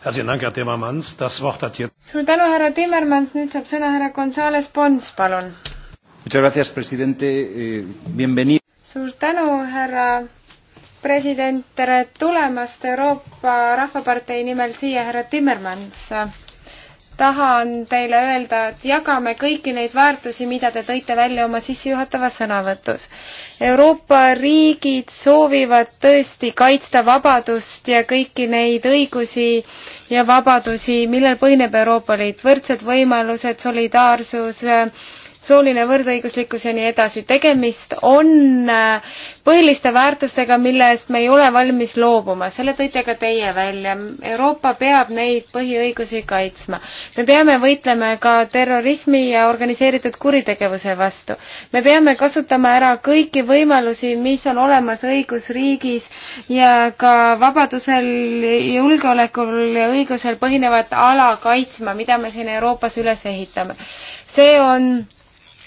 suur tänu, härra Timmermans, nüüd saab sõna härra Gonzales Pons, palun. Eh, suur tänu, härra president, tere tulemast Euroopa Rahvapartei nimel siia, härra Timmermans tahan teile öelda, et jagame kõiki neid väärtusi, mida te tõite välja oma sissejuhatavas sõnavõtus. Euroopa riigid soovivad tõesti kaitsta vabadust ja kõiki neid õigusi ja vabadusi, millel põhineb Euroopa Liit, võrdsed võimalused, solidaarsus, sooline võrdõiguslikkus ja nii edasi. tegemist on äh, põhiliste väärtustega, mille eest me ei ole valmis loobuma. selle tõite ka teie välja. Euroopa peab neid põhiõigusi kaitsma. me peame võitlema ka terrorismi ja organiseeritud kuritegevuse vastu. me peame kasutama ära kõiki võimalusi, mis on olemas õigusriigis ja ka vabadusel, julgeolekul ja õigusel põhinevat ala kaitsma, mida me siin Euroopas üles ehitame. see on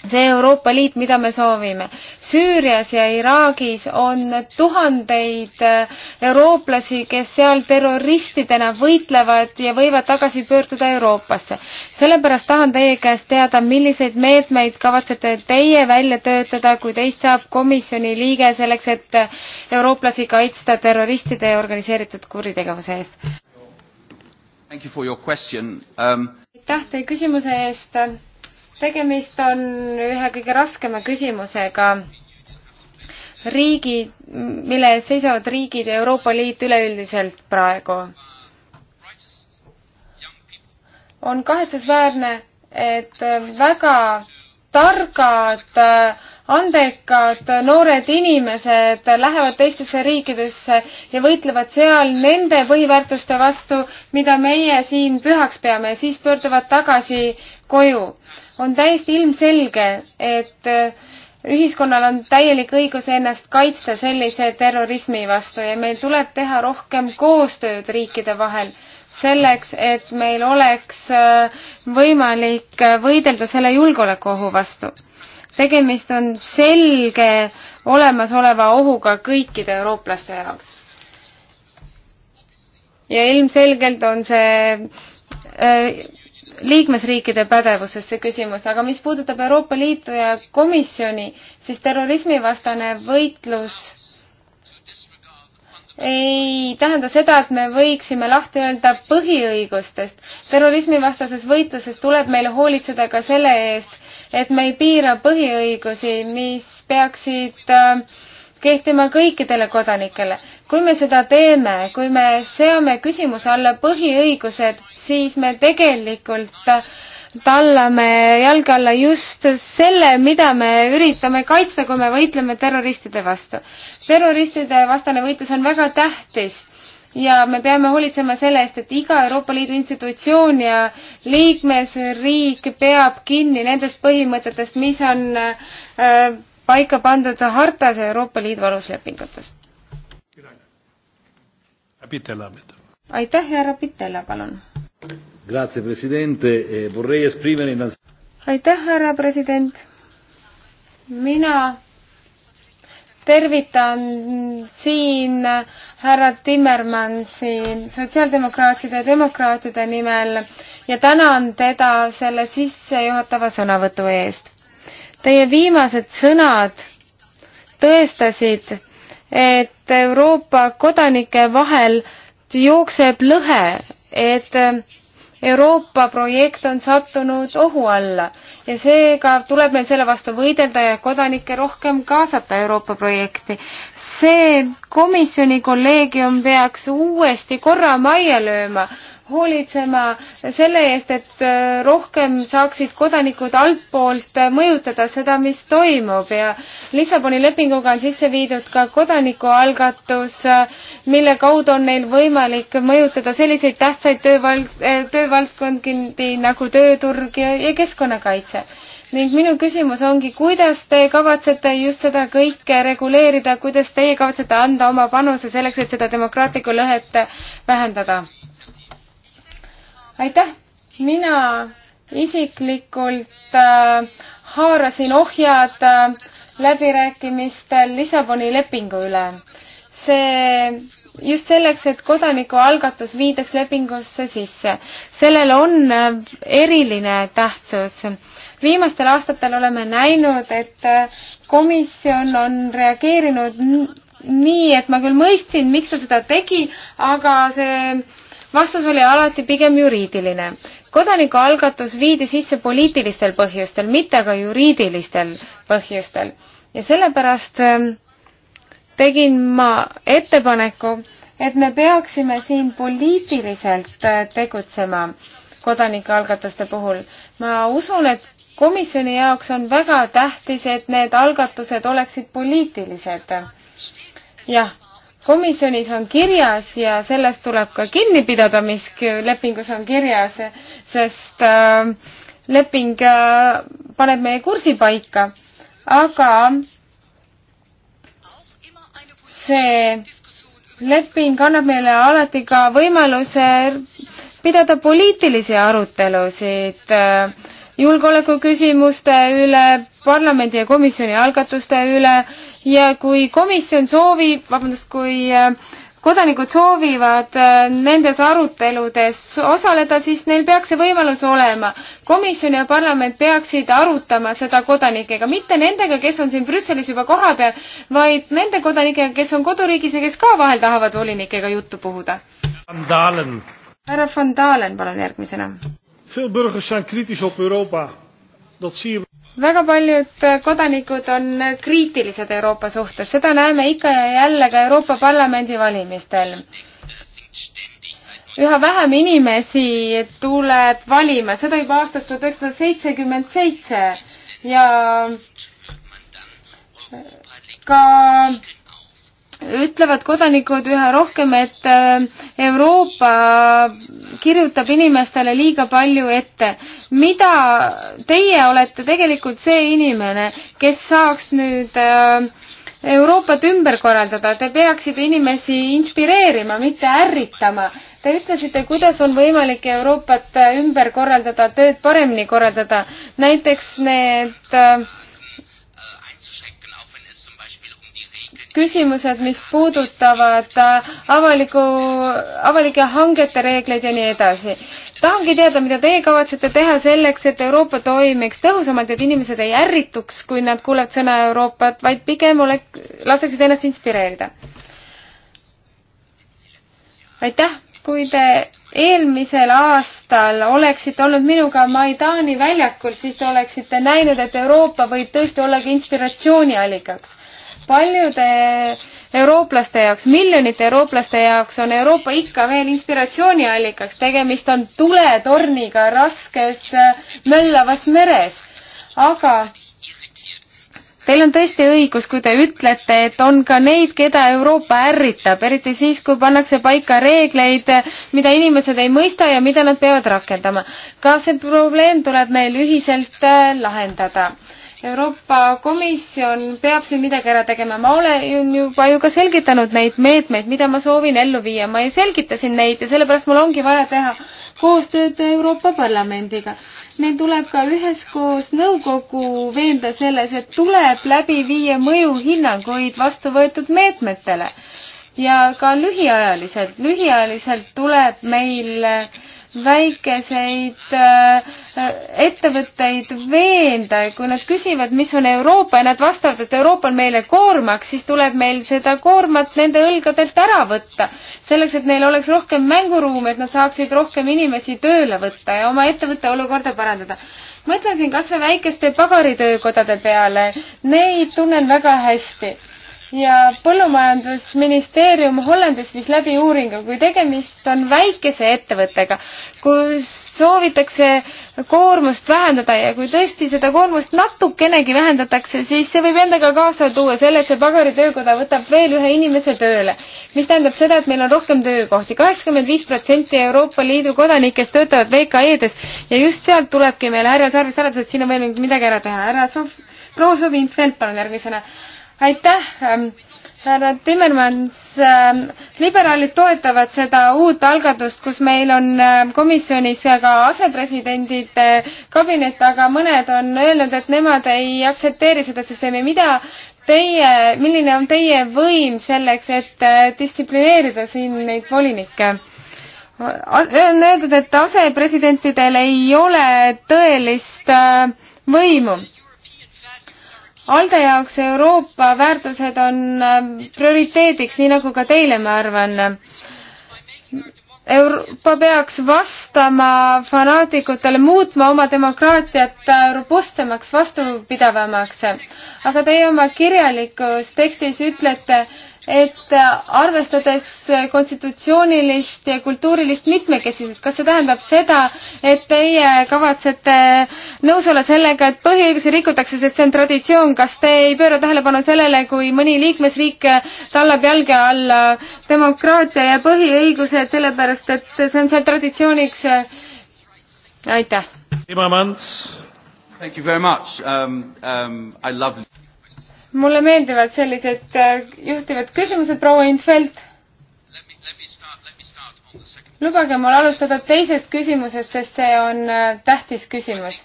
see Euroopa Liit, mida me soovime. Süürias ja Iraagis on tuhandeid äh, eurooplasi, kes seal terroristidena võitlevad ja võivad tagasi pöörduda Euroopasse. sellepärast tahan teie käest teada, milliseid meetmeid kavatsete teie välja töötada, kui teist saab komisjoni liige selleks, et äh, eurooplasi kaitsta terroristide ja organiseeritud kuritegevuse eest? Um, aitäh teie küsimuse eest tegemist on ühe kõige raskema küsimusega riigid, mille ees seisavad riigid ja Euroopa Liit üleüldiselt praegu. on kahetsusväärne, et väga targad äh, andekad noored inimesed lähevad teistesse riikidesse ja võitlevad seal nende põhiväärtuste vastu, mida meie siin pühaks peame ja siis pöörduvad tagasi koju. on täiesti ilmselge, et äh, ühiskonnal on täielik õigus ennast kaitsta sellise terrorismi vastu ja meil tuleb teha rohkem koostööd riikide vahel selleks, et meil oleks äh, võimalik võidelda selle julgeolekuohu vastu tegemist on selge olemasoleva ohuga kõikide eurooplaste jaoks. ja ilmselgelt on see äh, liikmesriikide pädevuses see küsimus, aga mis puudutab Euroopa Liitu ja komisjoni, siis terrorismivastane võitlus ei tähenda seda, et me võiksime lahti öelda põhiõigustest. terrorismivastases võitluses tuleb meil hoolitseda ka selle eest, et me ei piira põhiõigusi, mis peaksid äh, kehtima kõikidele kodanikele. kui me seda teeme, kui me seame küsimuse alla põhiõigused, siis me tegelikult äh, tallame jalge alla just selle, mida me üritame kaitsta, kui me võitleme terroristide vastu. terroristide vastane võitlus on väga tähtis ja me peame hoolitsema selle eest, et iga Euroopa Liidu institutsioon ja liikmesriik peab kinni nendest põhimõtetest, mis on äh, paika pandud hartas ja Euroopa Liidu aluslepingutes. aitäh, härra Pitella, palun! Eh, aitäh, härra president. mina tervitan siin härra Timmermansi sotsiaaldemokraatide ja demokraatide nimel ja tänan teda selle sissejuhatava sõnavõtu eest. Teie viimased sõnad tõestasid, et Euroopa kodanike vahel jookseb lõhe, et Euroopa projekt on sattunud ohu alla ja seega tuleb meil selle vastu võidelda ja kodanikke rohkem kaasata Euroopa projekti. see komisjoni kolleegium peaks uuesti korra majja lööma hoolitsema selle eest, et äh, rohkem saaksid kodanikud altpoolt äh, mõjutada seda, mis toimub ja Lissaboni lepinguga on sisse viidud ka kodanikualgatus, äh, mille kaudu on neil võimalik mõjutada selliseid tähtsaid töövald-, töövaldkondi nagu tööturg ja, ja keskkonnakaitse ning minu küsimus ongi, kuidas te kavatsete just seda kõike reguleerida, kuidas teie kavatsete anda oma panuse selleks, et seda demokraatlikku lõhet vähendada? aitäh, mina isiklikult äh, haarasin ohjad äh, läbirääkimistel Lissaboni lepingu üle. see just selleks, et kodanikualgatus viidaks lepingusse sisse. sellel on äh, eriline tähtsus. viimastel aastatel oleme näinud, et äh, komisjon on reageerinud nii, et ma küll mõistsin, miks ta seda tegi, aga see äh, vastus oli alati pigem juriidiline. kodanikualgatus viidi sisse poliitilistel põhjustel, mitte aga juriidilistel põhjustel. ja sellepärast ähm, tegin ma ettepaneku, et me peaksime siin poliitiliselt äh, tegutsema kodanikualgatuste puhul. ma usun, et komisjoni jaoks on väga tähtis, et need algatused oleksid poliitilised. jah, komisjonis on kirjas ja sellest tuleb ka kinni pidada, mis lepingus on kirjas, sest äh, leping äh, paneb meie kursi paika, aga see leping annab meile alati ka võimaluse pidada poliitilisi arutelusid äh, julgeolekuküsimuste üle, parlamendi ja komisjoni algatuste üle ja kui komisjon soovib, vabandust, kui äh, kodanikud soovivad äh, nendes aruteludes osaleda, siis neil peaks see võimalus olema. komisjon ja parlament peaksid arutama seda kodanikega, mitte nendega, kes on siin Brüsselis juba kohapeal, vaid nende kodanikega, kes on koduriigis ja kes ka vahel tahavad volinikega juttu puhuda. härra von Dalen, palun järgmisena. Veel burgers zijn kritisch op Euroopa väga paljud kodanikud on kriitilised Euroopa suhtes, seda näeme ikka ja jälle ka Euroopa Parlamendi valimistel. üha vähem inimesi tuleb valima, seda juba aastast tuhat üheksasada seitsekümmend seitse ja ka ütlevad kodanikud üha rohkem, et äh, Euroopa kirjutab inimestele liiga palju ette. mida teie olete tegelikult see inimene, kes saaks nüüd äh, Euroopat ümber korraldada, te peaksite inimesi inspireerima, mitte ärritama. Te ütlesite, kuidas on võimalik Euroopat ümber korraldada, tööd paremini korraldada. näiteks need äh, küsimused, mis puudutavad äh, avaliku, avalike hangete reegleid ja nii edasi. tahangi teada, mida teie kavatsete teha selleks, et Euroopa toimiks tõhusamalt, et inimesed ei ärrituks, kui nad kuulevad sõna Euroopat, vaid pigem oleks, laseksid ennast inspireerida. aitäh, kui te eelmisel aastal oleksite olnud minuga Maidani väljakul, siis te oleksite näinud, et Euroopa võib tõesti ollagi inspiratsiooniallikaks paljude eurooplaste jaoks, miljonite eurooplaste jaoks on Euroopa ikka veel inspiratsiooniallikaks, tegemist on tuletorniga raskes äh, möllavas meres. aga Teil on tõesti õigus, kui te ütlete, et on ka neid, keda Euroopa ärritab, eriti siis, kui pannakse paika reegleid, mida inimesed ei mõista ja mida nad peavad rakendama. ka see probleem tuleb meil ühiselt äh, lahendada Euroopa Komisjon peab siin midagi ära tegema, ma olen juba ju ka selgitanud neid meetmeid, mida ma soovin ellu viia, ma ju selgitasin neid ja sellepärast mul ongi vaja teha koostööd Euroopa Parlamendiga. meil tuleb ka üheskoos nõukogu veenda selles, et tuleb läbi viia mõjuhinnanguid vastu võetud meetmetele ja ka lühiajaliselt, lühiajaliselt tuleb meil äh, väikeseid äh, ettevõtteid veenda, kui nad küsivad, mis on Euroopa ja nad vastavad, et Euroopa on meile koormaks, siis tuleb meil seda koormat nende õlgadelt ära võtta. selleks, et neil oleks rohkem mänguruumi, et nad saaksid rohkem inimesi tööle võtta ja oma ettevõtte olukorda parandada mõtlen siin kas või väikeste pagaritöökodade peale, neid tunnen väga hästi ja põllumajandusministeerium Hollandis viis läbi uuringu, kui tegemist on väikese ettevõttega, kus soovitakse koormust vähendada ja kui tõesti seda koormust natukenegi vähendatakse, siis see võib endaga kaasa tuua selle, et see pagaritöökoda võtab veel ühe inimese tööle. mis tähendab seda, et meil on rohkem töökohti. kaheksakümmend viis protsenti Euroopa Liidu kodanikest töötavad VKE-des ja just sealt tulebki meil härra Sarvis arvates, et siin on veel midagi ära teha. härra Sof-, proua Sovinfeld, palun järgmisena aitäh ähm, härra Timmermans, ähm, liberaalid toetavad seda uut algatust, kus meil on ähm, komisjonis ka asepresidendid kabinet, aga mõned on öelnud, et nemad ei aktsepteeri seda süsteemi. mida teie, milline on teie võim selleks, et äh, distsiplineerida siin neid volinikke? on öeldud, et asepresidentidel ei ole tõelist äh, võimu ALDE jaoks Euroopa väärtused on ähm, prioriteediks, nii nagu ka teile, ma arvan. Euroopa peaks vastama fanaatikutele, muutma oma demokraatiat robustsemaks, vastupidavamaks. aga teie oma kirjalikus tekstis ütlete, et äh, arvestades äh, konstitutsioonilist ja kultuurilist mitmekesisust, kas see tähendab seda, et teie kavatsete nõus olla sellega, et põhiõigusi rikutakse, sest see on traditsioon, kas te ei pööra tähelepanu sellele, kui mõni liikmesriik tallab jalge alla demokraatia ja põhiõigused, sellepärast et see on seal traditsiooniks? aitäh! Timmermans. Thank you very much um,. Um, I love mulle meeldivad sellised äh, juhtivad küsimused, proua Infeld. lubage mul alustada teisest küsimusest, sest see on äh, tähtis küsimus.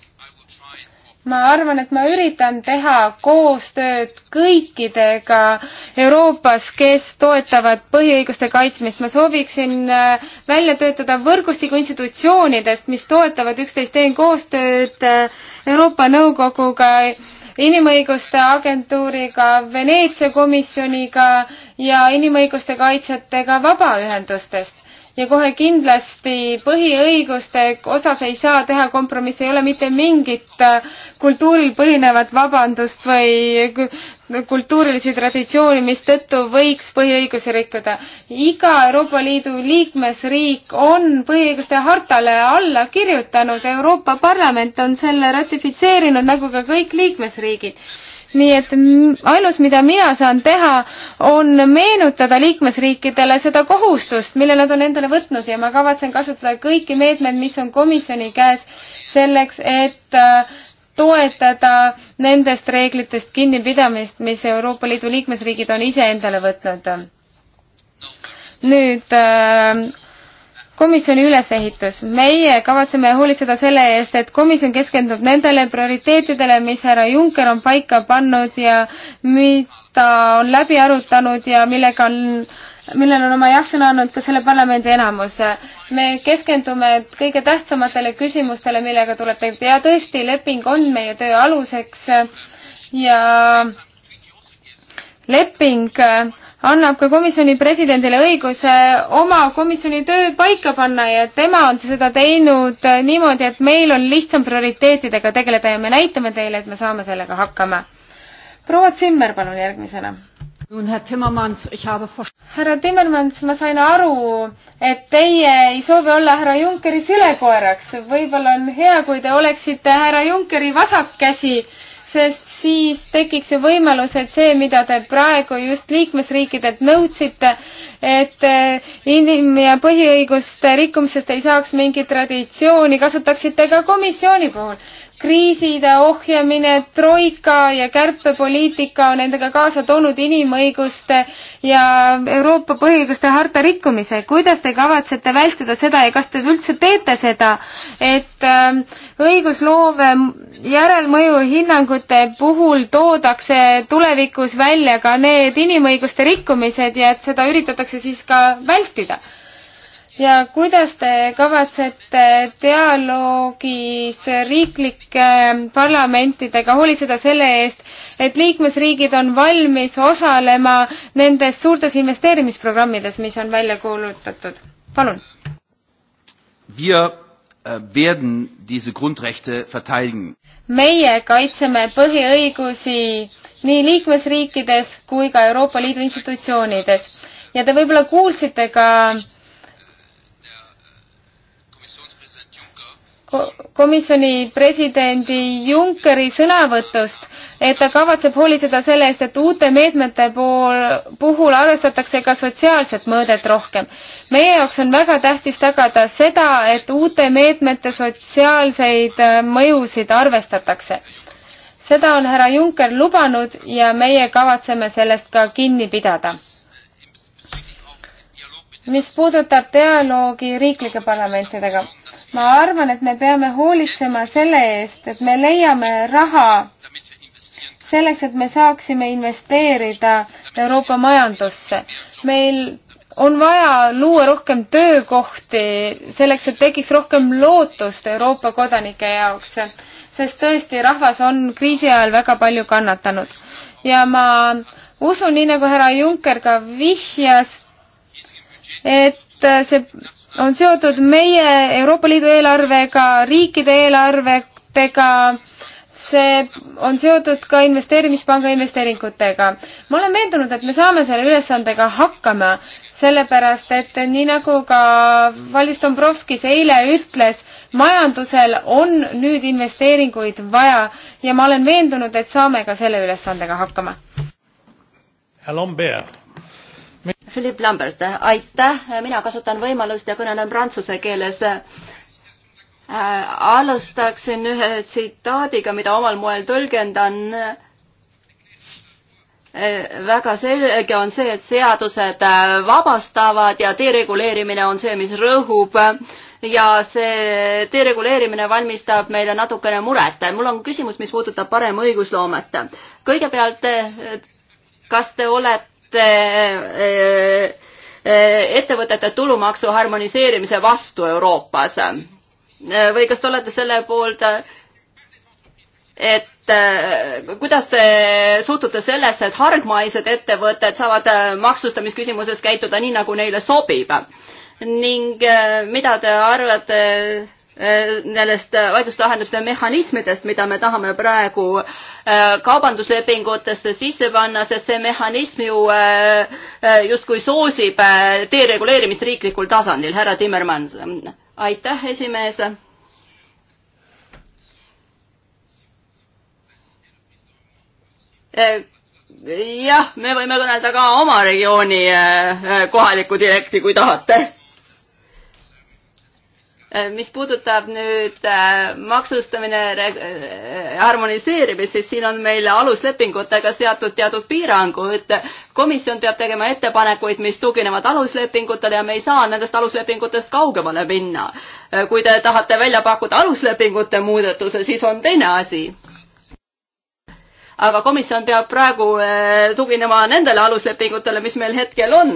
ma arvan, et ma üritan teha koostööd kõikidega Euroopas, kes toetavad põhiõiguste kaitsmist. ma sooviksin äh, välja töötada võrgustiku institutsioonidest, mis toetavad üksteist, teen koostööd Euroopa Nõukoguga inimõiguste agentuuriga, Veneetsia komisjoniga ja inimõiguste kaitsjatega vabaühendustest ja kohe kindlasti põhiõiguste osas ei saa teha kompromissi, ei ole mitte mingit äh, kultuuril põhinevat vabandust või kultuurilisi traditsioone, mistõttu võiks põhiõigusi rikkuda. iga Euroopa Liidu liikmesriik on põhiõiguste hartale alla kirjutanud, Euroopa Parlament on selle ratifitseerinud, nagu ka kõik liikmesriigid nii et ainus, mida mina saan teha, on meenutada liikmesriikidele seda kohustust, mille nad on endale võtnud ja ma kavatsen kasutada kõiki meetmeid, mis on komisjoni käes selleks, et äh, toetada nendest reeglitest kinnipidamist, mis Euroopa Liidu liikmesriigid on ise endale võtnud. nüüd äh, komisjoni ülesehitus. meie kavatseme hoolitseda selle eest, et komisjon keskendub nendele prioriteetidele, mis härra Juncker on paika pannud ja mida on läbi arutanud ja millega on millel on oma jah-sõna andnud ka selle parlamendi enamus. me keskendume kõige tähtsamatele küsimustele, millega tuleb tegeleda ja tõesti, leping on meie töö aluseks ja leping annab ka komisjoni presidendile õiguse oma komisjoni töö paika panna ja tema on seda teinud niimoodi, et meil on lihtsam prioriteetidega tegeleda ja me näitame teile, et me saame sellega hakkama. proua Zimmer, palun järgmisena. härra Timmermans, ma sain aru, et teie ei soovi olla härra Junckeri sülekoeraks. võib-olla on hea, kui te oleksite härra Junckeri vasak käsi sest siis tekiks ju võimalus, et see, mida te praegu just liikmesriikidelt nõudsite, et eh, inim- ja põhiõiguste rikkumisest ei saaks mingit traditsiooni, kasutaksite ka komisjoni puhul kriiside ohjamine, troika ja kärpepoliitika on endaga kaasa toonud inimõiguste ja Euroopa põhiõiguste harta rikkumise. kuidas te kavatsete vältida seda ja kas te üldse teete seda, et ähm, õigusloove järelmõju hinnangute puhul toodakse tulevikus välja ka need inimõiguste rikkumised ja et seda üritatakse siis ka vältida? ja kuidas te kavatsete dialoogis riiklike parlamentidega hoolitseda selle eest, et liikmesriigid on valmis osalema nendes suurtes investeerimisprogrammides, mis on välja kuulutatud? palun. Wir äh, werden diese Grundrechte verteidigen. meie kaitseme põhiõigusi nii liikmesriikides kui ka Euroopa Liidu institutsioonides ja te võib-olla kuulsite ka äh, komisjoni presidendi Junckeri sõnavõtust, et ta kavatseb hoolitseda selle eest, et uute meetmete pool, puhul arvestatakse ka sotsiaalset mõõdet rohkem. meie jaoks on väga tähtis tagada seda, et uute meetmete sotsiaalseid äh, mõjusid arvestatakse. seda on härra Juncker lubanud ja meie kavatseme sellest ka kinni pidada mis puudutab dialoogi riiklike parlamentidega ma arvan, et me peame hoolitsema selle eest, et me leiame raha selleks, et me saaksime investeerida Euroopa majandusse. meil on vaja luua rohkem töökohti selleks, et tekiks rohkem lootust Euroopa kodanike jaoks, sest tõesti, rahvas on kriisi ajal väga palju kannatanud. ja ma usun, nii nagu härra Juncker ka vihjas, et see on seotud meie Euroopa Liidu eelarvega, riikide eelarvetega, see on seotud ka investeerimispanga investeeringutega. ma olen veendunud, et me saame selle ülesandega hakkama, sellepärast et nii nagu ka Valis Dombrovskis eile ütles, majandusel on nüüd investeeringuid vaja ja ma olen veendunud, et saame ka selle ülesandega hakkama. härra Lambert Philippe Lambert, aitäh, mina kasutan võimalust ja kõnelen prantsuse keeles. Äh, alustaksin ühe tsitaadiga, mida omal moel tõlgendan. Äh, väga selge on see, et seadused äh, vabastavad ja dereguleerimine on see, mis rõhub ja see dereguleerimine valmistab meile natukene muret. mul on küsimus, mis puudutab parem õigusloomet. kõigepealt, kas te olete suurte eh, eh, ettevõtete tulumaksu harmoniseerimise vastu Euroopas? või kas te olete selle poolt, et eh, kuidas te suhtute sellesse, et hargmaised ettevõtted saavad maksustamisküsimuses käituda nii, nagu neile sobib? ning mida te arvate Äh, nendest äh, vaidluslahenduste mehhanismidest, mida me tahame praegu äh, kaubanduslepingutesse sisse panna, sest see mehhanism ju justkui soosib dereguleerimist riiklikul tasandil. härra Timmermann, aitäh, esimees. jah, me võime kõnelda ka oma regiooni kohalikku direkti, kui tahate Äh, mis puudutab nüüd äh, maksustamine äh, harmoniseerimist, siis siin on meil aluslepingutega seatud teatud piirangud. komisjon peab tegema ettepanekuid, mis tuginevad aluslepingutele ja me ei saa nendest aluslepingutest kaugemale minna. kui te tahate välja pakkuda aluslepingute muudatuse, siis on teine asi aga komisjon peab praegu tuginema nendele aluslepingutele, mis meil hetkel on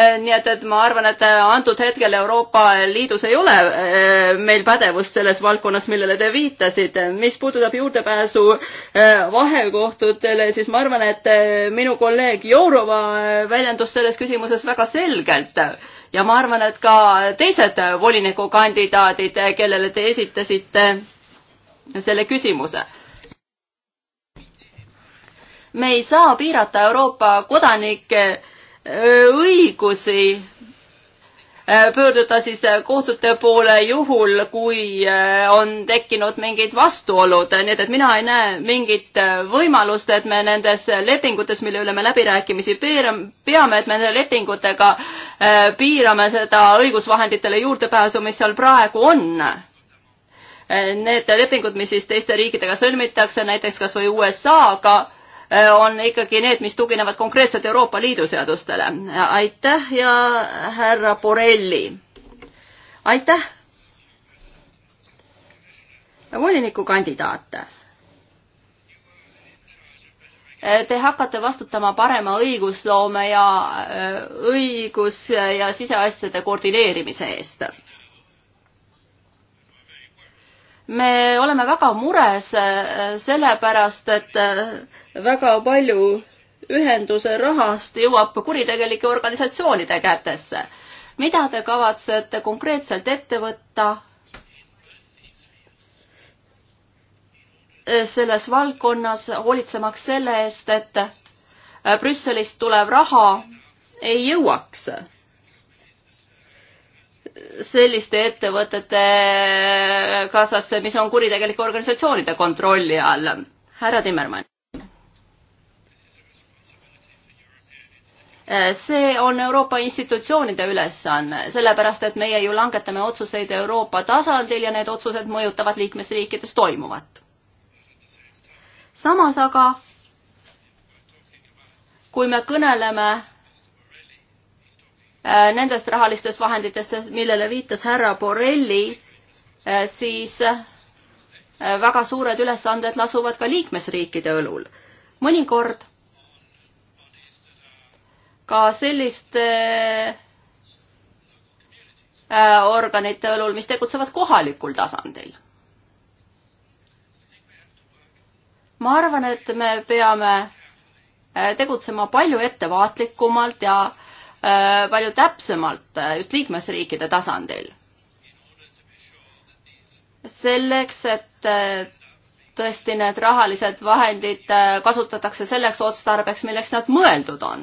Äh, nii et, et ma arvan, et äh, antud hetkel Euroopa Liidus ei ole äh, meil pädevust selles valdkonnas, millele te viitasite. mis puudutab juurdepääsu vahekohtutele, siis ma arvan, et minu kolleeg Jourova väljendus selles küsimuses väga selgelt ja ma arvan, et ka teised volinikukandidaadid, kellele te esitasite selle küsimuse. me ei saa piirata Euroopa kodanike õigusi pöörduda siis kohtute poole juhul, kui on tekkinud mingid vastuolud, nii et, et mina ei näe mingit võimalust, et me nendes lepingutes, mille üle me läbirääkimisi peame, et me nende lepingutega piirame seda õigusvahenditele juurdepääsu, mis seal praegu on. Need lepingud, mis siis teiste riikidega sõlmitakse, näiteks kas või USA-ga ka,, Äh, on ikkagi need, mis tuginevad konkreetselt Euroopa Liidu seadustele. aitäh ja härra Borrelli. aitäh. volinikukandidaat äh, te hakkate vastutama parema õigusloome ja äh, õigus- ja siseasjade koordineerimise eest. me oleme väga mures sellepärast, et väga palju ühenduse rahast jõuab kuritegelike organisatsioonide kätesse. mida te kavatsete konkreetselt ette võtta selles valdkonnas, hoolitsemaks selle eest, et Brüsselist tulev raha ei jõuaks selliste ettevõtete kaasasse, mis on kuritegelike organisatsioonide kontrolli all. härra Timmermann. Eh, see on Euroopa institutsioonide ülesanne, sellepärast et meie ju langetame otsuseid Euroopa tasandil ja need otsused mõjutavad liikmesriikides toimuvat. samas aga kui me kõneleme eh, nendest rahalistest vahenditest, millele viitas härra Borrelli, eh, siis väga suured ülesanded lasuvad ka liikmesriikide õlul. mõnikord ka selliste äh, organite õlul, mis tegutsevad kohalikul tasandil. ma arvan, et me peame äh, tegutsema palju ettevaatlikumalt ja äh, palju täpsemalt just liikmesriikide tasandil. selleks, et tõesti need rahalised vahendid kasutatakse selleks otstarbeks, milleks nad mõeldud on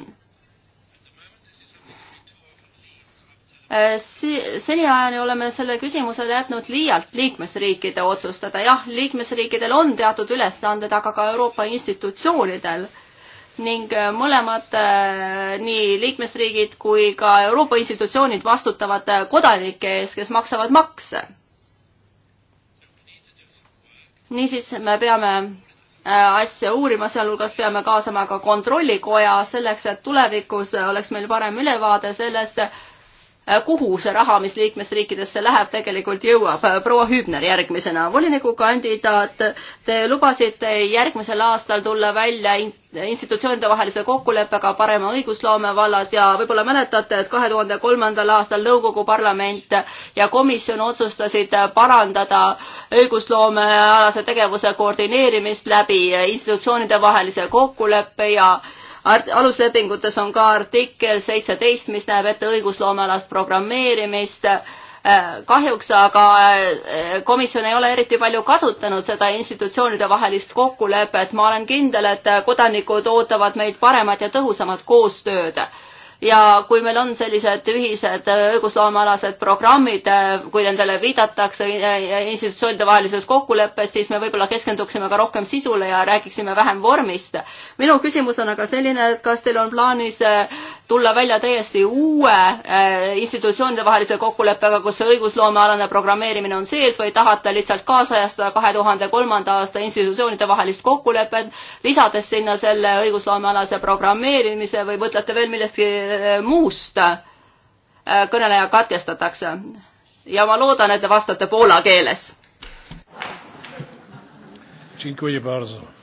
Äh, seniajani oleme selle küsimusele jätnud liialt liikmesriikide otsustada. jah, liikmesriikidel on teatud ülesanded, aga ka Euroopa institutsioonidel ning äh, mõlemad, äh, nii liikmesriigid kui ka Euroopa institutsioonid vastutavad kodanike ees, kes maksavad makse. niisiis me peame asja uurima, sealhulgas peame kaasama ka kontrollikoja selleks, et tulevikus oleks meil parem ülevaade sellest, Äh, kuhu see raha, mis liikmesriikidesse läheb, tegelikult jõuab. Äh, proua Hübner järgmisena, volinikukandidaat, te lubasite järgmisel aastal tulla välja institutsioonide vahelise kokkuleppega parema õigusloome vallas ja võib-olla mäletate, et kahe tuhande kolmandal aastal nõukogu parlament ja komisjon otsustasid parandada õigusloomealase tegevuse koordineerimist läbi institutsioonide vahelise kokkuleppe ja aluslepingutes on ka artikkel seitseteist, mis näeb ette õigusloomealast programmeerimist äh, kahjuks aga äh, komisjon ei ole eriti palju kasutanud seda institutsioonide vahelist kokkulepet. ma olen kindel, et kodanikud ootavad meilt paremat ja tõhusamat koostööd ja kui meil on sellised ühised äh, õigusloomealased programmid, äh, kui nendele viidatakse äh, institutsioonide vahelises kokkuleppes, siis me võib-olla keskenduksime ka rohkem sisule ja räägiksime vähem vormist. minu küsimus on aga selline, et kas teil on plaanis tulla välja täiesti uue äh, institutsioonide vahelise kokkuleppega, kus see õigusloomealane programmeerimine on sees või tahate lihtsalt kaasajastada kahe tuhande kolmanda aasta institutsioonide vahelist kokkulepet, lisades sinna selle õigusloomealase programmeerimise või mõtlete veel millestki äh, muust? Äh, kõneleja katkestatakse ja ma loodan, et te vastate poola keeles. Dziękuję bardzo.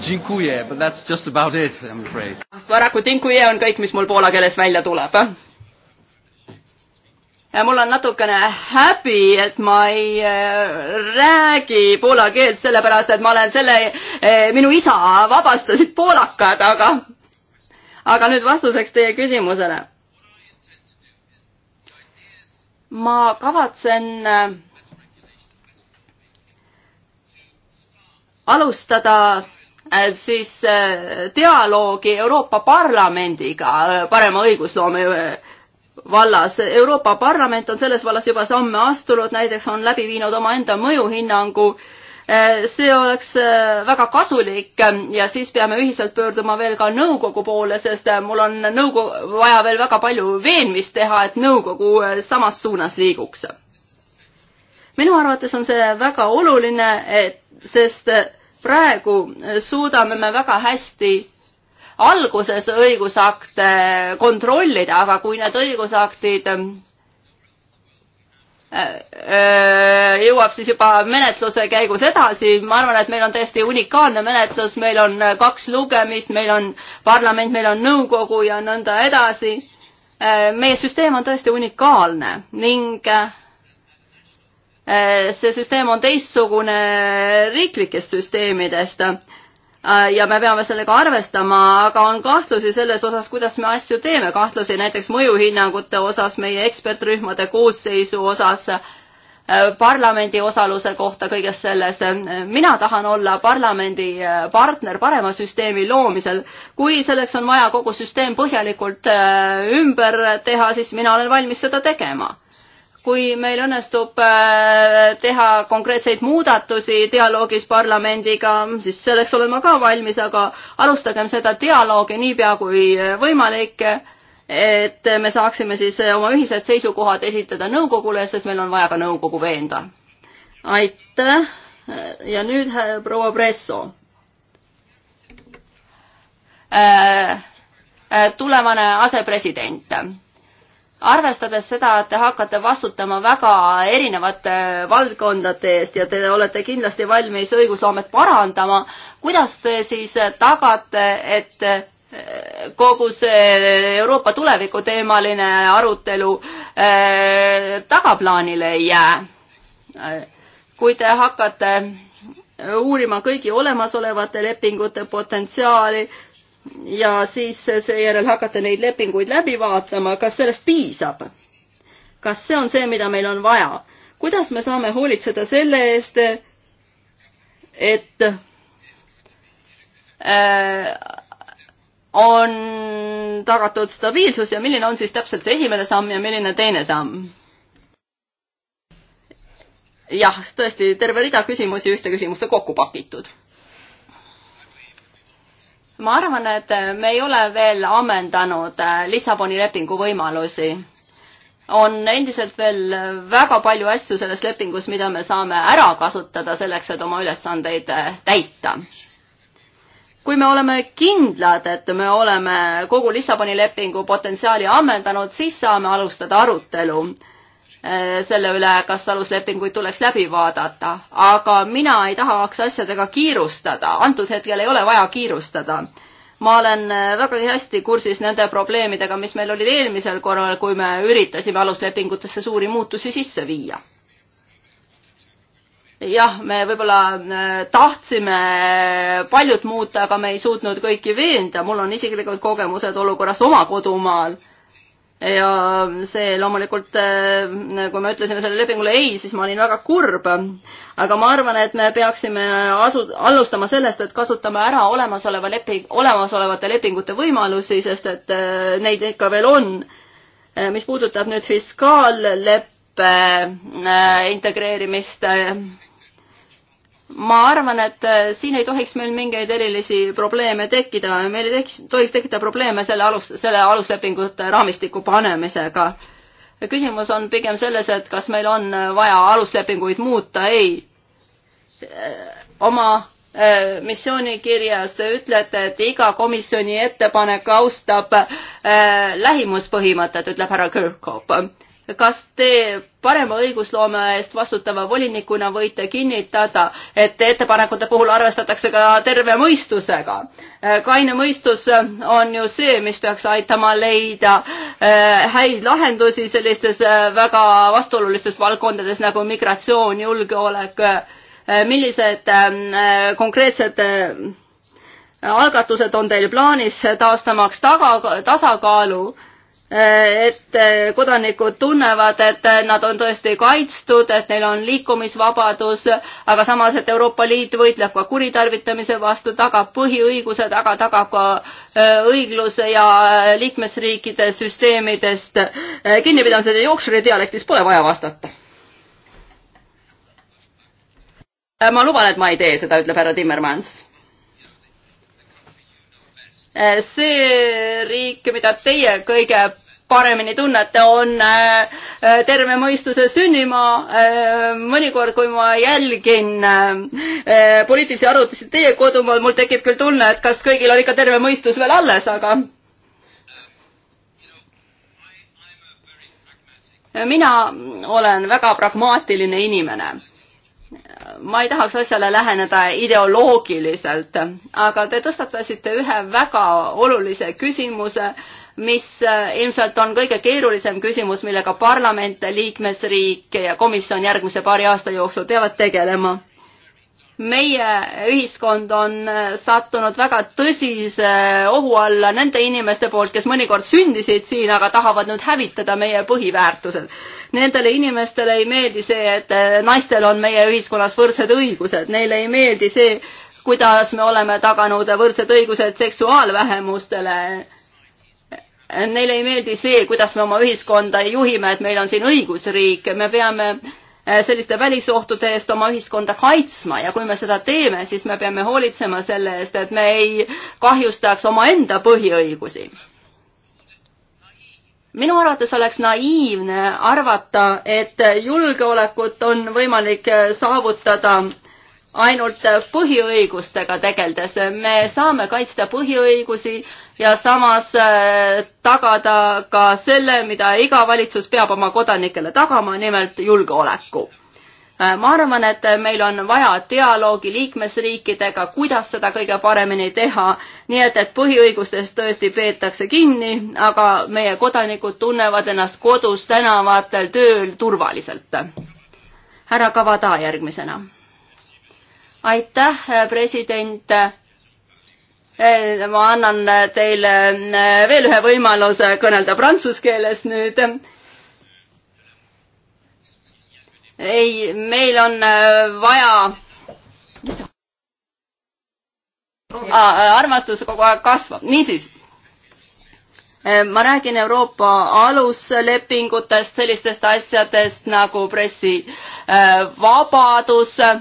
Dziękuję, but that's just about it, I am afraid. paraku dziękuję on kõik, mis mul poola keeles välja tuleb. Ja mul on natukene häbi, et ma ei äh, räägi poola keelt, sellepärast et ma olen selle, äh, minu isa vabastasid poolakad, aga, aga nüüd vastuseks teie küsimusele. ma kavatsen äh, alustada äh, siis äh, dialoogi Euroopa Parlamendiga äh, parema õigusloome vallas. Euroopa Parlament on selles vallas juba samme astunud, näiteks on läbi viinud omaenda mõjuhinnangu. see oleks väga kasulik ja siis peame ühiselt pöörduma veel ka nõukogu poole, sest mul on nõukogu, vaja veel väga palju veenmist teha, et nõukogu samas suunas liiguks minu arvates on see väga oluline, et, sest praegu suudame me väga hästi alguses õigusakte kontrollida, aga kui need õigusaktid äh, äh, jõuab siis juba menetluse käigus edasi. ma arvan, et meil on täiesti unikaalne menetlus, meil on kaks lugemist, meil on parlament, meil on nõukogu ja nõnda edasi. Äh, meie süsteem on tõesti unikaalne ning Äh, see süsteem on teistsugune riiklikest süsteemidest äh, ja me peame sellega arvestama, aga on kahtlusi selles osas, kuidas me asju teeme, kahtlusi näiteks mõjuhinnangute osas, meie ekspertrühmade koosseisu osas, äh, parlamendi osaluse kohta kõiges selles. mina tahan olla parlamendi partner parema süsteemi loomisel. kui selleks on vaja kogu süsteem põhjalikult ümber teha, siis mina olen valmis seda tegema kui meil õnnestub äh, teha konkreetseid muudatusi dialoogis parlamendiga, siis selleks olen ma ka valmis, aga alustagem seda dialoogi niipea kui äh, võimalik, et me saaksime siis äh, oma ühised seisukohad esitada nõukogule, sest meil on vaja ka nõukogu veenda. aitäh ja nüüd proua Presso äh,. tulevane asepresident arvestades seda, et te hakkate vastutama väga erinevate valdkondade eest ja te olete kindlasti valmis õigusloomet parandama, kuidas te siis tagate, et eh, kogu see Euroopa tuleviku teemaline arutelu eh, tagaplaanile ei jää? kui te hakkate uurima kõigi olemasolevate lepingute potentsiaali, ja siis seejärel hakata neid lepinguid läbi vaatama, kas sellest piisab? kas see on see, mida meil on vaja? kuidas me saame hoolitseda selle eest, et äh, on tagatud stabiilsus ja milline on siis täpselt see esimene samm ja milline teine samm? jah, tõesti terve rida küsimusi ühte küsimusse kokku pakitud ma arvan, et me ei ole veel ammendanud äh, Lissaboni lepingu võimalusi. on endiselt veel väga palju asju selles lepingus, mida me saame ära kasutada selleks, et oma ülesandeid äh, täita kui me oleme kindlad, et me oleme kogu Lissaboni lepingu potentsiaali ammendanud, siis saame alustada arutelu Äh, selle üle, kas aluslepinguid tuleks läbi vaadata, aga mina ei tahaks asjadega kiirustada, antud hetkel ei ole vaja kiirustada. ma olen äh, vägagi hästi kursis nende probleemidega, mis meil olid eelmisel korral, kui me üritasime aluslepingutesse suuri muutusi sisse viia jah, me võib-olla äh, tahtsime paljut muuta, aga me ei suutnud kõiki veenda, mul on isiklikud kogemused olukorras oma kodumaal äh, ja see loomulikult, äh, kui me ütlesime sellele lepingule ei, siis ma olin väga kurb. aga ma arvan, et me peaksime asu-, alustama sellest, et kasutame ära olemasoleva lepi-, olemasolevate lepingute võimalusi, sest et äh, neid ikka veel on. Äh, mis puudutab nüüd fiskaalleppe integreerimist ma arvan, et äh, siin ei tohiks meil mingeid erilisi probleeme tekkida, meil ei tekiks, tohiks tekkida probleeme selle alus, selle aluslepingute raamistiku panemisega. küsimus on pigem selles, et kas meil on äh, vaja aluslepinguid muuta, ei. Äh, oma missioonikirjas te ütlete, et iga komisjoni ettepanek austab lähimuspõhimõtet, ütleb härra Kirkhope kas te parema õigusloome eest vastutava volinikuna võite kinnitada, et ettepanekute puhul arvestatakse ka terve mõistusega? Äh, kaine mõistus on ju see, mis peaks aitama leida äh, häid lahendusi sellistes äh, väga vastuolulistes valdkondades nagu migratsioon, julgeolek, millised ähm, konkreetsed algatused on teil plaanis taastamaks taga, tasakaalu et äh, kodanikud tunnevad, et äh, nad on tõesti kaitstud, et neil on liikumisvabadus, aga samas, et Euroopa Liit võitleb ka kuritarvitamise vastu, tagab põhiõigused, aga tagab ka äh, õigluse ja liikmesriikide süsteemidest kinnipidamised ja Yorkshire'i dialektis pole vaja vastata. ma luban, et ma ei tee seda, ütleb härra Timmermans Eh, see riik, mida teie kõige paremini tunnete, on eh, terve mõistuse sünnimaa. Eh, mõnikord, kui ma jälgin poliitilisi arutlusi teie kodumaal, mul tekib küll tunne, et kas kõigil on ikka terve mõistus veel alles, aga mina olen väga pragmaatiline inimene ma ei tahaks asjale läheneda ideoloogiliselt, aga te tõstatasite ühe väga olulise küsimuse, mis äh, ilmselt on kõige keerulisem küsimus, millega parlament, liikmesriik ja komisjon järgmise paari aasta jooksul peavad tegelema meie ühiskond on äh, sattunud väga tõsise ohu alla nende inimeste poolt, kes mõnikord sündisid siin, aga tahavad nüüd hävitada meie põhiväärtused. Nendele inimestele ei meeldi see, et äh, naistel on meie ühiskonnas võrdsed õigused, neile ei meeldi see, kuidas me oleme taganud võrdsed õigused seksuaalvähemustele. Neile ei meeldi see, kuidas me oma ühiskonda juhime, et meil on siin õigusriik, me peame äh, Äh, selliste välisohtude eest oma ühiskonda kaitsma ja kui me seda teeme, siis me peame hoolitsema selle eest, et me ei kahjustaks omaenda põhiõigusi. minu arvates oleks naiivne arvata, et julgeolekut on võimalik saavutada ainult põhiõigustega tegeldes. me saame kaitsta põhiõigusi ja samas äh, tagada ka selle, mida iga valitsus peab oma kodanikele tagama, nimelt julgeoleku äh, ma arvan, et meil on vaja dialoogi liikmesriikidega, kuidas seda kõige paremini teha, nii et, et põhiõigustest tõesti peetakse kinni, aga meie kodanikud tunnevad ennast kodus, tänavatel, tööl turvaliselt. härra Kavada järgmisena aitäh, president. ma annan teile veel ühe võimaluse kõnelda prantsuse keeles nüüd ei, meil on vaja. armastus kogu aeg kasvab, niisiis. ma räägin Euroopa aluslepingutest, sellistest asjadest nagu pressivabadus äh,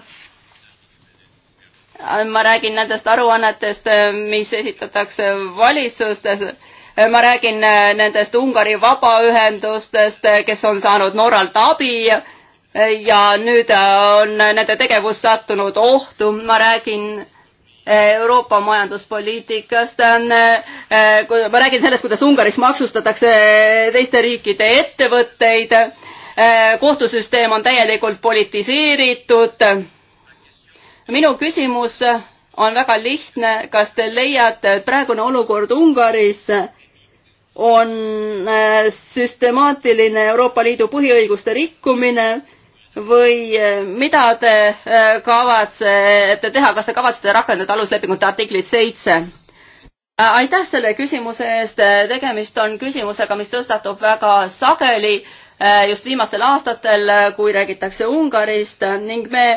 Äh, ma räägin nendest aruannetest, äh, mis esitatakse valitsustes, äh, ma räägin nendest Ungari vabaühendustest, kes on saanud Norralt abi ja nüüd on nende tegevus sattunud ohtu, ma räägin Euroopa majanduspoliitikast, ma räägin sellest, kuidas Ungaris maksustatakse teiste riikide ettevõtteid, kohtusüsteem on täielikult politiseeritud minu küsimus on väga lihtne, kas te leiate, et praegune olukord Ungaris on äh, süstemaatiline Euroopa Liidu põhiõiguste rikkumine või äh, mida te äh, kavatsete teha, kas te kavatsete rakendada aluslepingute artiklit seitse? aitäh selle küsimuse eest, tegemist on küsimusega, mis tõstatub väga sageli just viimastel aastatel, kui räägitakse Ungarist ning me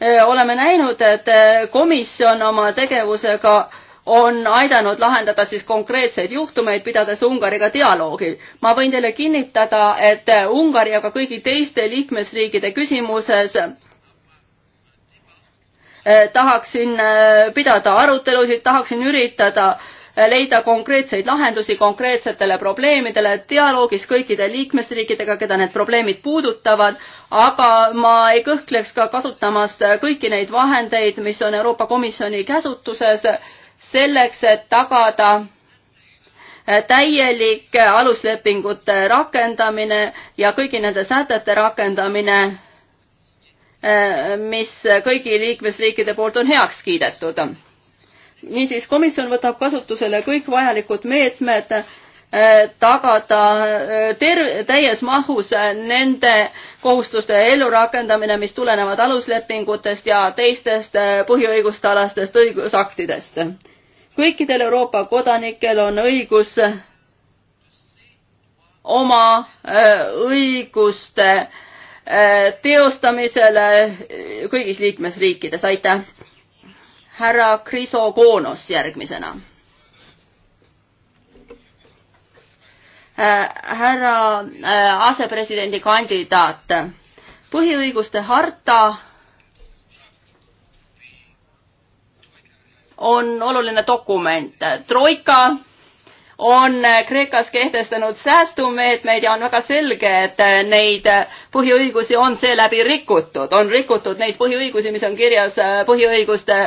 Äh, oleme näinud, et äh, komisjon oma tegevusega on aidanud lahendada siis konkreetseid juhtumeid, pidades Ungariga dialoogi. ma võin teile kinnitada, et äh, Ungari, aga kõigi teiste liikmesriikide küsimuses tahaksin pidada arutelusid, tahaksin üritada Äh, leida konkreetseid lahendusi konkreetsetele probleemidele dialoogis kõikide liikmesriikidega, keda need probleemid puudutavad, aga ma ei kõhkleks ka kasutamast kõiki neid vahendeid, mis on Euroopa Komisjoni käsutuses, selleks, et tagada äh, täielik aluslepingute rakendamine ja kõigi nende sätete rakendamine, äh, mis kõigi liikmesriikide poolt on heaks kiidetud niisiis, komisjon võtab kasutusele kõik vajalikud meetmed äh, tagada äh, ter-, täies mahus äh, nende kohustuste ellurakendamine, mis tulenevad aluslepingutest ja teistest põhiõiguste alastest õigusaktidest. kõikidel Euroopa kodanikel on õigus oma õiguste teostamisele kõigis liikmesriikides, aitäh! härra Krisokoonos järgmisena. Äh, härra äh, asepresidendi kandidaat, põhiõiguste harta on oluline dokument. troika on Kreekas kehtestanud säästumeetmeid ja on väga selge, et neid põhiõigusi on seeläbi rikutud, on rikutud neid põhiõigusi, mis on kirjas põhiõiguste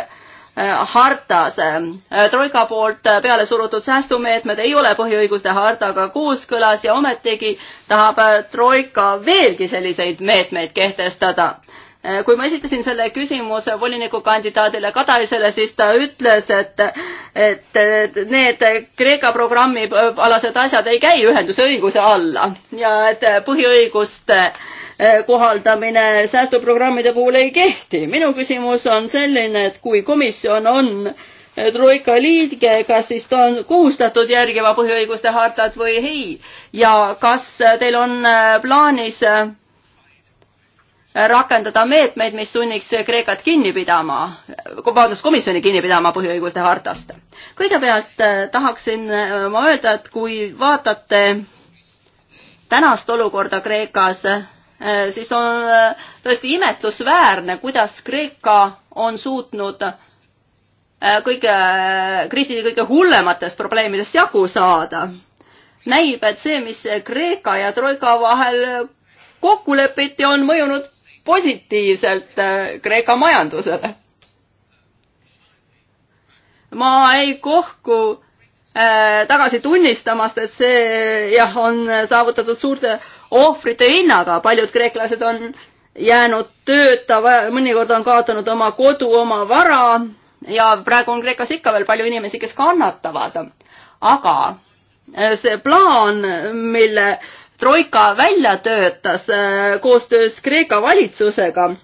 Äh, hartas. Ähm, äh, troika poolt äh, peale surutud säästumeetmed ei ole põhiõiguste hartaga kooskõlas ja ometigi tahab troika veelgi selliseid meetmeid kehtestada kui ma esitasin selle küsimuse volinikukandidaadile Kadaisele, siis ta ütles, et, et need Kreeka programmi alased asjad ei käi ühenduse õiguse alla ja et põhiõiguste äh, Eh, kohaldamine säästuprogrammide puhul ei kehti. minu küsimus on selline, et kui komisjon on eh, troika liige, kas siis ta on kohustatud järgima põhiõiguste hartat või ei ja kas teil on eh, plaanis rakendada meetmeid, mis sunniks Kreekat kinni pidama, vabandust, komisjoni kinni pidama põhiõiguste hartast. kõigepealt tahaksin ma öelda, et kui vaatate tänast olukorda Kreekas, Eh, siis on eh, tõesti imetlusväärne, kuidas Kreeka on suutnud eh, kõige, kriisi kõige hullematest probleemidest jagu saada. näib, et see, mis Kreeka ja Troika vahel kokku lepiti, on mõjunud positiivselt Kreeka majandusele. ma ei kohku tagasi tunnistamast, et see jah, on saavutatud suurte ohvrite hinnaga, paljud kreeklased on jäänud tööta, mõnikord on kaotanud oma kodu, oma vara ja praegu on Kreekas ikka veel palju inimesi, kes kannatavad. aga eh, see plaan, mille Troika välja töötas eh, koostöös Kreeka valitsusega,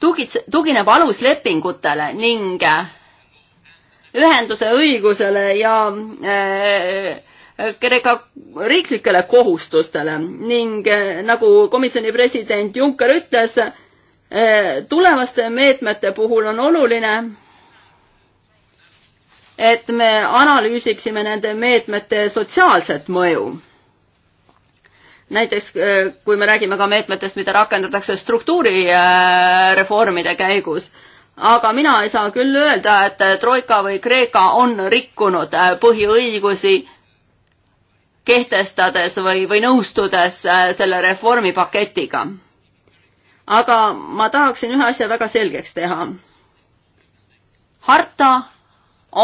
tugits-, tugineb aluslepingutele ning eh, ühenduse õigusele ja äh, Kreeka riiklikele kohustustele ning eh, nagu komisjoni president Juncker ütles, eh, tulevaste meetmete puhul on oluline, et me analüüsiksime nende meetmete sotsiaalset mõju. näiteks eh, kui me räägime ka meetmetest, mida rakendatakse struktuurireformide käigus, aga mina ei saa küll öelda, et Troika või Kreeka on rikkunud põhiõigusi kehtestades või, või nõustudes äh, selle reformipaketiga. aga ma tahaksin ühe asja väga selgeks teha. harta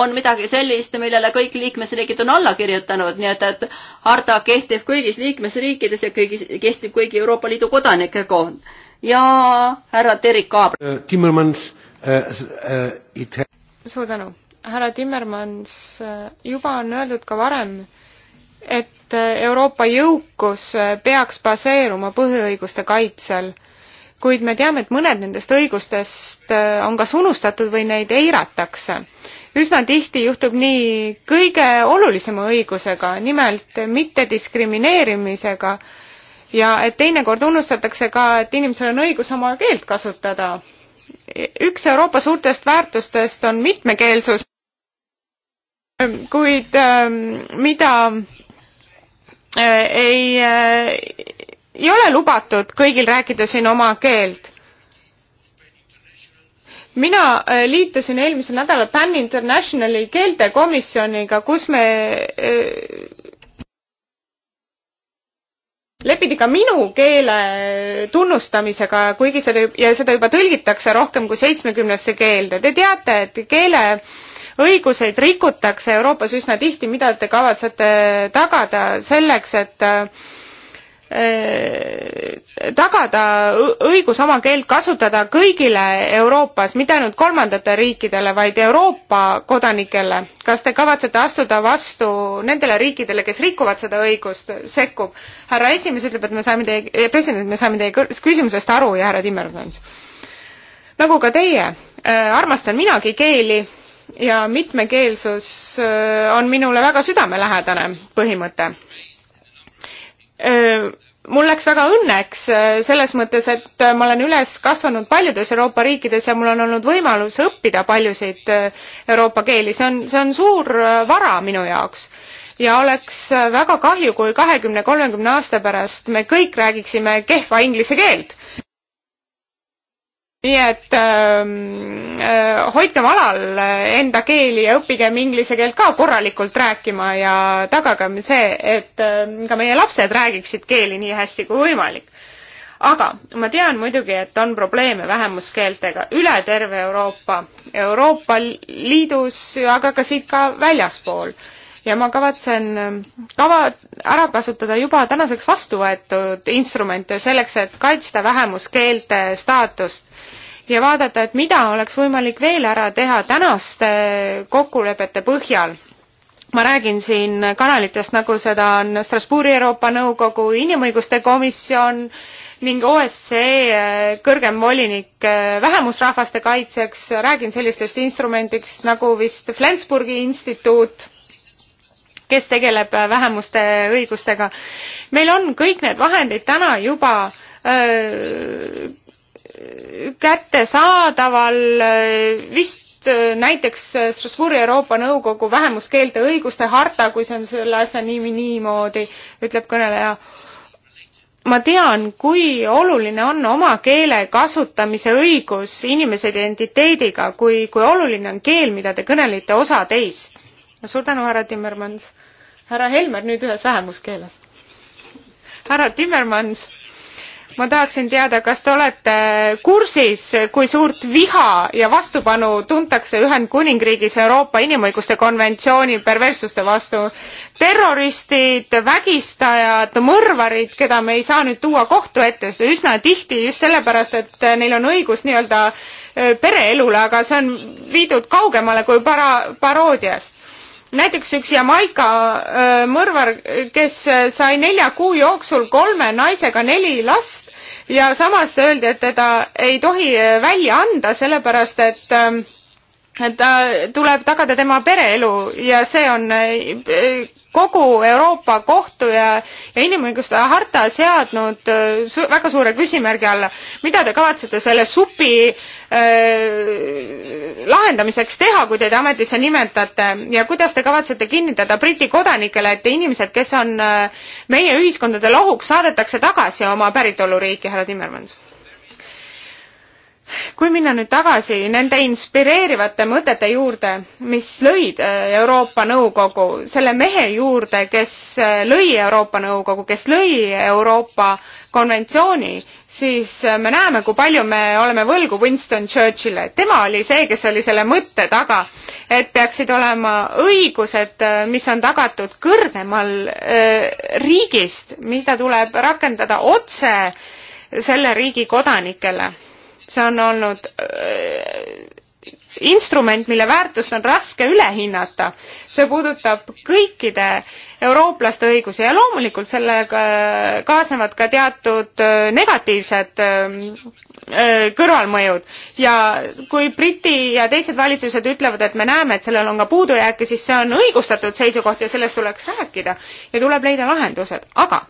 on midagi sellist, millele kõik liikmesriigid on alla kirjutanud, nii et, et harta kehtib kõigis liikmesriikides ja kõigis, kehtib kõigi Euroopa Liidu kodanike kohta. ja härra Terik Kaab- uh,. Äh, Timmermans uh,. Uh, it... suur tänu. härra Timmermans, juba on öeldud ka varem, et Euroopa jõukus peaks baseeruma põhiõiguste kaitsel, kuid me teame, et mõned nendest õigustest äh, on kas unustatud või neid eiratakse. üsna tihti juhtub nii kõige olulisema õigusega, nimelt mittediskrimineerimisega ja et teinekord unustatakse ka, et inimesel on õigus oma keelt kasutada. üks Euroopa suurtest väärtustest on mitmekeelsus, kuid ähm, mida Äh, ei, äh, ei ole lubatud kõigil rääkida siin oma keelt. mina äh, liitusin eelmisel nädalal Pan Internationali keeltekomisjoniga, kus me leppida ka minu keele tunnustamisega, kuigi seda ja seda juba tõlgitakse rohkem kui seitsmekümnesse keelde. Te teate, et keele äh, õiguseid rikutakse Euroopas üsna tihti, mida te kavatsete tagada selleks, et eh, tagada õigus oma keelt kasutada kõigile Euroopas, mitte ainult kolmandate riikidele, vaid Euroopa kodanikele. kas te kavatsete astuda vastu nendele riikidele, kes rikuvad seda õigust, sekkub? härra esimees ütleb, et me saime teie, eh, president, me saime teie küsimusest aru ja härra Timmermans. nagu ka teie, eh, armastan minagi keeli ja mitmekeelsus äh, on minule väga südamelähedane põhimõte. Äh, mul läks väga õnneks äh, selles mõttes, et ma olen üles kasvanud paljudes Euroopa riikides ja mul on olnud võimalus õppida paljusid Euroopa keeli, see on, see on suur vara minu jaoks ja oleks väga kahju, kui kahekümne, kolmekümne aasta pärast me kõik räägiksime kehva inglise keelt nii et ähm, äh, hoidkem alal enda keeli ja õppigem inglise keelt ka korralikult rääkima ja tagagem see, et äh, ka meie lapsed räägiksid keeli nii hästi kui võimalik. aga ma tean muidugi, et on probleeme vähemuskeeltega üle terve Euroopa, Euroopa Liidus, aga ka siit ka väljaspool äh, ja ma kavatsen kava, ära kasutada juba tänaseks vastu võetud instrumente selleks, et kaitsta vähemuskeelte staatust ja vaadata, et mida oleks võimalik veel ära teha tänaste kokkulepete põhjal ma räägin siin kanalitest, nagu seda on Strasbourgi Euroopa Nõukogu Inimõiguste Komisjon ning OSCE eh, kõrgem volinik eh, vähemusrahvaste kaitseks, räägin sellistest instrumentidest nagu vist Flensburgi instituut kes tegeleb äh, vähemuste õigustega. meil on kõik need vahendid täna juba öö, äh, kättesaadaval äh, vist näiteks Strasbourgi Euroopa Nõukogu vähemuskeelte õiguste harta, kui see on selle asja nimi niimoodi, ütleb kõneleja. ma tean, kui oluline on oma keele kasutamise õigus inimese identiteediga, kui, kui oluline on keel, mida te kõnelite, osa teist suur tänu, härra Timmermans. härra Helmer nüüd ühes vähemuskeeles. härra Timmermans, ma tahaksin teada, kas te olete kursis, kui suurt viha ja vastupanu tuntakse Ühendkuningriigis Euroopa Inimõiguste Konventsiooni perverssuste vastu? terroristid, vägistajad, mõrvarid, keda me ei saa nüüd tuua kohtu ette, sest üsna tihti just sellepärast, et neil on õigus nii-öelda pereelule, aga see on viidud kaugemale kui para-, paroodiast näiteks üks Jamaica mõrvar, kes sai nelja kuu jooksul kolme naisega neli last ja samas öeldi, et teda ei tohi välja anda, sellepärast et ta tuleb tagada tema pereelu ja see on eh, kogu Euroopa kohtu ja, ja inimõiguste harta seadnud eh, su, väga suure küsimärgi alla. mida te kavatsete selle supi äh, lahendamiseks teha, kui teid ametisse nimetate ja kuidas te kavatsete kinnitada Briti kodanikele, et inimesed, kes on äh, meie ühiskondade lohuks, saadetakse tagasi oma päritoluriiki, härra Timmermans? kui minna nüüd tagasi nende inspireerivate mõtete juurde, mis lõid äh, Euroopa Nõukogu, selle mehe juurde, kes äh, lõi Euroopa Nõukogu, kes lõi Euroopa konventsiooni, siis äh, me näeme, kui palju me oleme võlgu Winston Churchillile. tema oli see, kes oli selle mõtte taga, et peaksid olema õigused, mis on tagatud kõrgemal riigist, mida tuleb rakendada otse selle riigi kodanikele see on olnud äh, instrument, mille väärtust on raske üle hinnata. see puudutab kõikide eurooplaste õigusi ja loomulikult sellega äh, kaasnevad ka teatud äh, negatiivsed ähm, kõrvalmõjud ja kui Briti ja teised valitsused ütlevad, et me näeme, et sellel on ka puudujääke, siis see on õigustatud seisukoht ja sellest tuleks rääkida ja tuleb leida lahendused, aga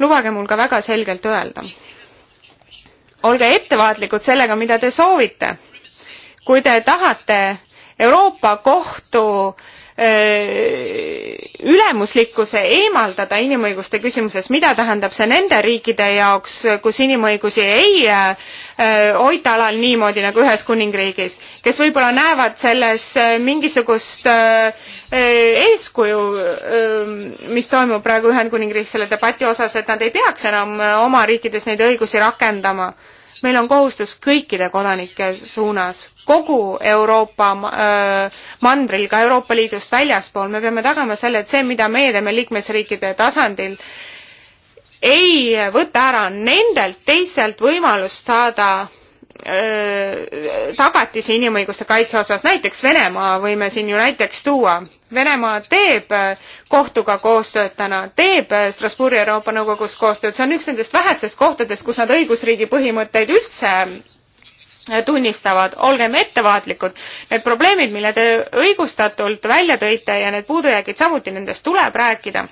lubage mul ka väga selgelt öelda olge ettevaatlikud sellega, mida te soovite. kui te tahate Euroopa Kohtu äh, ülemuslikkuse eemaldada inimõiguste küsimuses, mida tähendab see nende riikide jaoks, kus inimõigusi ei hoita alal niimoodi nagu ühes kuningriigis, kes võib-olla näevad selles mingisugust eeskuju, mis toimub praegu Ühendkuningriigis selle debati osas, et nad ei peaks enam oma riikides neid õigusi rakendama meil on kohustus kõikide kodanike suunas, kogu Euroopa äh, mandril, ka Euroopa Liidust väljaspool, me peame tagama selle, et see, mida meie teeme liikmesriikide tasandil, ei võta ära nendelt teistelt võimalust saada Äh, tagatisi inimõiguste kaitse osas, näiteks Venemaa võime siin ju näiteks tuua. Venemaa teeb äh, kohtuga koostööd täna, teeb äh, Strasbourgi Euroopa Nõukogus koostööd, see on üks nendest vähestest kohtadest, kus nad õigusriigi põhimõtteid üldse tunnistavad, olgem ettevaatlikud, need probleemid, mille te õigustatult välja tõite ja need puudujäägid samuti, nendest tuleb rääkida.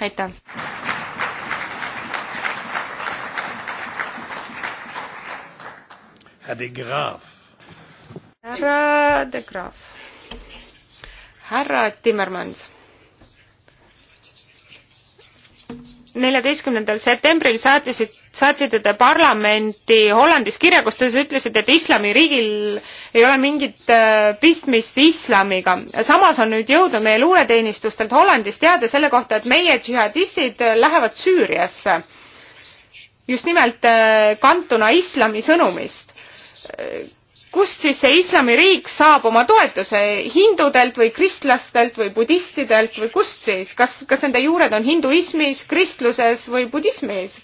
aitäh! härra de Graaf. härra de Graaf. härra Timmermans. neljateistkümnendal septembril saatisid saatsite te parlamenti Hollandis kirja, kus te ütlesite, et islamiriigil ei ole mingit äh, pistmist islamiga. samas on nüüd jõudnud meie luureteenistustelt Hollandis teade selle kohta, et meie džihadistid lähevad Süüriasse just nimelt äh, kantuna islami sõnumist kust siis see islamiriik saab oma toetuse hindudelt või kristlastelt või budistidelt või kust siis, kas, kas nende juured on hinduismis, kristluses või budismis?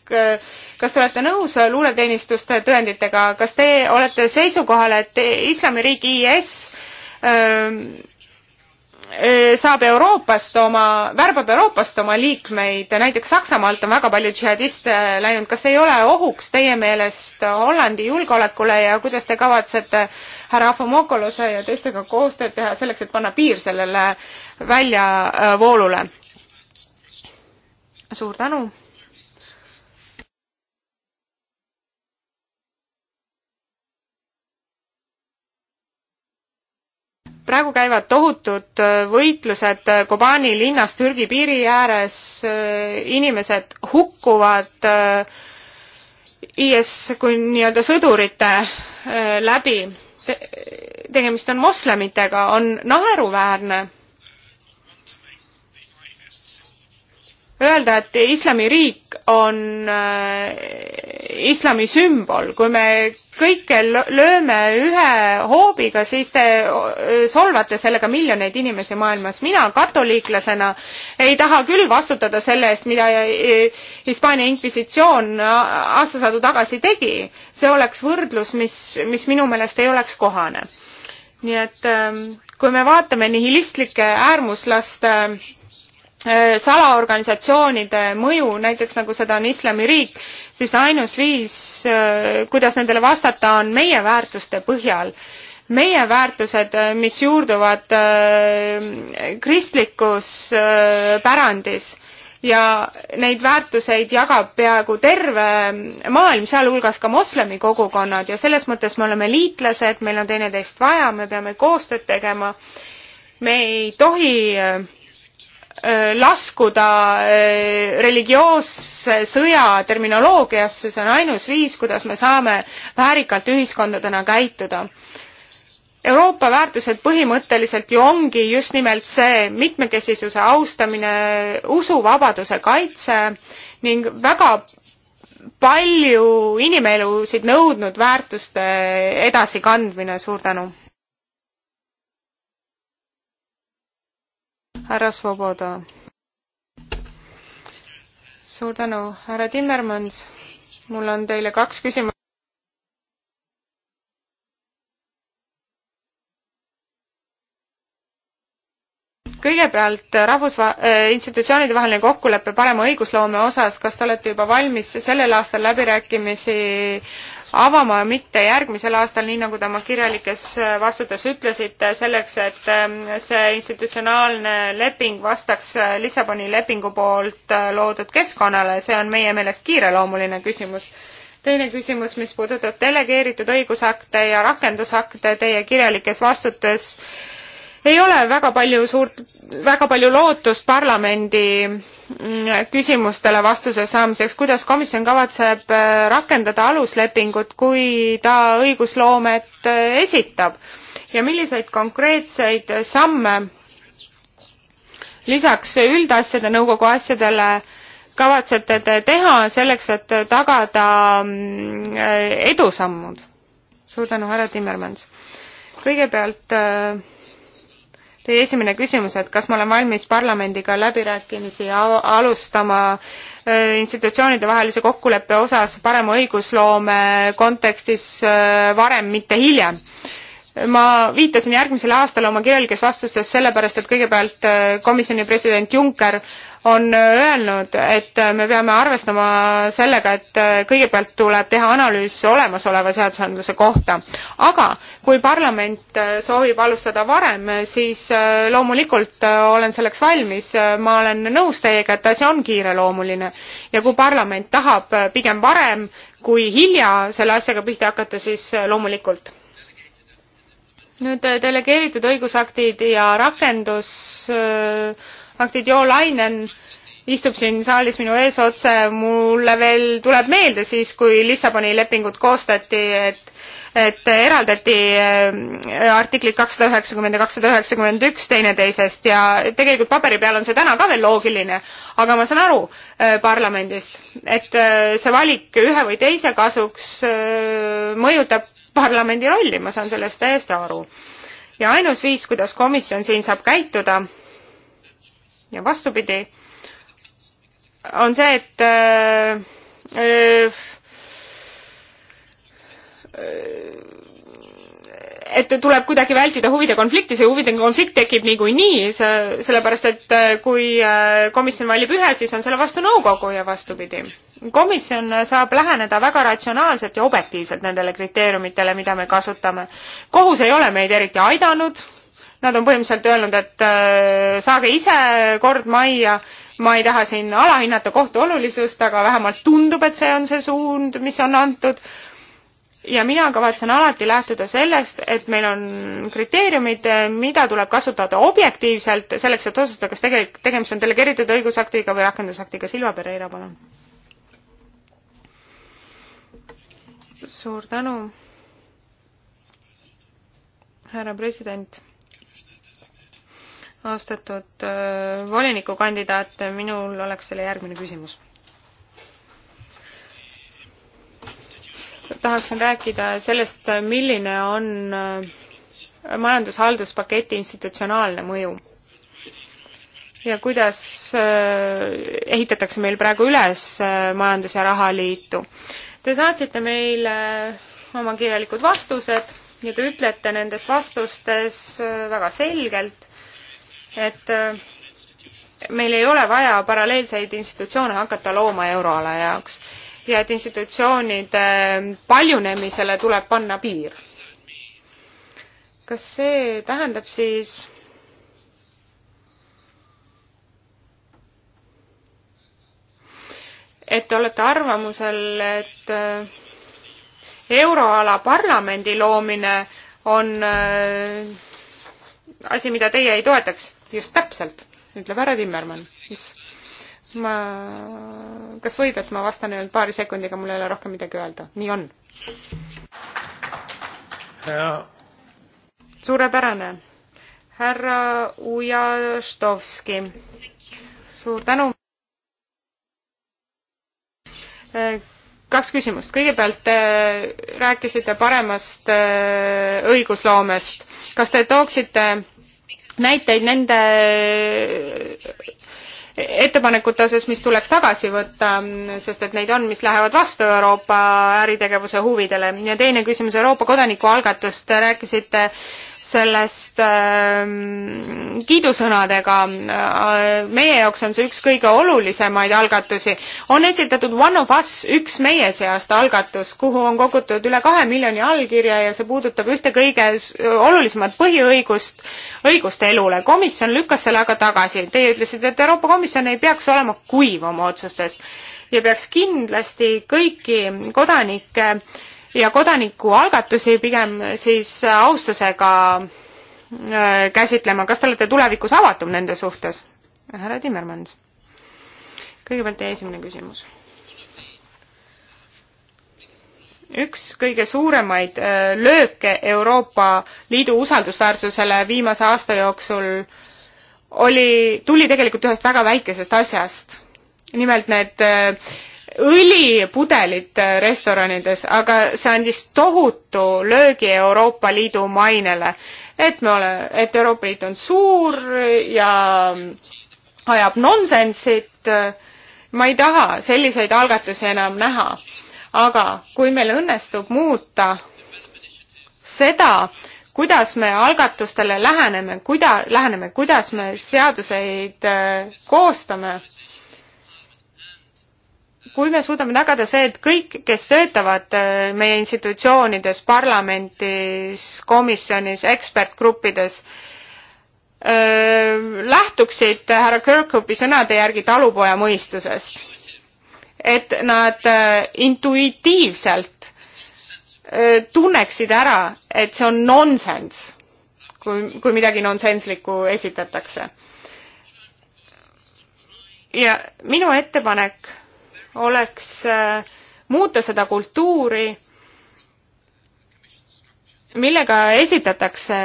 kas te olete nõus luureteenistuste tõenditega, kas te olete seisukohal, et islamiriik IS öö, ähm, saab Euroopast oma, värbab Euroopast oma liikmeid, näiteks Saksamaalt on väga palju džihadiste läinud, kas ei ole ohuks teie meelest Hollandi julgeolekule ja kuidas te kavatsete härra Afamokolose ja teistega koostööd teha selleks, et panna piir sellele väljavoolule? suur tänu praegu käivad tohutud äh, võitlused äh, Kobani linnas Türgi piiri ääres, äh, inimesed hukkuvad IS kui nii-öelda sõdurite läbi Te. tegemist on moslemitega, on naeruväärne öelda, et islamiriik on islami sümbol, kui me kõike lööme ühe hoobiga, siis te solvate sellega miljoneid inimesi maailmas. mina katoliiklasena ei taha küll vastutada selle eest, mida Hispaania inkvisitsioon aastasadu tagasi tegi. see oleks võrdlus, mis, mis minu meelest ei oleks kohane. nii et kui me vaatame nihilistlikke äärmuslaste Äh, salaorganisatsioonide mõju, näiteks nagu seda on Islamiriik, siis ainus viis, äh, kuidas nendele vastata, on meie väärtuste põhjal. meie väärtused, äh, mis juurduvad kristlikus pärandis ja neid väärtuseid jagab peaaegu terve maailm, sealhulgas ka moslemi kogukonnad ja selles mõttes me oleme liitlased, meil on teineteist vaja, me peame koostööd tegema. me ei tohi Äh, laskuda äh, religioosse sõja terminoloogiasse, see on ainus viis, kuidas me saame väärikalt ühiskondadena käituda. Euroopa väärtused põhimõtteliselt ju ongi just nimelt see mitmekesisuse austamine, usuvabaduse kaitse ning väga palju inimelusid nõudnud väärtuste edasikandmine, suur tänu! härra Svoboda. suur tänu, härra Timmermans. mul on teile kaks küsimust. kõigepealt äh, rahvusva- äh,, institutsioonide vaheline kokkulepe parema õigusloome osas, kas te olete juba valmis sellel aastal läbirääkimisi avama, mitte järgmisel aastal, nii nagu te oma kirjalikes äh, vastutes ütlesite, selleks, et ähm, see institutsionaalne leping vastaks äh, Lissaboni lepingu poolt loodud keskkonnale, see on meie meelest kiireloomuline küsimus. teine küsimus, mis puudutab delegeeritud õigusakte ja rakendusakte teie kirjalikes vastutes ei ole väga palju suurt, väga palju lootust parlamendi mm, küsimustele vastuse saamiseks, kuidas komisjon kavatseb äh, rakendada aluslepingut, kui ta õigusloomet äh, esitab ja milliseid konkreetseid samme lisaks üldasjade nõukogu asjadele kavatsete te teha selleks, et tagada mm, äh, edusammud? suur tänu, härra Timmermans. kõigepealt äh, Teie esimene küsimus, et kas ma olen valmis parlamendiga läbirääkimisi alustama äh, institutsioonide vahelise kokkuleppe osas parema õigusloome kontekstis äh, varem, mitte hiljem ma viitasin järgmisele aastale oma kirjalikes vastustes sellepärast, et kõigepealt äh, komisjoni president Juncker on öelnud, et me peame arvestama sellega, et kõigepealt tuleb teha analüüs olemasoleva seadusandluse kohta. aga kui parlament soovib alustada varem, siis äh, loomulikult äh, olen selleks valmis, ma olen nõus teiega, et asi on kiireloomuline. ja kui parlament tahab äh, pigem varem kui hilja selle asjaga pihta hakata, siis loomulikult nüüd delegeeritud õigusaktid ja rakendus öö, faktid, Jo Lainen istub siin saalis minu eesotse, mulle veel tuleb meelde siis, kui Lissaboni lepingut koostati, et et eraldati äh, artiklid kakssada üheksakümmend ja kakssada üheksakümmend üks teineteisest ja tegelikult paberi peal on see täna ka veel loogiline, aga ma saan aru äh, parlamendist, et äh, see valik ühe või teise kasuks mõjutab parlamendi rolli, ma saan sellest täiesti aru. ja ainus viis, kuidas komisjon siin saab käituda, ja vastupidi, on see, et öö, äh, äh, et tuleb kuidagi vältida huvide konflikti, see huvide konflikt tekib niikuinii, see, sellepärast et äh, kui komisjon valib ühe, siis on selle vastu nõukogu ja vastupidi. komisjon saab läheneda väga ratsionaalselt ja objektiivselt nendele kriteeriumitele, mida me kasutame. kohus ei ole meid eriti aidanud Nad on põhimõtteliselt öelnud, et äh, saage ise kord majja, ma ei taha siin alahinnata kohtu olulisust, aga vähemalt tundub, et see on see suund, mis on antud. ja mina kavatsen alati lähtuda sellest, et meil on kriteeriumid, äh, mida tuleb kasutada objektiivselt selleks, et otsustada, kas tegelikult tegemist on delegeeritud õigusaktiga või rakendusaktiga. Silva Pereira, palun. suur tänu, härra president austatud äh, volinikukandidaat, minul oleks selle järgmine küsimus. tahaksin rääkida sellest, milline on äh, majandushalduspaketi institutsionaalne mõju ja kuidas äh, ehitatakse meil praegu üles majandus- ja rahaliitu. Te saatsite meile oma kirjalikud vastused ja te ütlete nendes vastustes väga selgelt, et äh, meil ei ole vaja paralleelseid institutsioone hakata looma euroala jaoks ja et institutsioonide paljunemisele tuleb panna piir. kas see tähendab siis et te olete arvamusel, et äh, euroala parlamendi loomine on äh, asi, mida teie ei toetaks? just täpselt, ütleb härra Timmermann, mis ma, kas võib, et ma vastan ainult paari sekundiga, mul ei ole rohkem midagi öelda, nii on. suurepärane. härra Ujaštovski, suur tänu. kaks küsimust, kõigepealt te rääkisite paremast äh, õigusloomest, kas te tooksite just näiteid nende ettepanekute osas, mis tuleks tagasi võtta, sest et neid on, mis lähevad vastu Euroopa äritegevuse huvidele. ja teine küsimus Euroopa kodanikualgatust, rääkisite äh, sellest äh, kiidusõnadega äh,. meie jaoks on see üks kõige olulisemaid algatusi. on esitatud One of Us, üks meie seast algatus, kuhu on kogutud üle kahe miljoni allkirja ja see puudutab ühte kõige olulisemat põhiõigust, õigust elule. komisjon lükkas selle aga tagasi. Teie ütlesite, et Euroopa Komisjon ei peaks olema kuiv oma otsustes ja peaks kindlasti kõiki kodanikke äh, ja kodanikualgatusi pigem siis austusega äh, käsitlema, kas te olete tulevikus avatum nende suhtes? härra Timmermans. kõigepealt teie esimene küsimus. üks kõige suuremaid äh, lööke Euroopa Liidu usaldusväärsusele viimase aasta jooksul oli, tuli tegelikult ühest väga väikesest asjast nimelt need äh, õlipudelit äh, restoranides, aga see andis tohutu löögi Euroopa Liidu mainele, et me oleme, et Euroopa Liit on suur ja ajab nonsensit. ma ei taha selliseid algatusi enam näha. aga kui meil õnnestub muuta seda, kuidas me algatustele läheneme, kuida-, läheneme, kuidas me seaduseid äh, koostame, kui me suudame tagada see, et kõik, kes töötavad äh, meie institutsioonides, parlamentis, komisjonis, ekspertgruppides, äh, lähtuksid härra Kirkhopi sõnade järgi talupoja mõistusest. et nad äh, intuitiivselt tunneksid ära, et see on nonsense, kui, kui midagi nonsenslikku esitatakse. ja minu ettepanek oleks äh, muuta seda kultuuri millega esitatakse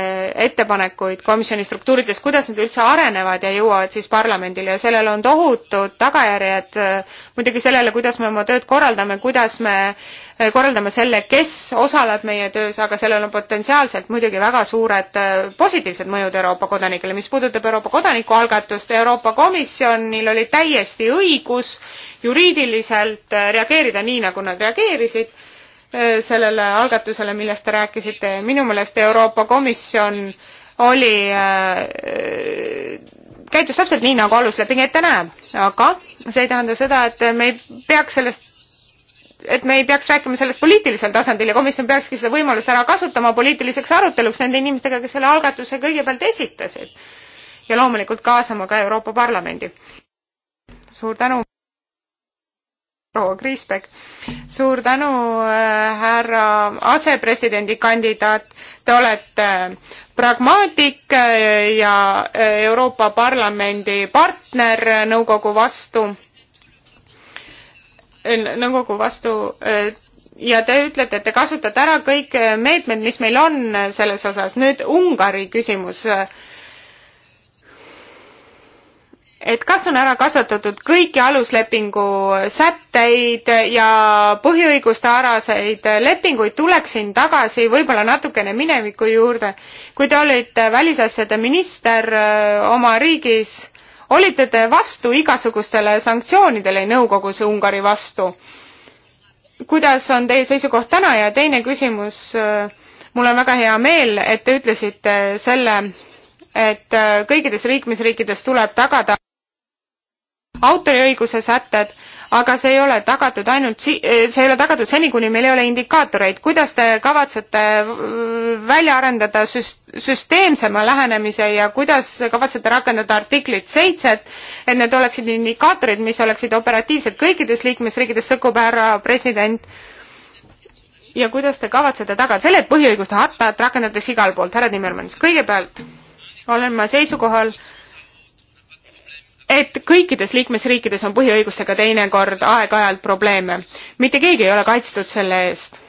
ettepanekuid komisjoni struktuurides, kuidas need üldse arenevad ja jõuavad siis parlamendile ja sellel on tohutud tagajärjed äh, muidugi sellele, kuidas me oma tööd korraldame, kuidas me äh, korraldame selle, kes osaleb meie töös, aga sellel on potentsiaalselt muidugi väga suured äh, positiivsed mõjud Euroopa kodanikele. mis puudutab Euroopa kodanikualgatust, Euroopa Komisjonil oli täiesti õigus juriidiliselt reageerida nii, nagu nad reageerisid Äh, sellele algatusele, millest te rääkisite. minu meelest Euroopa Komisjon oli äh,, käitus täpselt nii, nagu alusleping ette näeb, aga see ei tähenda seda, et me ei peaks sellest et me ei peaks rääkima sellest poliitilisel tasandil ja komisjon peakski seda võimalust ära kasutama poliitiliseks aruteluks nende inimestega, kes selle algatuse kõigepealt esitasid. ja loomulikult kaasama ka Euroopa Parlamendi. suur tänu proua Kriisbeck. suur tänu äh,, härra asepresidendi kandidaat. Te olete äh, pragmaatik äh, ja äh, Euroopa Parlamendi partner nõukogu vastu, nõukogu vastu ja te ütlete, et te kasutate ära kõik meetmed, mis meil on selles osas. nüüd Ungari küsimus äh, et kas on ära kasutatud kõiki aluslepingu sätteid ja põhiõiguste alaseid lepinguid, tuleksin tagasi võib-olla natukene mineviku juurde. kui te olite välisasjade minister äh, oma riigis, olite te vastu igasugustele sanktsioonidele nõukogus Ungari vastu? kuidas on teie seisukoht täna ja teine küsimus, äh, mul on väga hea meel, et te ütlesite selle et äh, kõikides liikmesriikides tuleb tagada autoriõiguse sätted, aga see ei ole tagatud ainult si-, see ei ole tagatud seni, kuni meil ei ole indikaatoreid. kuidas te kavatsete välja arendada süst-, süsteemsema lähenemise ja kuidas kavatsete rakendada artiklit seitset, et need oleksid indikaatorid, mis oleksid operatiivsed kõikides liikmesriikides, sõkub härra president, ja kuidas te kavatsete tagada selle, et põhiõiguste hartat rakendatakse igal pool, härra Timmermans, kõigepealt olen ma seisukohal, et kõikides liikmesriikides on põhiõigustega teinekord aeg-ajalt probleeme. mitte keegi ei ole kaitstud selle eest.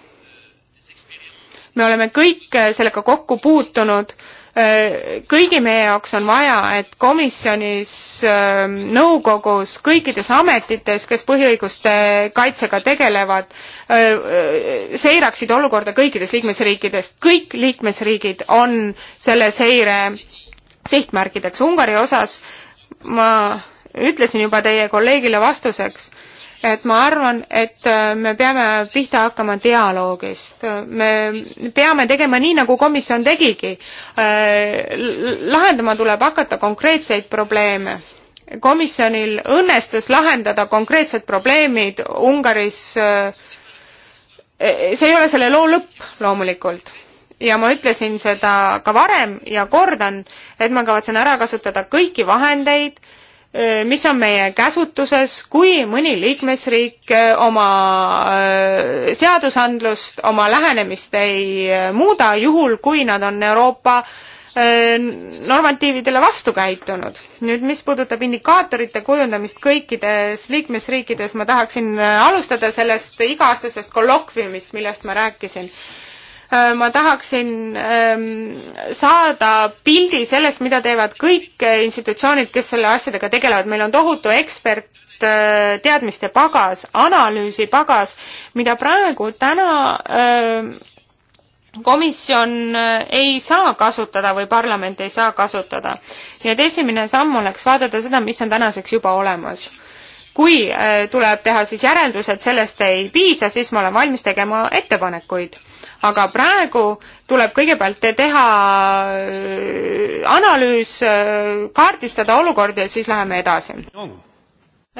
me oleme kõik äh, sellega kokku puutunud. Äh, kõigi meie jaoks on vaja, et komisjonis, äh, nõukogus, kõikides ametites, kes põhiõiguste kaitsega tegelevad, seiraksid olukorda kõikides liikmesriikides. kõik liikmesriigid on selle seire sihtmärkideks. Ungari osas ma ütlesin juba teie kolleegile vastuseks, et ma arvan, et äh, me peame pihta hakkama dialoogist. me peame tegema nii, nagu komisjon tegigi. Äh, lahendama tuleb hakata konkreetseid probleeme. komisjonil õnnestus lahendada konkreetsed probleemid Ungaris. Äh, e-, see ei ole selle loo lõpp loomulikult ja ma ütlesin seda ka varem ja kordan, et ma kavatsen ära kasutada kõiki vahendeid, mis on meie käsutuses, kui mõni liikmesriik oma seadusandlust, oma lähenemist ei muuda, juhul kui nad on Euroopa normatiividele vastu käitunud. nüüd, mis puudutab indikaatorite kujundamist kõikides liikmesriikides, ma tahaksin alustada sellest iga-aastasest kollokviumist, millest ma rääkisin Äh, ma tahaksin ähm, saada pildi sellest, mida teevad kõik äh, institutsioonid, kes selle asjadega tegelevad. meil on tohutu ekspert, äh, teadmiste pagas, analüüsipagas, mida praegu täna ähm, komisjon ei saa kasutada või parlament ei saa kasutada. nii et esimene samm oleks vaadata seda, mis on tänaseks juba olemas kui tuleb teha siis järeldused, sellest ei piisa, siis ma olen valmis tegema ettepanekuid aga praegu tuleb kõigepealt teha äh, analüüs, äh, kaardistada olukord ja siis läheme edasi.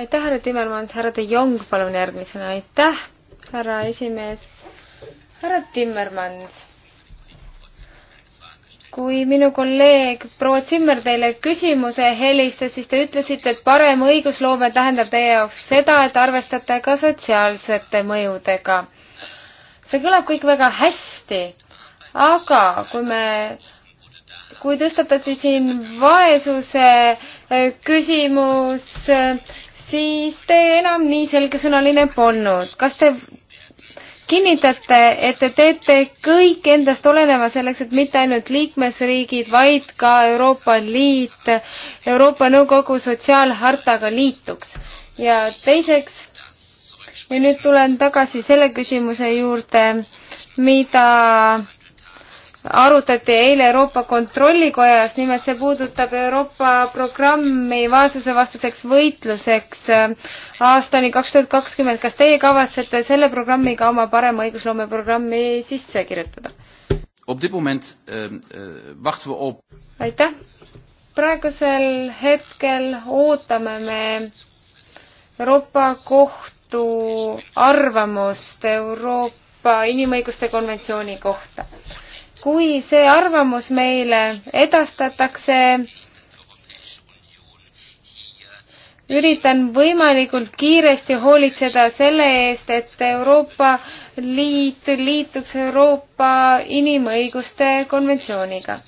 aitäh, härra Timmermann, härra De Jong, palun järgmisena, aitäh, härra esimees, härra Timmermann kui minu kolleeg proua Zimmer teile küsimuse helistas, siis te ütlesite, et parem õigusloome tähendab teie jaoks seda, et arvestate ka sotsiaalsete mõjudega see kõlab kõik väga hästi, aga kui me, kui tõstatati siin vaesuse eh, küsimus, siis te enam nii selgesõnaline polnud. kas te kinnitate, et te teete kõik endast oleneva selleks, et mitte ainult liikmesriigid, vaid ka Euroopa Liit Euroopa Nõukogu sotsiaalhartaga liituks? ja teiseks ja nüüd tulen tagasi selle küsimuse juurde, mida arutati eile Euroopa Kontrollikojas, nimelt see puudutab Euroopa programmi vaesusevastaseks võitluseks aastani kaks tuhat kakskümmend. kas teie kavatsete selle programmiga oma parema õigusloome programmi sisse kirjutada? Eh, eh, aitäh! praegusel hetkel ootame me Euroopa Kohtu Liidu arvamust Euroopa Inimõiguste Konventsiooni kohta. kui see arvamus meile edastatakse, üritan võimalikult kiiresti hoolitseda selle eest, et Euroopa Liit liituks Euroopa inimõiguste konventsiooniga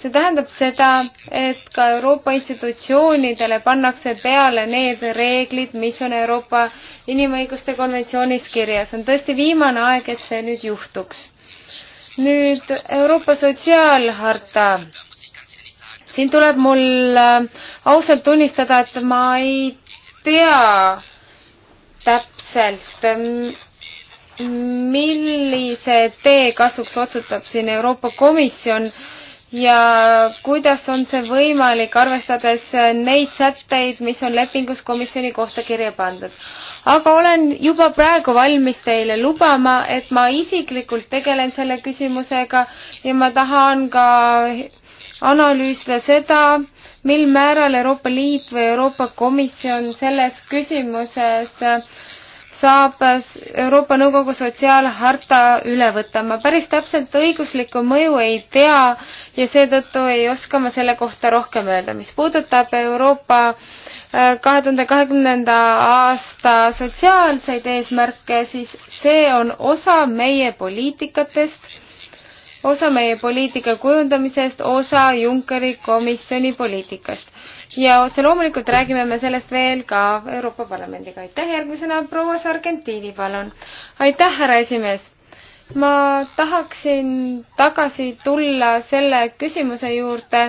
see tähendab seda, et ka Euroopa institutsioonidele pannakse peale need reeglid, mis on Euroopa inimõiguste konventsioonis kirjas. on tõesti viimane aeg, et see nüüd juhtuks. nüüd Euroopa sotsiaalharta. siin tuleb mul äh, ausalt tunnistada, et ma ei tea täpselt, millise tee kasuks otsustab siin Euroopa Komisjon ja kuidas on see võimalik, arvestades neid sätteid, mis on lepingus komisjoni kohta kirja pandud. aga olen juba praegu valmis teile lubama, et ma isiklikult tegelen selle küsimusega ja ma tahan ka analüüsida seda, mil määral Euroopa Liit või Euroopa Komisjon selles küsimuses saab äh, Euroopa Nõukogu sotsiaalharta üle võtta. ma päris täpselt õiguslikku mõju ei tea ja seetõttu ei oska ma selle kohta rohkem öelda. mis puudutab Euroopa äh, kahe tuhande kahekümnenda aasta sotsiaalseid eesmärke, siis see on osa meie poliitikatest osa meie poliitika kujundamisest, osa Junckeri komisjoni poliitikast. ja otse loomulikult räägime me sellest veel ka Euroopa Parlamendiga. aitäh, järgmisena proua Sargentini, palun. aitäh, härra esimees. ma tahaksin tagasi tulla selle küsimuse juurde,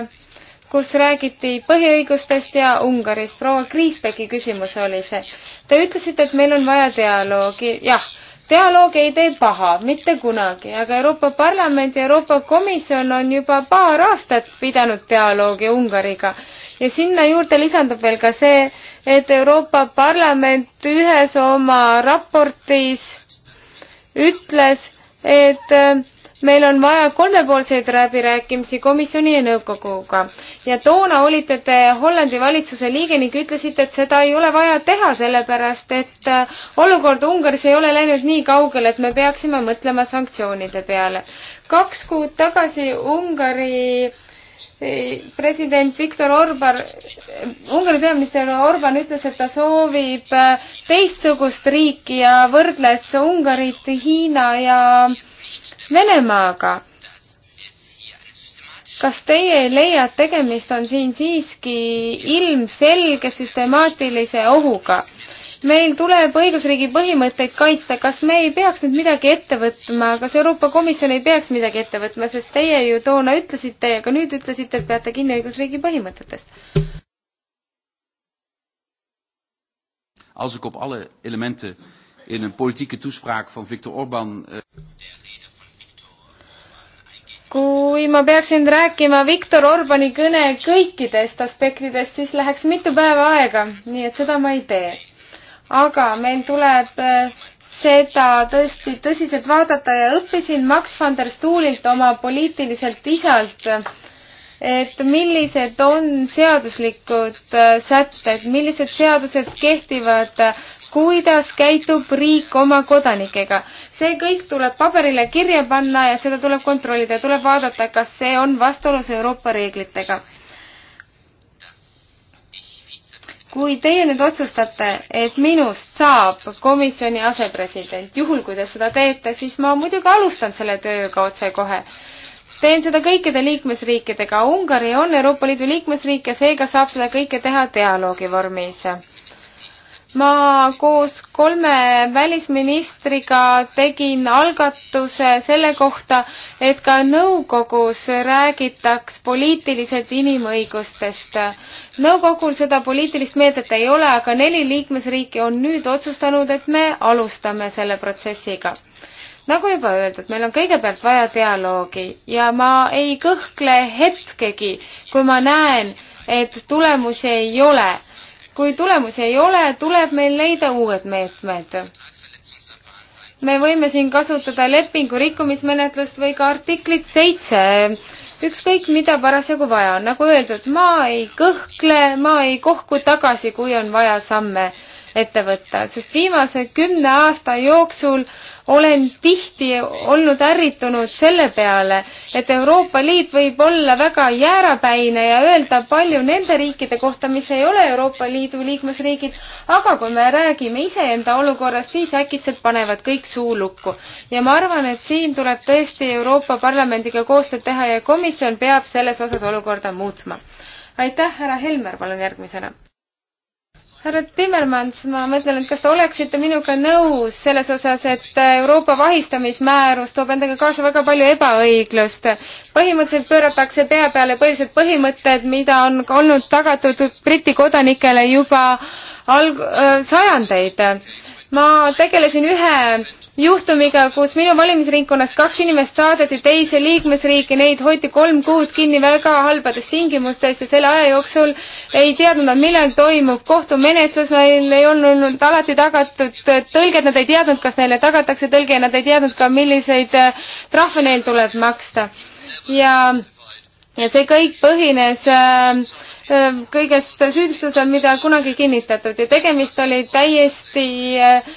kus räägiti põhiõigustest ja Ungarist. proua Kriisbecki küsimus oli see. Te ütlesite, et meil on vaja dialoogi, jah dialoog ei tee paha, mitte kunagi, aga Euroopa Parlament ja Euroopa Komisjon on juba paar aastat pidanud dialoogi Ungariga ja sinna juurde lisandub veel ka see, et Euroopa Parlament ühes oma raportis ütles, et meil on vaja kolmepoolseid läbirääkimisi komisjoni ja nõukoguga ja toona olite te Hollandi valitsuse liige ning ütlesite, et seda ei ole vaja teha, sellepärast et äh, olukord Ungaris ei ole läinud nii kaugele, et me peaksime mõtlema sanktsioonide peale. kaks kuud tagasi Ungari president Viktor Orban, Ungari peaminister Orban ütles, et ta soovib äh, teistsugust riiki ja võrdles Ungarit Hiina ja Venemaaga. kas teie ei leia, et tegemist on siin siiski ilmselge süstemaatilise ohuga? meil tuleb õigusriigi põhimõtteid kaitsta, kas me ei peaks nüüd midagi ette võtma, kas Euroopa Komisjon ei peaks midagi ette võtma, sest teie ju toona ütlesite ja ka nüüd ütlesite, et peate kinni õigusriigi põhimõtetest. Als ik op alle elementen in een politieke toespraak van Viktor Orban eh, kui ma peaksin rääkima Viktor Orbani kõne kõikidest aspektidest, siis läheks mitu päeva aega, nii et seda ma ei tee aga meil tuleb eh, seda tõesti tõsiselt vaadata ja õppisin Max van der Stuhlilt oma poliitiliselt isalt, et millised on seaduslikud eh, sätted, millised seadused kehtivad, kuidas käitub riik oma kodanikega. see kõik tuleb paberile kirja panna ja seda tuleb kontrollida, tuleb vaadata, kas see on vastuolus Euroopa reeglitega kui teie nüüd otsustate, et minust saab komisjoni asepresident, juhul kui te seda teete, siis ma muidugi alustan selle tööga otsekohe. teen seda kõikide liikmesriikidega, Ungari on Euroopa Liidu liikmesriik ja seega saab seda kõike teha dialoogi vormis ma koos kolme välisministriga tegin algatuse selle kohta, et ka nõukogus räägitaks poliitiliselt inimõigustest. nõukogul seda poliitilist meedet ei ole, aga neli liikmesriiki on nüüd otsustanud, et me alustame selle protsessiga nagu juba öeldud, meil on kõigepealt vaja dialoogi ja ma ei kõhkle hetkegi, kui ma näen, et tulemusi ei ole kui tulemusi ei ole, tuleb meil leida uued meetmed. me võime siin kasutada lepingu rikkumismenetlust või ka artiklit seitse, ükskõik mida parasjagu vaja on. nagu öeldud, ma ei kõhkle, ma ei kohku tagasi, kui on vaja samme ette võtta, sest viimase kümne aasta jooksul olen tihti olnud ärritunud selle peale, et Euroopa Liit võib olla väga jäärapäine ja öelda palju nende riikide kohta, mis ei ole Euroopa Liidu liikmesriigid, aga kui me räägime iseenda olukorrast, siis äkitselt panevad kõik suu lukku. ja ma arvan, et siin tuleb tõesti Euroopa Parlamendiga koostööd teha ja komisjon peab selles osas olukorda muutma. aitäh, härra Helmer, palun järgmisena härra Timmermans, ma mõtlen, et kas te oleksite minuga nõus selles osas, et Euroopa vahistamismäärus toob endaga kaasa väga palju ebaõiglust. põhimõtteliselt pööratakse pea peale põhilised põhimõtted, mida on olnud tagatud Briti kodanikele juba alg-, äh, sajandeid. ma tegelesin ühe juhtumiga, kus minu valimisringkonnas kaks inimest saadeti teise liikmesriiki, neid hoiti kolm kuud kinni väga halbades tingimustes ja selle aja jooksul ei teadnud nad, millal toimub kohtumenetlus, neil ei olnud alati tagatud tõlged, nad ei teadnud, kas neile tagatakse tõlge ja nad ei teadnud ka, milliseid äh, trahve neil tuleb maksta. ja, ja see kõik põhines äh, äh kõigest süüdistusel, mida kunagi kinnitatud ja tegemist oli täiesti äh,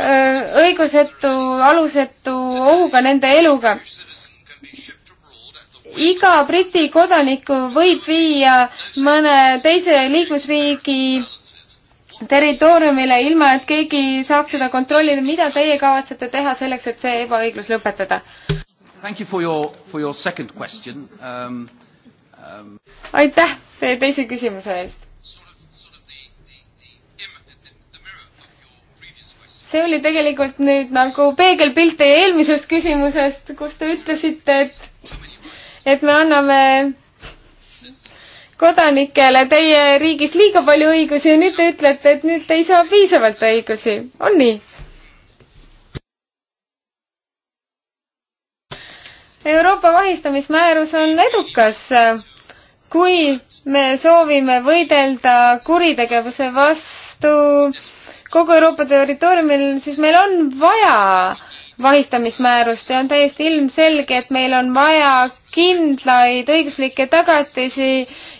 Äh, õigusetu, alusetu ohuga nende eluga. iga Briti kodaniku võib viia mõne teise liikmesriigi territooriumile, ilma et keegi saaks seda kontrollida, mida teie kavatsete teha selleks, et see ebaõiglus lõpetada? You um, um... aitäh teie teise küsimuse eest. see oli tegelikult nüüd nagu peegelpilt teie eelmisest küsimusest, kus te ütlesite, et, et me anname kodanikele teie riigis liiga palju õigusi ja nüüd te ütlete, et nüüd te ei saa piisavalt õigusi. on nii? Euroopa vahistamismäärus on edukas, kui me soovime võidelda kuritegevuse vastu kogu Euroopa territooriumil, siis meil on vaja vahistamismäärust ja on täiesti ilmselge, et meil on vaja kindlaid õiguslikke tagatisi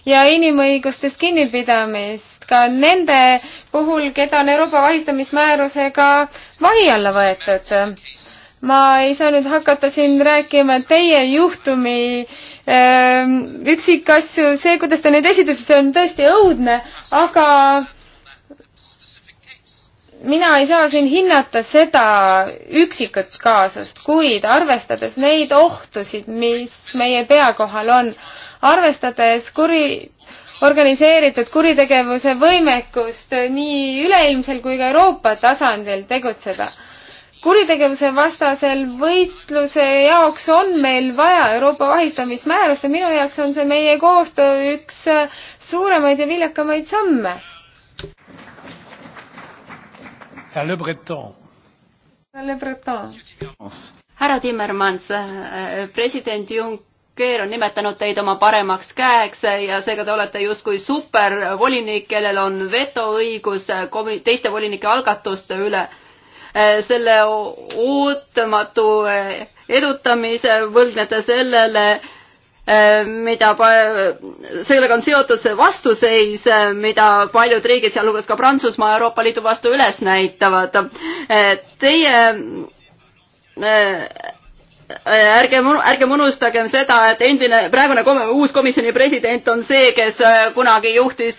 ja inimõigustest kinnipidamist ka nende puhul, keda on Euroopa vahistamismäärusega vahi alla võetud. ma ei saa nüüd hakata siin rääkima teie juhtumi ähm, üksikasju, see, kuidas te neid esitasite, see on tõesti õudne, aga mina ei saa siin hinnata seda üksikut kaasust, kuid arvestades neid ohtusid, mis meie pea kohal on, arvestades kuri, organiseeritud kuritegevuse võimekust nii üleilmsel kui ka Euroopa tasandil tegutseda. kuritegevuse vastasel võitluse jaoks on meil vaja Euroopa vahistamismäärust ja minu jaoks on see meie koostöö üks suuremaid ja viljakamaid samme härra Le Breton. härra Le Breton. härra Timmermans, äh, president Juncker on nimetanud teid oma paremaks käeks ja seega te olete justkui supervolinik, kellel on vetoõigus teiste volinike algatuste üle äh, selle ootamatu äh, edutamise võlgnete sellele, Äh, mida, äh, sellega on seotud see vastuseis, äh, mida paljud riigid, sealhulgas ka Prantsusmaa Euroopa Liidu vastu üles näitavad. Teie ärgem, ärgem unustagem seda, et endine, praegune kom uus komisjoni president on see, kes kunagi juhtis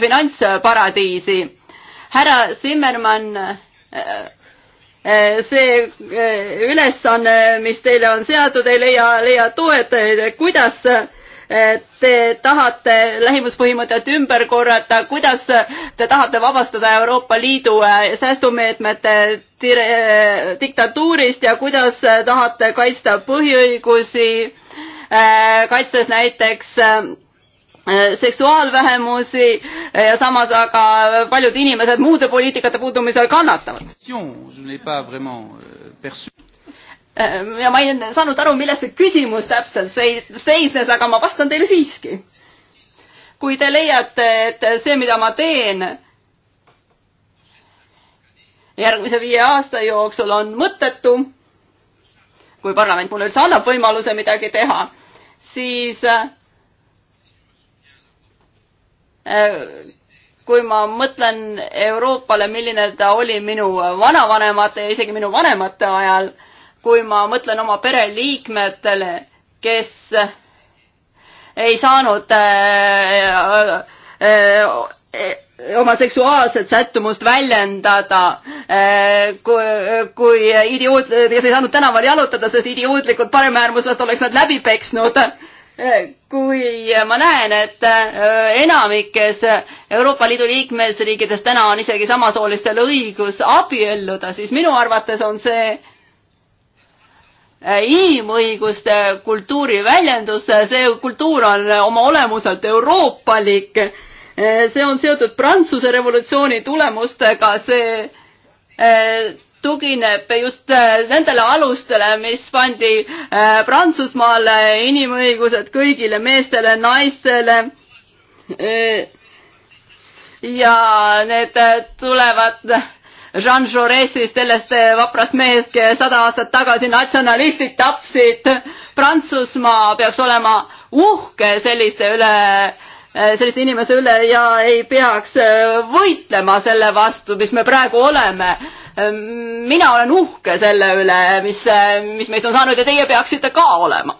finantsparadiisi. härra Zimmermann Eh, see eh, ülesanne, mis teile on seatud, ei leia, leia toetajaid, kuidas eh, te tahate lähimuspõhimõtet ümber korrata, kuidas te tahate vabastada Euroopa Liidu säästumeetmete diktatuurist ja kuidas tahate kaitsta põhiõigusi, kaitstes näiteks Äh, seksuaalvähemusi äh, ja samas aga paljud inimesed muude poliitikate puudumisel kannatavad. Euh, äh, ja ma ei saanud aru, milles see küsimus täpselt seisnes, aga ma vastan teile siiski. kui te leiate, et see, mida ma teen järgmise viie aasta jooksul on mõttetu, kui parlament mulle üldse annab võimaluse midagi teha, siis Äh, kui ma mõtlen Euroopale, milline ta oli minu vanavanemate ja isegi minu vanemate ajal, kui ma mõtlen oma pereliikmetele, kes ei saanud äh, äh, äh, oma seksuaalset sättumust väljendada, äh, kui, kui idioot, kes ei saanud tänaval jalutada, sest idiootlikud paremäärmuslased oleks nad läbi peksnud kui ma näen, et äh, enamikes Euroopa Liidu liikmesriikides täna on isegi samasoolistel õigus abielluda, siis minu arvates on see äh, inimõiguste kultuuri väljendus, see kultuur on oma olemuselt euroopalik, äh, see on seotud Prantsuse revolutsiooni tulemustega, see tugineb just äh, nendele alustele, mis pandi äh, Prantsusmaale inimõigused kõigile meestele, naistele. Äh, ja need tulevad Jean Jaurésist, sellest vaprast mehest, kes sada aastat tagasi natsionalistid tapsid. Prantsusmaa peaks olema uhke selliste üle, selliste inimeste üle ja ei peaks võitlema selle vastu, mis me praegu oleme Ehm, mina olen uhke selle üle, mis, mis meist on saanud ja teie peaksite ka olema.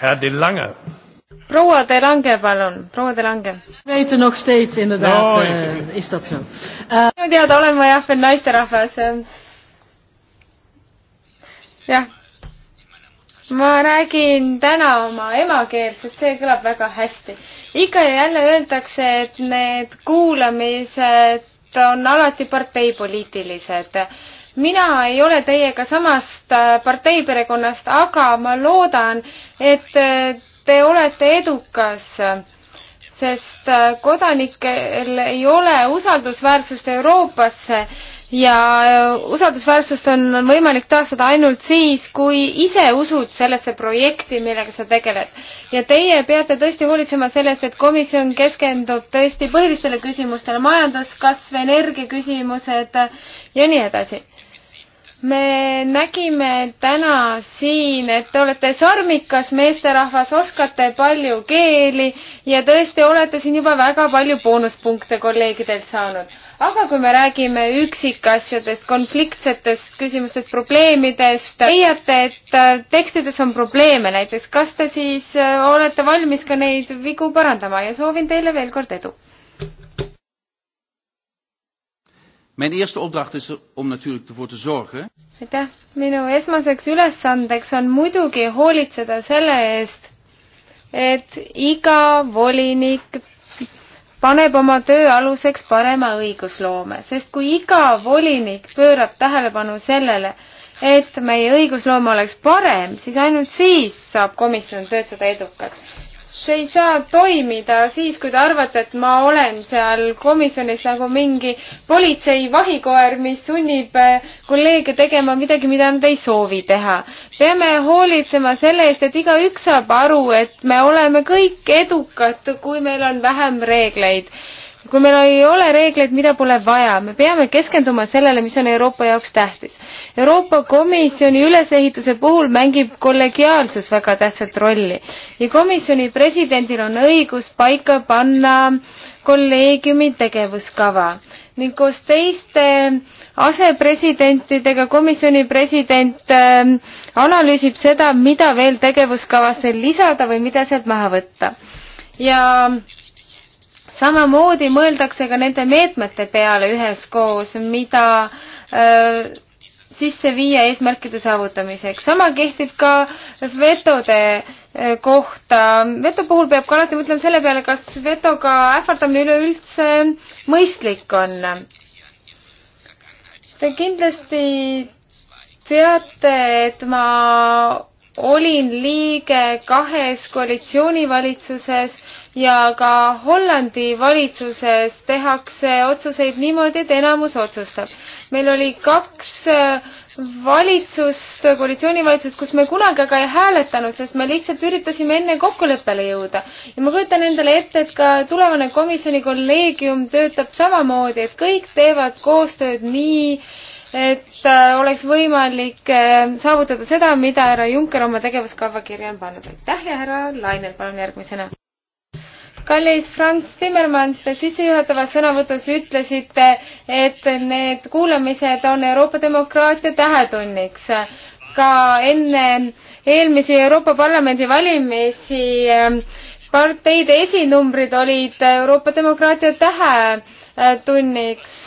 härra De Lange. proua De Lange, palun, proua De Lange. Weet nog steeds inderdaad no, uh, is dat zo uh,. minu teada olen ma jah veel naisterahvas. Eh. jah ma räägin täna oma emakeelt, sest see kõlab väga hästi ikka ja jälle öeldakse, et need kuulamised on alati parteipoliitilised. mina ei ole teiega samast äh, parteiperekonnast, aga ma loodan, et äh, te olete edukas sest äh, kodanikel ei ole usaldusväärsust Euroopasse ja äh, usaldusväärsust on, on võimalik taastada ainult siis, kui ise usud sellesse projekti, millega sa tegeled. ja teie peate tõesti hoolitsema sellest, et komisjon keskendub tõesti põhilistele küsimustele, majanduskasv, energiaküsimused äh, ja nii edasi. me nägime täna siin, et te olete sarmikas meesterahvas, oskate palju keeli ja tõesti olete siin juba väga palju boonuspunkte kolleegidelt saanud aga kui me räägime üksikasjadest, konfliktsetest küsimustest, probleemidest, leiate, et äh, tekstides on probleeme näiteks, kas te siis äh, olete valmis ka neid vigu parandama ja soovin teile veel kord edu. Mijn eerste opdracht is om natuurlijk ervoor te zorgen. aitäh, minu esmaseks ülesandeks on muidugi hoolitseda selle eest, et iga volinik paneb oma töö aluseks parema õigusloome, sest kui iga volinik pöörab tähelepanu sellele, et meie õigusloome oleks parem, siis ainult siis saab komisjon töötada edukalt see ei saa toimida siis, kui te arvate, et ma olen seal komisjonis nagu mingi politsei vahikoer, mis sunnib äh, kolleege tegema midagi, mida nad ei soovi teha. peame hoolitsema selle eest, et igaüks saab aru, et me oleme kõik edukad, kui meil on vähem reegleid kui meil ei ole reegleid, mida pole vaja, me peame keskenduma sellele, mis on Euroopa jaoks tähtis. Euroopa Komisjoni ülesehituse puhul mängib kollegiaalsus väga tähtsat rolli ja komisjoni presidendil on õigus paika panna kolleegiumi tegevuskava ning koos teiste asepresidentidega komisjoni president ähm, analüüsib seda, mida veel tegevuskavasse lisada või mida sealt maha võtta. ja samamoodi mõeldakse ka nende meetmete peale üheskoos, mida öö, sisse viia eesmärkide saavutamiseks. sama kehtib ka vetode kohta. veto puhul peab ka alati mõtlema selle peale, kas vetoga ähvardamine üleüldse mõistlik on. Te kindlasti teate, et ma olin liige kahes koalitsioonivalitsuses ja ka Hollandi valitsuses tehakse otsuseid niimoodi, et enamus otsustab. meil oli kaks äh, valitsust, koalitsioonivalitsust, kus me kunagi aga ei hääletanud, sest me lihtsalt üritasime enne kokkuleppele jõuda. ja ma kujutan endale ette, et ka tulevane komisjoni kolleegium töötab samamoodi, et kõik teevad koostööd nii äh, et äh, oleks võimalik äh, saavutada seda, mida härra Juncker oma tegevuskava kirja on pannud. aitäh ja härra Lainel, palun järgmisena. kallis Franz Timmermann, te sissejuhatavas sõnavõtus ütlesite, et need kuulamised on Euroopa demokraatia tähetunniks. ka enne eelmisi Euroopa Parlamendi valimisi ähm, parteide esinumbrid olid Euroopa demokraatia tähetunniks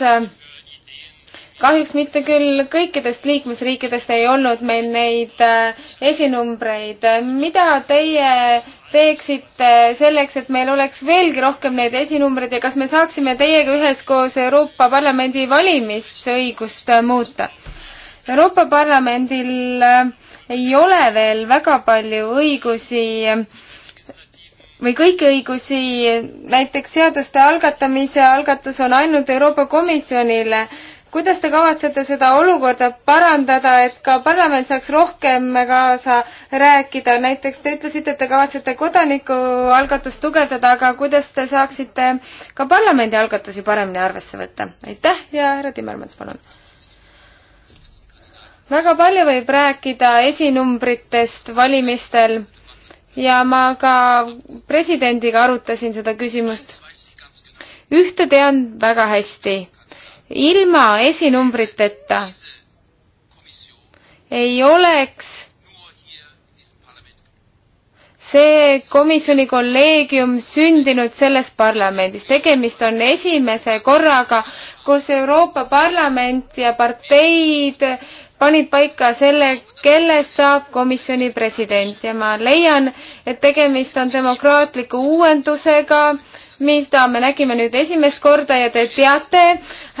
kahjuks mitte küll kõikidest liikmesriikidest ei olnud meil neid äh, esinumbreid. mida teie teeksite selleks, et meil oleks veelgi rohkem neid esinumbreid ja kas me saaksime teiega üheskoos Euroopa Parlamendi valimisõigust äh, muuta? Euroopa Parlamendil äh, ei ole veel väga palju õigusi või kõiki õigusi, näiteks seaduste algatamise algatus on ainult Euroopa Komisjonile kuidas te kavatsete seda olukorda parandada, et ka parlament saaks rohkem kaasa rääkida, näiteks te ütlesite, et te kavatsete kodanikualgatust tugevdada, aga kuidas te saaksite ka parlamendi algatusi paremini arvesse võtta? aitäh ja härra Timmermans, palun! väga palju võib rääkida esinumbritest valimistel ja ma ka presidendiga arutasin seda küsimust. ühte tean väga hästi ilma esinumbriteta ei oleks see komisjoni kolleegium sündinud selles parlamendis. tegemist on esimese korraga, kus Euroopa Parlament ja parteid panid paika selle, kellest saab komisjoni president ja ma leian, et tegemist on demokraatliku uuendusega mida me nägime nüüd esimest korda ja te teate,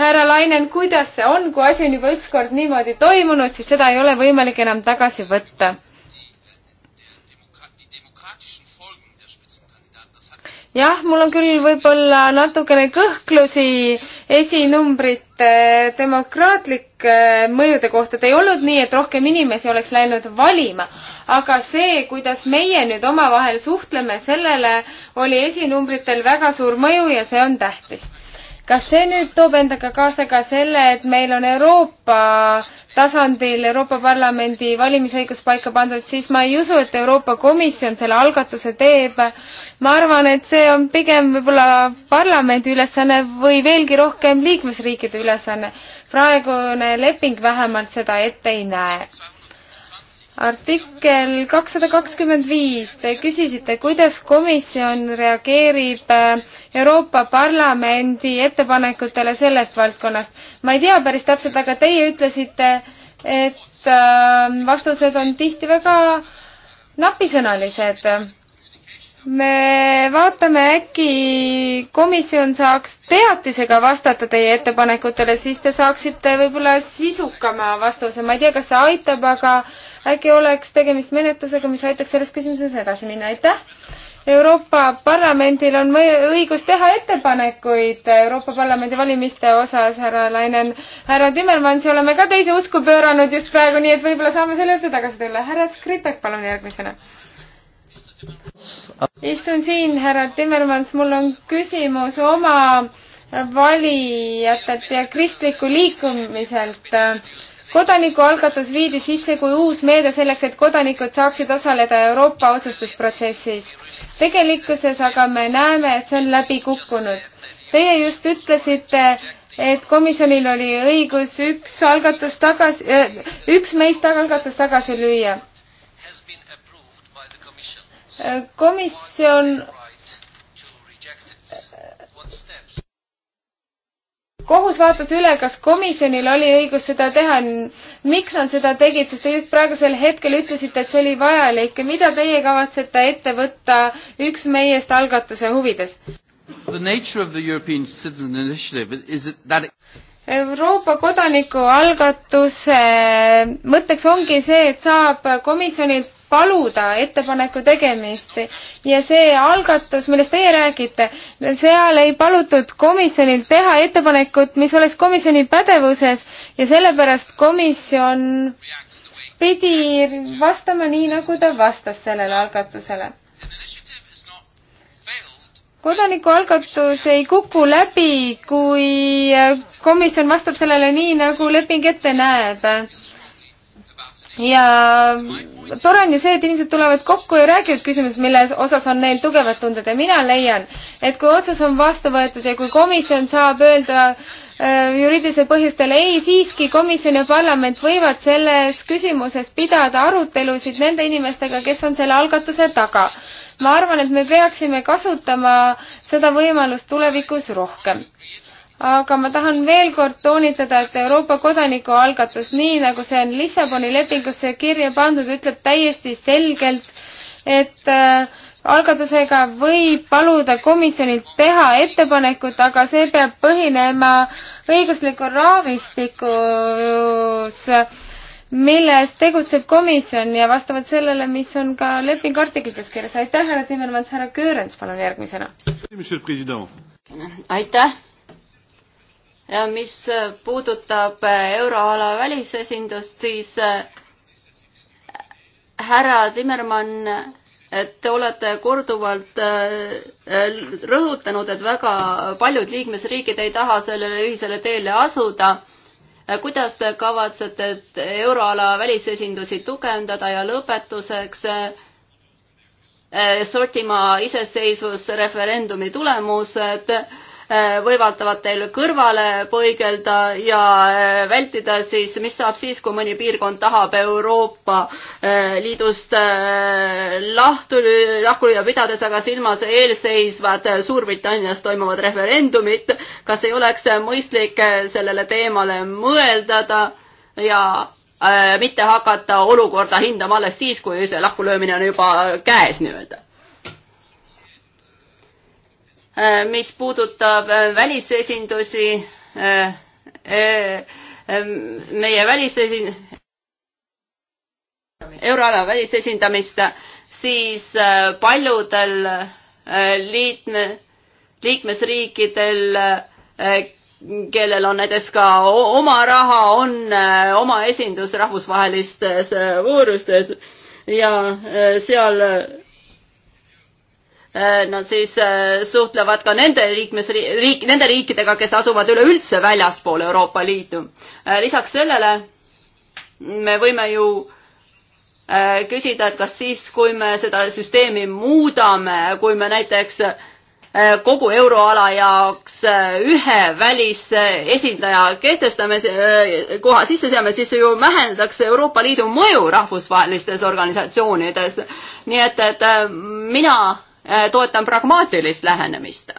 härra Lainen, kuidas see on, kui asi on juba ükskord niimoodi toimunud, siis seda ei ole võimalik enam tagasi võtta jah, mul on küll võib-olla natukene kõhklusi esinumbrite demokraatlike mõjude kohta, et ei olnud nii, et rohkem inimesi oleks läinud valima, aga see, kuidas meie nüüd omavahel suhtleme, sellele oli esinumbritel väga suur mõju ja see on tähtis kas see nüüd toob endaga kaasa ka selle, et meil on Euroopa tasandil Euroopa Parlamendi valimisõigus paika pandud, siis ma ei usu, et Euroopa Komisjon selle algatuse teeb. ma arvan, et see on pigem võib-olla parlamendi ülesanne või veelgi rohkem liikmesriikide ülesanne. praegune leping vähemalt seda ette ei näe artikkel kakssada kakskümmend viis, te küsisite, kuidas komisjon reageerib äh, Euroopa Parlamendi ettepanekutele sellest valdkonnast. ma ei tea päris täpselt, aga teie ütlesite, et äh, vastused on tihti väga napisõnalised. me vaatame, äkki komisjon saaks teatisega vastata teie ettepanekutele, siis te saaksite võib-olla sisukama vastuse, ma ei tea, kas see aitab, aga äkki oleks tegemist menetlusega, mis aitaks selles küsimuses edasi minna, aitäh! Euroopa Parlamendil on õigus teha ettepanekuid Euroopa Parlamendi valimiste osas, härra Lainen. härra Timmermansi oleme ka teise usku pööranud just praegu, nii et võib-olla saame selle juurde tagasi tulla. härra Skripek, palun järgmisena istun siin, härra Timmermans, mul on küsimus oma valijatelt ja kristliku liikumiselt. kodanikualgatus viidi sisse kui uus meede selleks, et kodanikud saaksid osaleda Euroopa otsustusprotsessis. tegelikkuses aga me näeme, et see on läbi kukkunud. Teie just ütlesite, et komisjonil oli õigus üks algatus tagasi, äh, üks meist algatus tagasi lüüa. komisjon kohus vaatas üle, kas komisjonil oli õigus seda teha. miks nad seda tegid, sest te just praegusel hetkel ütlesite, et see oli vajalik. mida teie kavatsete ette võtta üks meiest algatuse huvides? The nature of the European Citizen Initiative is that it Euroopa kodanikualgatuse mõtteks ongi see, et saab komisjonilt paluda ettepaneku tegemist ja see algatus, millest teie räägite, seal ei palutud komisjonil teha ettepanekut, mis oleks komisjoni pädevuses ja sellepärast komisjon pidi vastama nii, nagu ta vastas sellele algatusele kodanikualgatus ei kuku läbi, kui komisjon vastab sellele nii, nagu leping ette näeb. ja tore on ju see, et inimesed tulevad kokku ja räägivad küsimusest, mille osas on neil tugevad tunded ja mina leian, et kui otsus on vastu võetud ja kui komisjon saab öelda äh, Äh, juriidilistel põhjustel. ei, siiski komisjon ja parlament võivad selles küsimuses pidada arutelusid nende inimestega, kes on selle algatuse taga. ma arvan, et me peaksime kasutama seda võimalust tulevikus rohkem aga ma tahan veel kord toonitada, et Euroopa kodanikualgatus, nii nagu see on Lissaboni lepingusse kirja pandud, ütleb täiesti selgelt, et äh, algatusega võib paluda komisjonilt teha ettepanekut, aga see peab põhinema õigusliku raamistikus, milles tegutseb komisjon ja vastavalt sellele, mis on ka lepingu artiklites kirjas. aitäh, härra Timmermans, härra Köörens, palun järgmisena. aitäh. ja mis puudutab äh, euroala välisesindust, siis äh, härra Timmermann et te olete korduvalt äh, rõhutanud, et väga paljud liikmesriigid ei taha sellele ühisele teele asuda. Äh, kuidas te kavatsete euroala välisesindusi tugevdada ja lõpetuseks äh, sortima iseseisvusreferendumi tulemused Äh, võimaldavad teil kõrvale põigelda ja äh, vältida siis, mis saab siis, kui mõni piirkond tahab Euroopa äh, Liidust lahtu, lahku lüüa, pidades aga silmas eelseisvad Suurbritannias toimuvad referendumid. kas ei oleks mõistlik sellele teemale mõelda ja mitte hakata olukorda hindama alles siis, kui see lahkulöömine on juba käes nii-öelda? Äh, mis puudutab äh, välisesindusi, äh, ähm, meie välisesin-, euroala välisesindamist, siis paljudel liitme, liikmesriikidel, kellel on näiteks ka oma raha, on oma esindus rahvusvahelistes voorustes ja seal Äh, nad siis äh, suhtlevad ka nende liikmesriik, nende riikidega, kes asuvad üleüldse väljaspool Euroopa Liitu. Äh, lisaks sellele me võime ju küsida, et kas siis, kui me seda süsteemi muudame, kui me näiteks kogu euroala jaoks ühe välisesindaja kehtestame, koha sisse seame, siis ju vähendatakse Euroopa Liidu mõju rahvusvahelistes organisatsioonides. nii et, et mina Äh, toetan pragmaatilist lähenemist.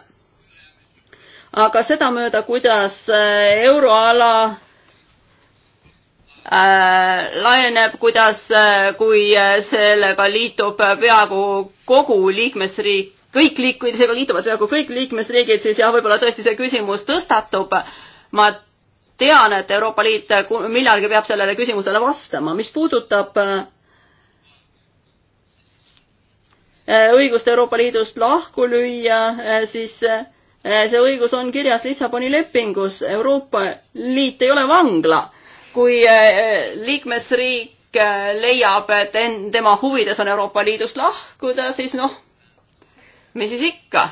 aga sedamööda, kuidas äh, euroala Äh, laieneb, kuidas äh,, kui äh, sellega liitub peaaegu kogu liikmesriik, kõik liik-, kui sellega liituvad peaaegu kõik liikmesriigid, siis jah, võib-olla tõesti see küsimus tõstatub. ma tean, et Euroopa Liit millalgi peab sellele küsimusele vastama. mis puudutab äh, Äh, õigust Euroopa Liidust lahku lüüa, äh, siis äh, see õigus on kirjas Lissaboni lepingus. Euroopa Liit ei ole vangla. kui liikmesriik leiab, et en-, tema huvides on Euroopa Liidust lahkuda, siis noh, mis siis ikka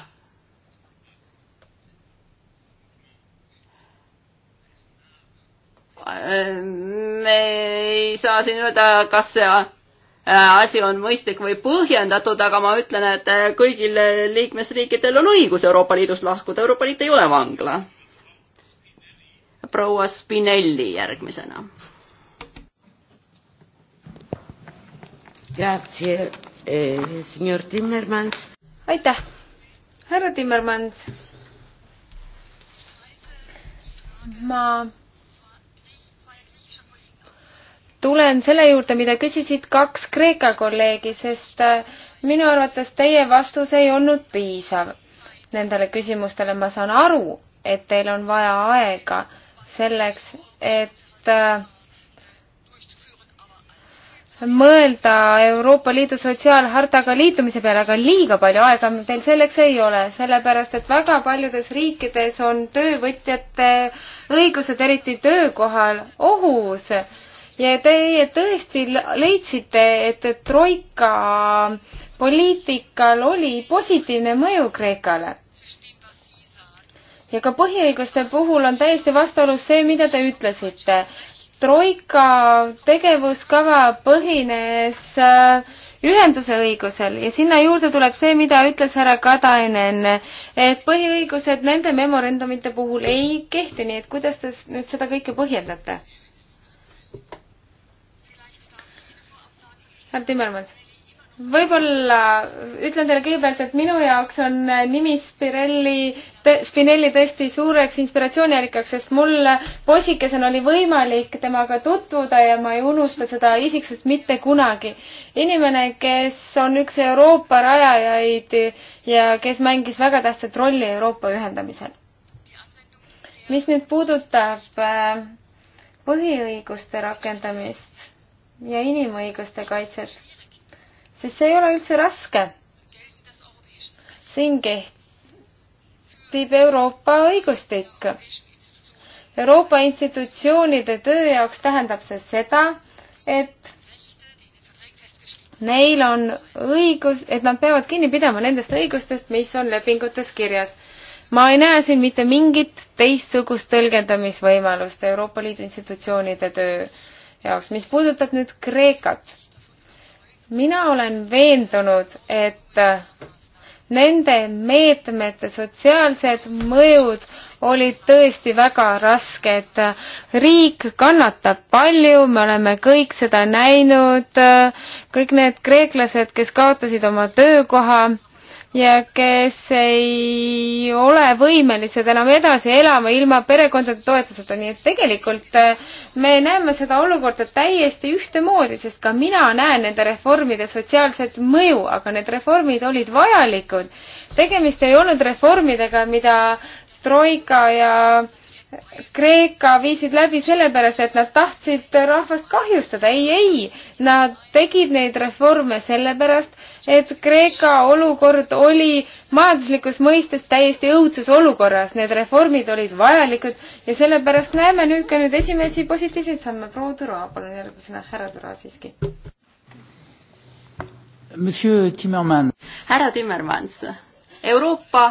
me ei saa siin öelda, kas see Äh, asi on mõistlik või põhjendatud, aga ma ütlen, et äh, kõigil äh, liikmesriikidel on õigus Euroopa Liidust lahkuda, Euroopa Liit ei ole vangla. proua Spinelli järgmisena. Eh, aitäh, härra Timmermans. ma tulen selle juurde, mida küsisid kaks Kreeka kolleegi, sest äh, minu arvates teie vastus ei olnud piisav nendele küsimustele. ma saan aru, et teil on vaja aega selleks, et äh, mõelda Euroopa Liidu sotsiaalhartaga liitumise peale, aga liiga palju aega teil selleks ei ole, sellepärast et väga paljudes riikides on töövõtjate õigused, eriti töökohal, ohus ja teie tõesti leidsite, et, et troika poliitikal oli positiivne mõju Kreekale. ja ka põhiõiguste puhul on täiesti vastuolus see, mida te ütlesite. troika tegevuskava põhines äh, ühenduse õigusel ja sinna juurde tuleb see, mida ütles härra Katainen, et põhiõigused nende memorandumite puhul ei kehti, nii et kuidas te nüüd seda kõike põhjendate? härra Timmermans, võib-olla ütlen teile kõigepealt, et minu jaoks on nimi Spirelli, Spinelli tõesti suureks inspiratsiooniallikaks, sest mul poisikesena oli võimalik temaga tutvuda ja ma ei unusta seda isiksust mitte kunagi. inimene, kes on üks Euroopa rajajaid ja kes mängis väga tähtsat rolli Euroopa ühendamisel. mis nüüd puudutab äh, põhiõiguste rakendamist, ja inimõiguste kaitset, siis see ei ole üldse raske. siin kehtib Euroopa õigustik. Euroopa institutsioonide töö jaoks tähendab see seda, et neil on õigus, et nad peavad kinni pidama nendest õigustest, mis on lepingutes kirjas. ma ei näe siin mitte mingit teistsugust tõlgendamisvõimalust Euroopa Liidu institutsioonide töö jaoks. mis puudutab nüüd Kreekat, mina olen veendunud, et äh, nende meetmete sotsiaalsed mõjud olid tõesti väga rasked. riik kannatab palju, me oleme kõik seda näinud, kõik need kreeklased, kes kaotasid oma töökoha ja kes ei ole võimelised enam edasi elama ilma perekondade toetuseta, nii et tegelikult äh, me näeme seda olukorda täiesti ühtemoodi, sest ka mina näen nende reformide sotsiaalset mõju, aga need reformid olid vajalikud. tegemist ei olnud reformidega, mida Troika ja äh, Kreeka viisid läbi sellepärast, et nad tahtsid rahvast kahjustada. ei, ei, nad tegid neid reforme sellepärast, et Kreeka olukord oli majanduslikus mõistes täiesti õudses olukorras. Need reformid olid vajalikud ja sellepärast näeme nüüd ka nüüd esimesi positiivseid samme. proua Türa, palun järgmisena, härra Türa siiski. härra Timmermans, Euroopa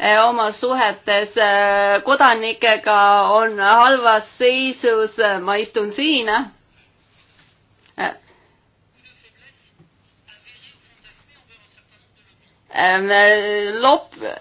Eh, oma suhetes eh, kodanikega on halvas seisus, eh, ma istun siin. lop-,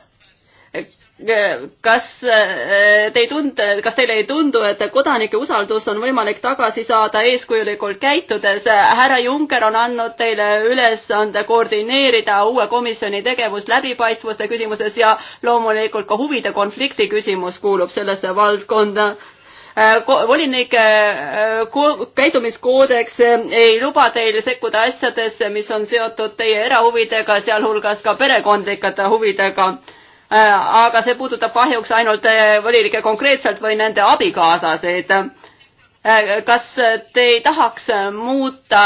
kas eh, te ei tunde, kas teile ei tundu, et kodanike usaldus on võimalik tagasi saada eeskujulikult käitudes? härra Juncker on andnud teile ülesande koordineerida uue komisjoni tegevust läbipaistvuse küsimuses ja loomulikult ka huvide konflikti küsimus kuulub sellesse valdkonda eh, volinike eh, käitumiskoodeks ei luba teil sekkuda asjadesse, mis on seotud teie erahuvidega, sealhulgas ka perekondlikete huvidega Äh, aga see puudutab kahjuks ainult äh, volinikke konkreetselt või nende abikaasasid. Äh, kas te ei tahaks muuta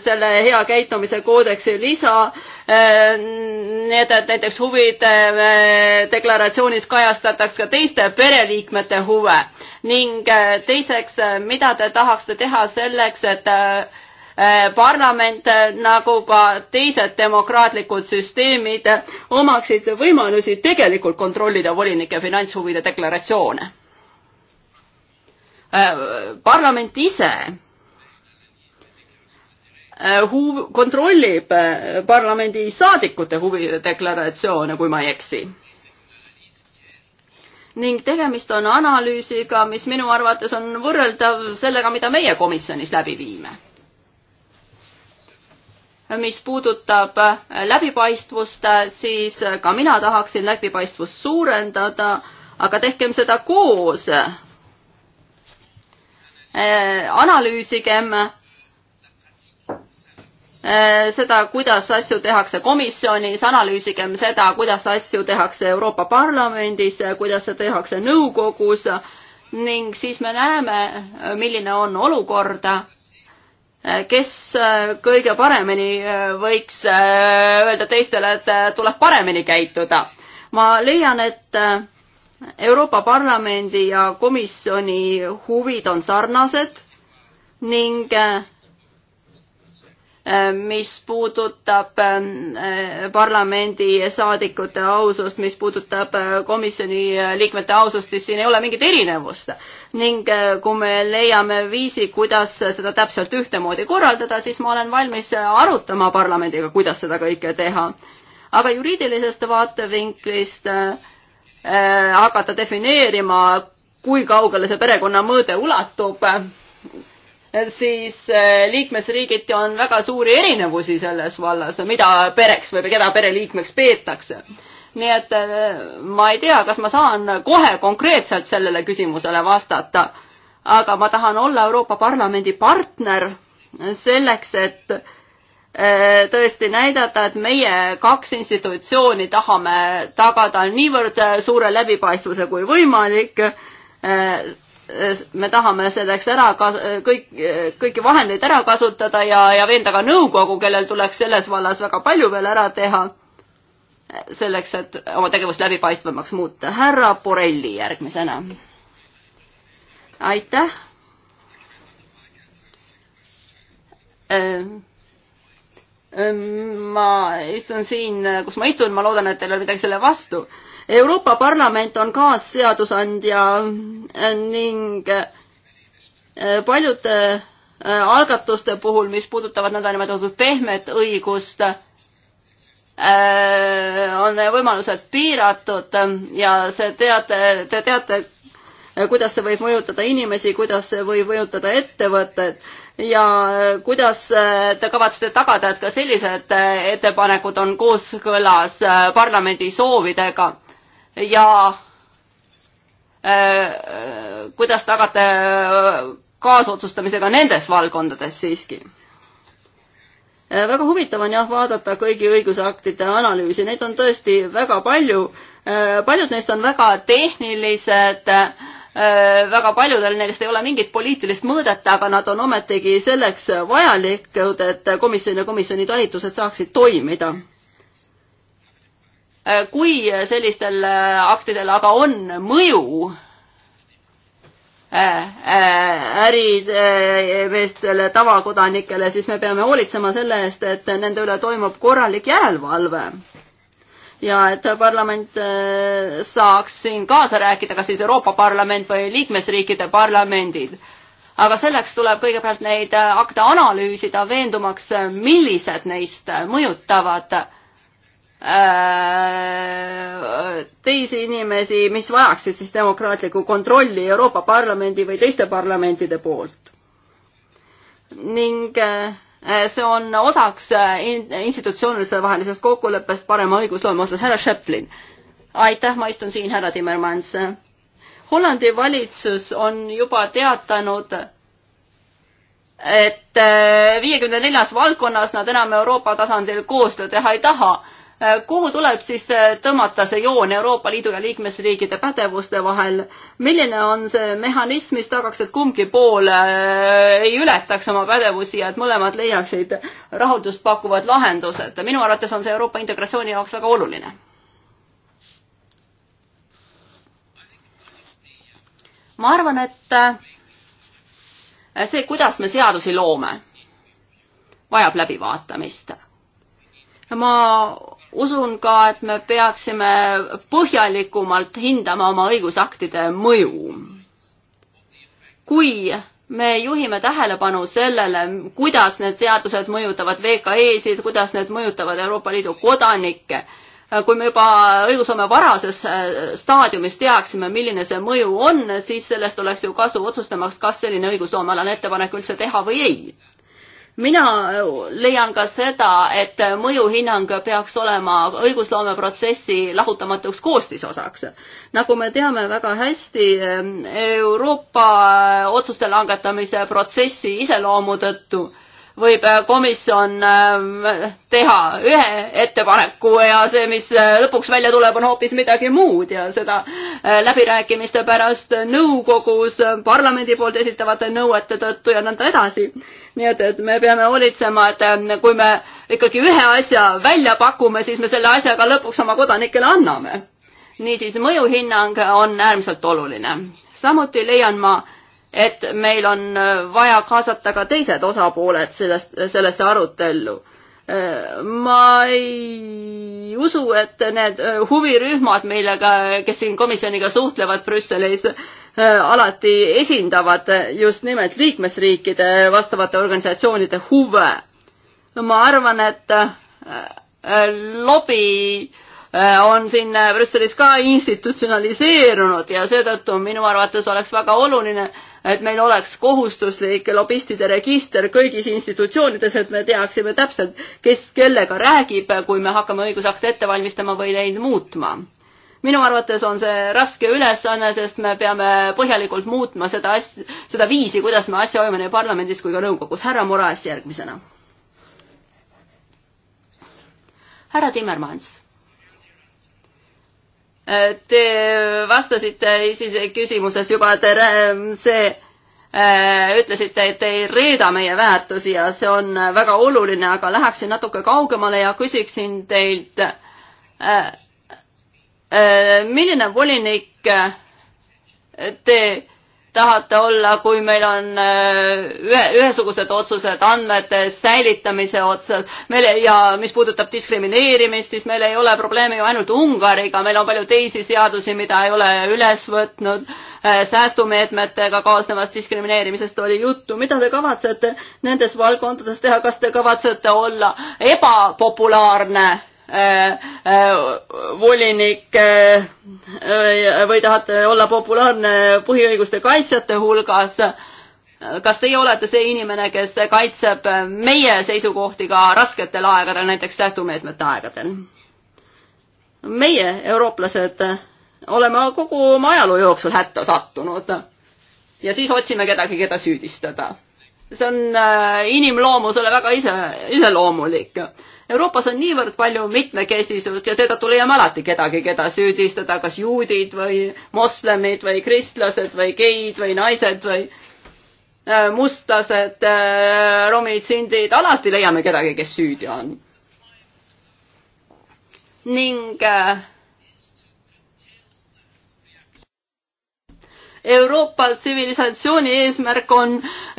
selle hea käitumise koodeksi lisa, nii et, et näiteks huvide deklaratsioonis kajastataks ka teiste pereliikmete huve ning teiseks, mida te tahaksite teha selleks, et Eh, parlament eh, nagu ka teised demokraatlikud süsteemid eh, omaksid võimalusi tegelikult kontrollida volinike finantshuvide deklaratsioone. parlament ise huv-, kontrollib parlamendi saadikute huvide deklaratsioone, kui ma ei eksi. ning tegemist on analüüsiga, mis minu arvates on võrreldav sellega, mida meie komisjonis läbi viime mis puudutab äh, läbipaistvust, äh, siis äh, ka mina tahaksin läbipaistvust suurendada, aga tehkem seda koos. analüüsigem seda, kuidas asju tehakse komisjonis, analüüsigem seda, kuidas asju tehakse Euroopa Parlamendis, kuidas seda tehakse nõukogus ning siis me näeme, milline on olukord Eh, kes eh, kõige paremini eh, võiks öelda teistele, et tuleb paremini käituda. ma leian, et Euroopa Parlamendi ja komisjoni huvid on sarnased ning mis puudutab parlamendisaadikute ausust, mis puudutab komisjoni liikmete ausust, siis siin ei ole mingit erinevust ning äh, kui me leiame viisi, kuidas seda täpselt ühtemoodi korraldada, siis ma olen valmis äh, arutama parlamendiga, kuidas seda kõike teha. aga juriidilisest vaatevinklist äh, äh hakata defineerima, kui kaugele see perekonna mõõde ulatub, siis liikmesriigiti on väga suuri erinevusi selles vallas, mida pereks või keda pereliikmeks peetakse nii et äh, ma ei tea, kas ma saan kohe konkreetselt sellele küsimusele vastata, aga ma tahan olla Euroopa Parlamendi partner selleks, et äh, tõesti näidata, et meie kaks institutsiooni tahame tagada niivõrd suure läbipaistvuse kui võimalik. Äh, me tahame selleks ära kas-, kõik, kõiki vahendeid ära kasutada ja, ja veenda ka nõukogu, kellel tuleks selles vallas väga palju veel ära teha selleks, et oma tegevust läbipaistvamaks muuta. härra Borrelli järgmisena. aitäh. Ehm, ma istun siin, kus ma istun, ma loodan, et teil ei ole midagi selle vastu. Euroopa Parlament on kaasseadusandja eh, ning eh, paljude eh, algatuste puhul, mis puudutavad nõndanimetatud pehmet õigust, Äh, on võimalused piiratud ja see teate, te teate, kuidas see võib mõjutada inimesi, kuidas see võib mõjutada ettevõtteid ja kuidas äh, te kavatsete tagada, et ka sellised äh, ettepanekud on kooskõlas parlamendi soovidega ja kuidas tagate kaasotsustamisega nendes valdkondades siiski? Äh, väga huvitav on jah vaadata kõigi õigusaktide analüüsi, neid on tõesti väga palju. Äh, paljud neist on väga tehnilised, äh, väga paljudel neist ei ole mingit poliitilist mõõdet, aga nad on ometigi selleks vajalikud, et komisjon ja komisjoni talitused saaksid toimida. kui sellistel aktidel aga on mõju ärimeestele, tavakodanikele, siis me peame hoolitsema selle eest, et nende üle toimub korralik järelevalve. ja et parlament äh, saaks siin kaasa rääkida, kas siis Euroopa Parlament või liikmesriikide parlamendid. aga selleks tuleb kõigepealt neid äh, akte analüüsida, veendumaks, millised neist mõjutavad Äh, teisi inimesi, mis vajaksid siis demokraatlikku kontrolli Euroopa Parlamendi või teiste parlamentide poolt. ning äh, see on osaks äh, institutsioonilise vahelisest kokkuleppest parema õigusloome osas. härra Schäflin, aitäh, ma istun siin, härra Timmermans. Hollandi valitsus on juba teatanud et viiekümne neljas valdkonnas nad enam Euroopa tasandil koostöö teha ei taha Äh, kuhu tuleb siis äh, tõmmata see joon Euroopa Liidu ja liikmesriikide pädevuste vahel? milline on see mehhanism, mis tagaks, et kumbki pool äh, ei ületaks oma pädevusi ja et mõlemad leiaksid rahuldust pakkuvad lahendused? minu arvates on see Euroopa integratsiooni jaoks väga oluline. ma arvan, et see, kuidas me seadusi loome, vajab läbivaatamist ma usun ka, et me peaksime põhjalikumalt hindama oma õigusaktide mõju. kui me juhime tähelepanu sellele, kuidas need seadused mõjutavad VKE-sid, kuidas need mõjutavad Euroopa Liidu kodanikke, kui me juba õigusloome varases äh, staadiumis teaksime, milline see mõju on, siis sellest oleks ju kasu otsustamaks, kas selline õigusloomealane ettepanek üldse teha või ei mina äh, leian ka seda, et äh, mõjuhinnang peaks olema õigusloomeprotsessi lahutamatuks koostisosaks. nagu me teame väga hästi, ähm, Euroopa äh, otsuste langetamise protsessi iseloomu tõttu võib komisjon ähm, teha ühe ettepaneku ja see, mis lõpuks välja tuleb, on hoopis midagi muud ja seda läbirääkimiste pärast nõukogus parlamendi poolt esitavate nõuete tõttu ja nõnda edasi nii et, et me peame hoolitsema, et kui me ikkagi ühe asja välja pakume, siis me selle asja ka lõpuks oma kodanikele anname. niisiis, mõjuhinnang on äärmiselt oluline. samuti leian ma, et meil on vaja kaasata ka teised osapooled sellest, sellesse arutellu ma ei usu, et need huvirühmad, millega, kes siin komisjoniga suhtlevad Brüsselis, Äh, alati esindavad just nimelt liikmesriikide vastavate organisatsioonide huve. ma arvan, et äh, äh, lobi on siin Brüsselis ka institutsionaliseerunud ja seetõttu minu arvates oleks väga oluline, et meil oleks kohustuslik lobistide register kõigis institutsioonides, et me teaksime täpselt, kes kellega räägib, kui me hakkame õigusakte ette valmistama või neid muutma minu arvates on see raske ülesanne, sest me peame põhjalikult muutma seda asja, seda viisi, kuidas me asja hoiame nii parlamendis kui ka nõukogus. härra Moraes järgmisena. härra Timmermans Te vastasite ISISe küsimuses juba, et see, äh, ütlesite, et ei reeda meie väärtusi ja see on väga oluline, aga läheksin natuke kaugemale ja küsiksin teilt äh, Äh, milline volinik äh, te tahate olla, kui meil on äh, ühe, ühesugused otsused andmete säilitamise otsas, meil ja mis puudutab diskrimineerimist, siis meil ei ole probleeme ju ainult Ungariga, meil on palju teisi seadusi, mida ei ole üles võtnud. säästumeetmetega kaasnevast diskrimineerimisest oli juttu, mida te kavatsete nendes valdkondades teha, kas te kavatsete olla ebapopulaarne? Äh, äh, volinik äh, või tahate olla populaarne põhiõiguste kaitsjate hulgas. kas teie olete see inimene, kes kaitseb meie seisukohti ka rasketel aegadel, näiteks säästumeetmete aegadel? meie, eurooplased, oleme kogu oma ajaloo jooksul hätta sattunud ja siis otsime kedagi, keda süüdistada. see on inimloomusele väga ise, iseloomulik Euroopas on niivõrd palju mitmekesisust ja seetõttu leiame alati kedagi, keda süüdistada, kas juudid või moslemid või kristlased või geid või naised või äh, mustlased, äh, romid, sindid, alati leiame kedagi, kes süüdi on. ning äh, Euroopa tsivilisatsiooni eesmärk on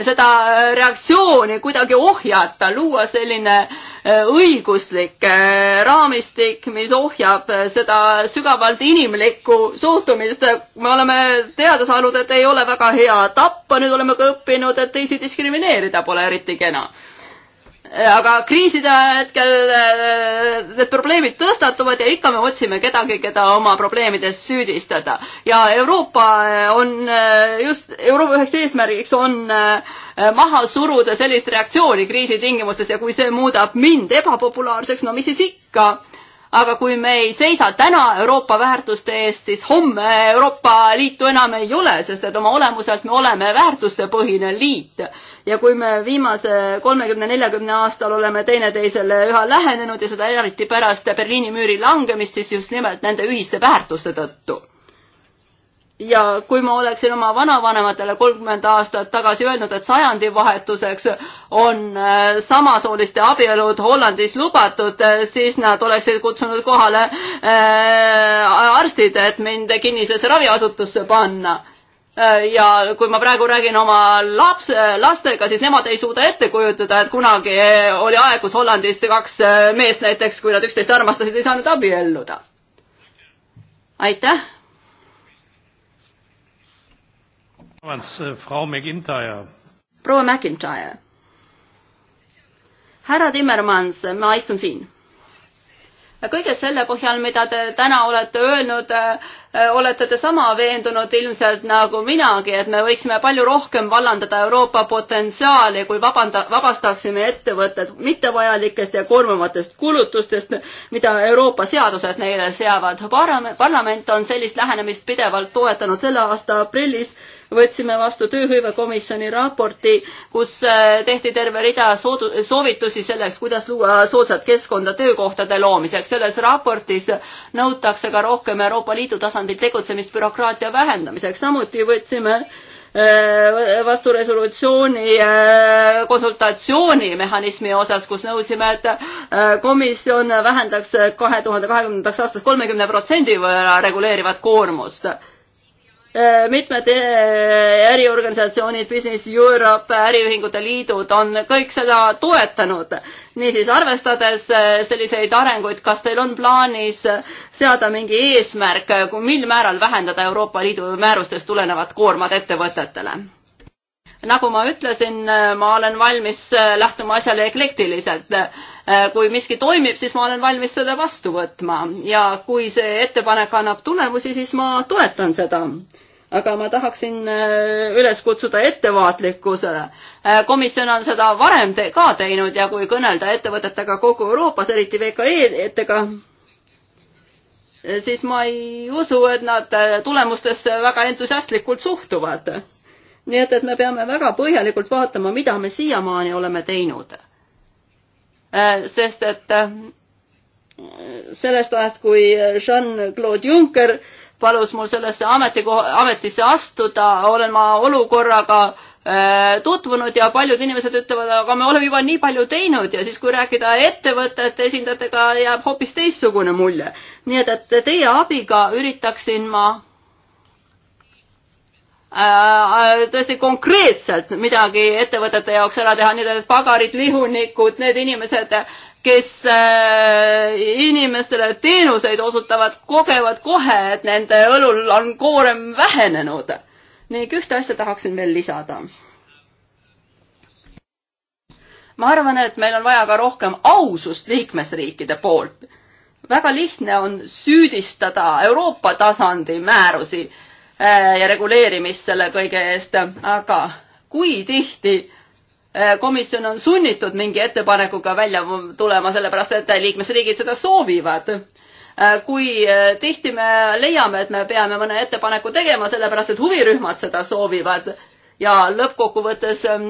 seda äh, reaktsiooni kuidagi ohjata, luua selline äh, õiguslik äh, raamistik, mis ohjab seda sügavalt inimlikku suhtumist. me oleme teada saanud, et ei ole väga hea tappa, nüüd oleme ka õppinud, et teisi diskrimineerida pole eriti kena aga kriiside hetkel äh, need probleemid tõstatuvad ja ikka me otsime kedagi, keda oma probleemides süüdistada. ja Euroopa äh, on äh, just, Euroopa üheks eesmärgiks on maha suruda sellist reaktsiooni kriisi tingimustes ja kui see muudab mind ebapopulaarseks, no mis siis ikka aga kui me ei seisa täna Euroopa väärtuste eest, siis homme Euroopa Liitu enam ei ole, sest et oma olemuselt me oleme väärtustepõhine liit. ja kui me viimase kolmekümne, neljakümne aastal oleme teineteisele üha lähenenud ja seda eriti pärast Berliini müüri langemist, siis just nimelt nende ühiste väärtuste tõttu ja kui ma oleksin oma vanavanematele kolmkümmend aastat tagasi öelnud, et sajandivahetuseks on äh, samasooliste abielud Hollandis lubatud, äh, siis nad oleksid kutsunud kohale äh, arstid, et mind kinnisesse raviasutusse panna. ja kui ma praegu räägin oma laps, lastega, siis nemad ei suuda ette kujutada, et kunagi oli aeg, kus Hollandis kaks meest näiteks, kui nad üksteist armastasid, ei saanud abielluda. aitäh Äh, proua McIntyre. härra Timmermans, ma istun siin kõige selle põhjal, mida te täna olete öelnud, äh, olete te sama veendunud ilmselt nagu minagi, et me võiksime palju rohkem vallandada Euroopa potentsiaali, kui vabanda, vabastaksime ettevõtted mittevajalikest ja koormavatest kulutustest, mida Euroopa seadused neile seavad. parlament on sellist lähenemist pidevalt toetanud selle aasta aprillis võtsime vastu tööhõivekomisjoni raporti, kus äh, tehti terve rida soodu-, soovitusi selleks, kuidas luua soodsat keskkonda töökohtade loomiseks. selles raportis nõutakse ka rohkem Euroopa Liidu tasandil tegutsemist bürokraatia vähendamiseks. samuti võtsime äh, vastu resolutsiooni äh, konsultatsioonimehhanismi osas, kus nõudsime, et komisjon vähendaks kahe tuhande kahekümnendaks aastast kolmekümne protsendi võrra reguleerivat koormust Äh, mitmed äh, äriorganisatsioonid, Business Europe, Äriühingute Liidud on kõik seda toetanud. niisiis, arvestades äh, selliseid arenguid, kas teil on plaanis seada mingi eesmärk, mil määral vähendada Euroopa Liidu määrustest tulenevat koormat ettevõtetele? nagu ma ütlesin, ma olen valmis lähtuma asjale eklektiliselt. kui miski toimib, siis ma olen valmis selle vastu võtma ja kui see ettepanek annab tulemusi, siis ma toetan seda aga ma tahaksin äh, üles kutsuda ettevaatlikkusele. Äh, komisjon on seda varem te ka teinud ja kui kõnelda ettevõtetega kogu Euroopas, eriti VKE-dega, äh, siis ma ei usu, et nad tulemustesse väga entusiastlikult suhtuvad. nii et, et me peame väga põhjalikult vaatama, mida me siiamaani oleme teinud. sest et sellest ajast, kui Jean-Claude Juncker palus mul sellesse ametikoha, ametisse astuda, olen ma olukorraga äh, tutvunud ja paljud inimesed ütlevad, aga me oleme juba nii palju teinud ja siis, kui rääkida ettevõtete esindajatega, jääb hoopis teistsugune mulje. nii et, et teie abiga üritaksin ma äh, tõesti konkreetselt midagi ettevõtete jaoks ära teha, nii et pagarid, lihunikud, need inimesed, kes äh, inimestele teenuseid osutavad, kogevad kohe, et nende õlul on koorem vähenenud. ning ühte asja tahaksin veel lisada. ma arvan, et meil on vaja ka rohkem ausust liikmesriikide poolt. väga lihtne on süüdistada Euroopa tasandi määrusi äh, ja reguleerimist selle kõige eest, aga kui tihti Äh, komisjon on sunnitud mingi ettepanekuga välja tulema, sellepärast et liikmesriigid seda soovivad. Äh, kui äh, tihti me leiame, et me peame mõne ettepaneku tegema, sellepärast et huvirühmad seda soovivad ja lõppkokkuvõttes ähm,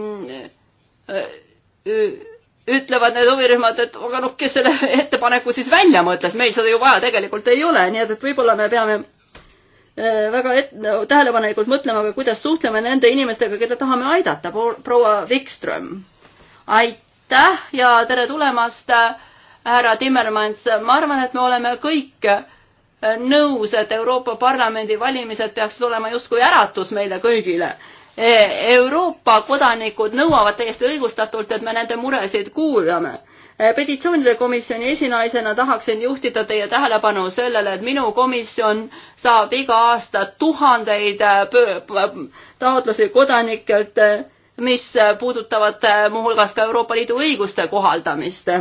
ütlevad need huvirühmad, et aga noh, kes selle ettepaneku siis välja mõtles, meil seda ju vaja tegelikult ei ole, nii et, et võib-olla me peame Äh, väga et, tähelepanelikult mõtlema, aga kuidas suhtleme nende inimestega, keda tahame aidata, proua Wikström. aitäh ja tere tulemast, härra Timmermans. ma arvan, et me oleme kõik äh, nõus, et Euroopa Parlamendi valimised peaksid olema justkui äratus meile kõigile. E-, Euroopa kodanikud nõuavad täiesti õigustatult, et me nende muresid kuulame Eh, petitsioonide komisjoni esinaisena tahaksin juhtida teie tähelepanu sellele, et minu komisjon saab iga aasta tuhandeid eh, taotlusi kodanikelt, eh, mis puudutavad muuhulgas ka Euroopa Liidu õiguste kohaldamist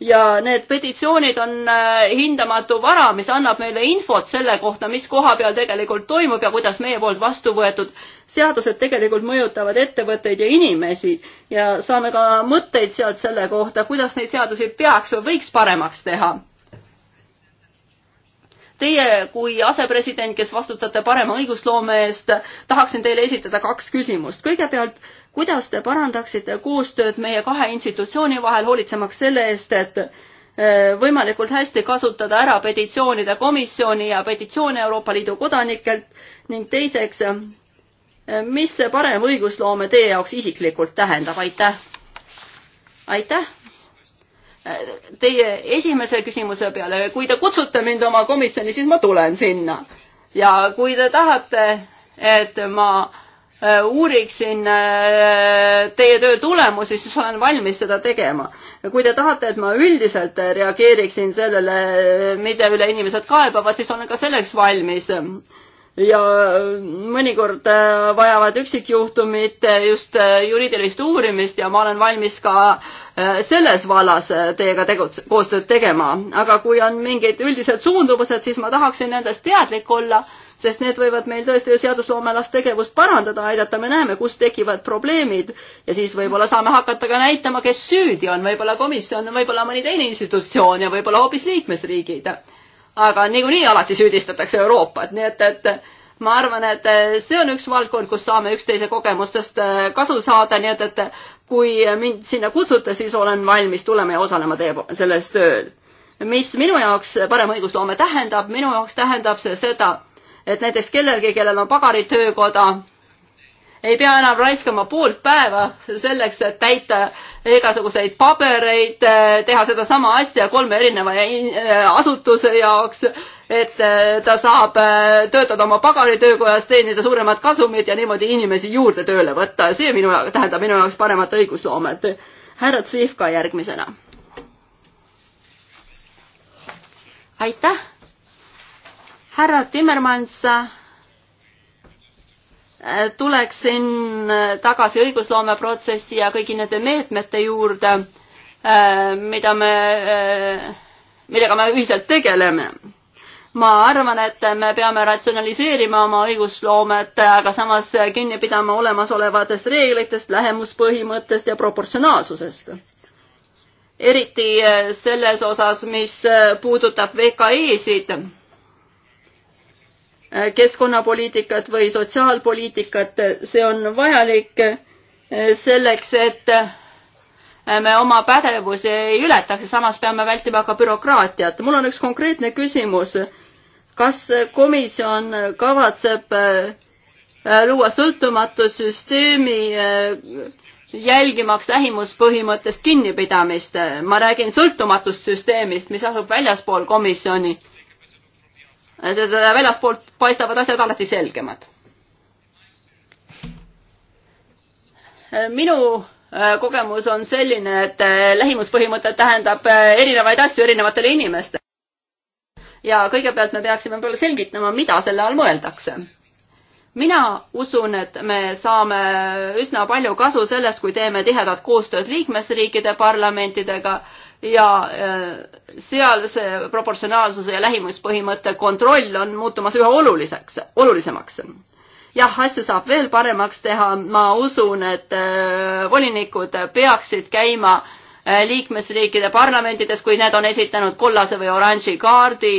ja need petitsioonid on äh, hindamatu vara, mis annab meile infot selle kohta, mis koha peal tegelikult toimub ja kuidas meie poolt vastu võetud seadused tegelikult mõjutavad ettevõtteid ja inimesi ja saame ka mõtteid sealt selle kohta, kuidas neid seadusi peaks või võiks paremaks teha. Teie kui asepresident, kes vastutate parema õigusloome eest, tahaksin teile esitada kaks küsimust. kõigepealt äh, kuidas te parandaksite koostööd meie kahe institutsiooni vahel, hoolitsemaks selle eest, et eh, võimalikult hästi kasutada ära petitsioonide komisjoni ja petitsioone Euroopa Liidu kodanikelt ning teiseks, eh, mis see parem õigusloome teie jaoks isiklikult tähendab, aitäh! aitäh! Eh, teie esimese küsimuse peale, kui te kutsute mind oma komisjoni, siis ma tulen sinna. ja kui te tahate, et ma äh, Äh, uuriksin äh, teie töö tulemusi, siis olen valmis seda tegema. kui te tahate, et ma üldiselt reageeriksin sellele, mille üle inimesed kaebavad, siis olen ka selleks valmis. ja mõnikord äh, vajavad üksikjuhtumid just juriidilist uurimist ja ma olen valmis ka Äh, selles vallas äh, teiega tegutse-, koostööd tegema, aga kui on mingid üldised suundumused, siis ma tahaksin nendest teadlik olla, sest need võivad meil tõesti seadusloomelast tegevust parandada, aidata, me näeme, kus tekivad probleemid ja siis võib-olla saame hakata ka näitama, kes süüdi on, võib-olla komisjon, võib-olla mõni teine institutsioon ja võib-olla hoopis liikmesriigid. aga niikuinii alati süüdistatakse Euroopat, nii et, et ma arvan, et äh, see on üks valdkond, kus saame üksteise kogemustest kasu saada, nii et, et kui mind sinna kutsute, siis olen valmis tulema ja osalema teie selles tööl. mis minu jaoks parem õigusloome tähendab, minu jaoks tähendab see seda, et näiteks kellelgi, kellel on pagaritöökoda, ei pea enam raiskama poolt päeva selleks, et täita igasuguseid pabereid, teha sedasama asja kolme erineva asutuse jaoks et äh, ta saab äh, töötada oma pagaritöökojas, teenida suuremat kasumit ja niimoodi inimesi juurde tööle võtta ja see minu, tähendab minu jaoks paremat õigusloomet. härra Zvivka järgmisena. aitäh. härra Timmermans äh, tuleksin tagasi õigusloomeprotsessi ja kõigi nende meetmete juurde, mida me, millega me ühiselt tegeleme ma arvan, et me peame ratsionaliseerima oma õigusloomet, aga samas kinni pidama olemasolevatest reeglitest, lähemuspõhimõttest ja proportsionaalsusest. eriti eh, selles osas, mis eh, puudutab VKE-sid, eh, keskkonnapoliitikat või sotsiaalpoliitikat, see on vajalik selleks, et me oma pädevusi ei ületaks ja samas peame vältima ka bürokraatiat. mul on üks konkreetne küsimus. kas komisjon kavatseb äh, luua sõltumatu süsteemi äh, jälgimaks lähimuspõhimõttest kinnipidamist. ma räägin sõltumatust süsteemist, mis asub väljaspool komisjoni. seda väljaspoolt paistavad asjad alati selgemad. minu Äh, kogemus on selline, et äh, lähimuspõhimõte tähendab äh, erinevaid asju erinevatele inimestele. ja kõigepealt me peaksime võib-olla selgitama, mida selle all mõeldakse. mina usun, et me saame üsna palju kasu sellest, kui teeme tihedat koostööd liikmesriikide parlamentidega ja seal see proportsionaalsuse ja lähimuspõhimõtte kontroll on muutumas üha oluliseks, olulisemaks jah, asju saab veel paremaks teha, ma usun, et äh, volinikud peaksid käima äh, liikmesriikide parlamentides, kui need on esitanud kollase või oranži kaardi.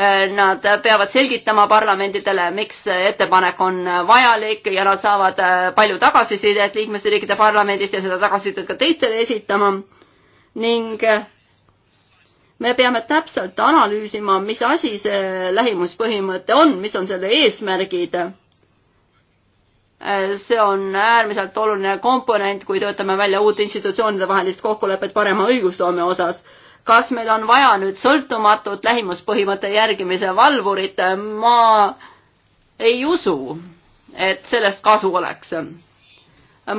Äh, nad peavad selgitama parlamentidele, miks ettepanek on vajalik ja nad saavad palju tagasisidet liikmesiriikide parlamendist ja seda tagasisidet ka teistele esitama. ning me peame täpselt analüüsima, mis asi see lähimuspõhimõte on, mis on selle eesmärgid Äh, see on äärmiselt oluline komponent, kui töötame välja uut institutsioonide vahelist kokkulepet parema õigusloome osas. kas meil on vaja nüüd sõltumatut lähimuspõhimõtte järgimise valvurit? ma ei usu, et sellest kasu oleks.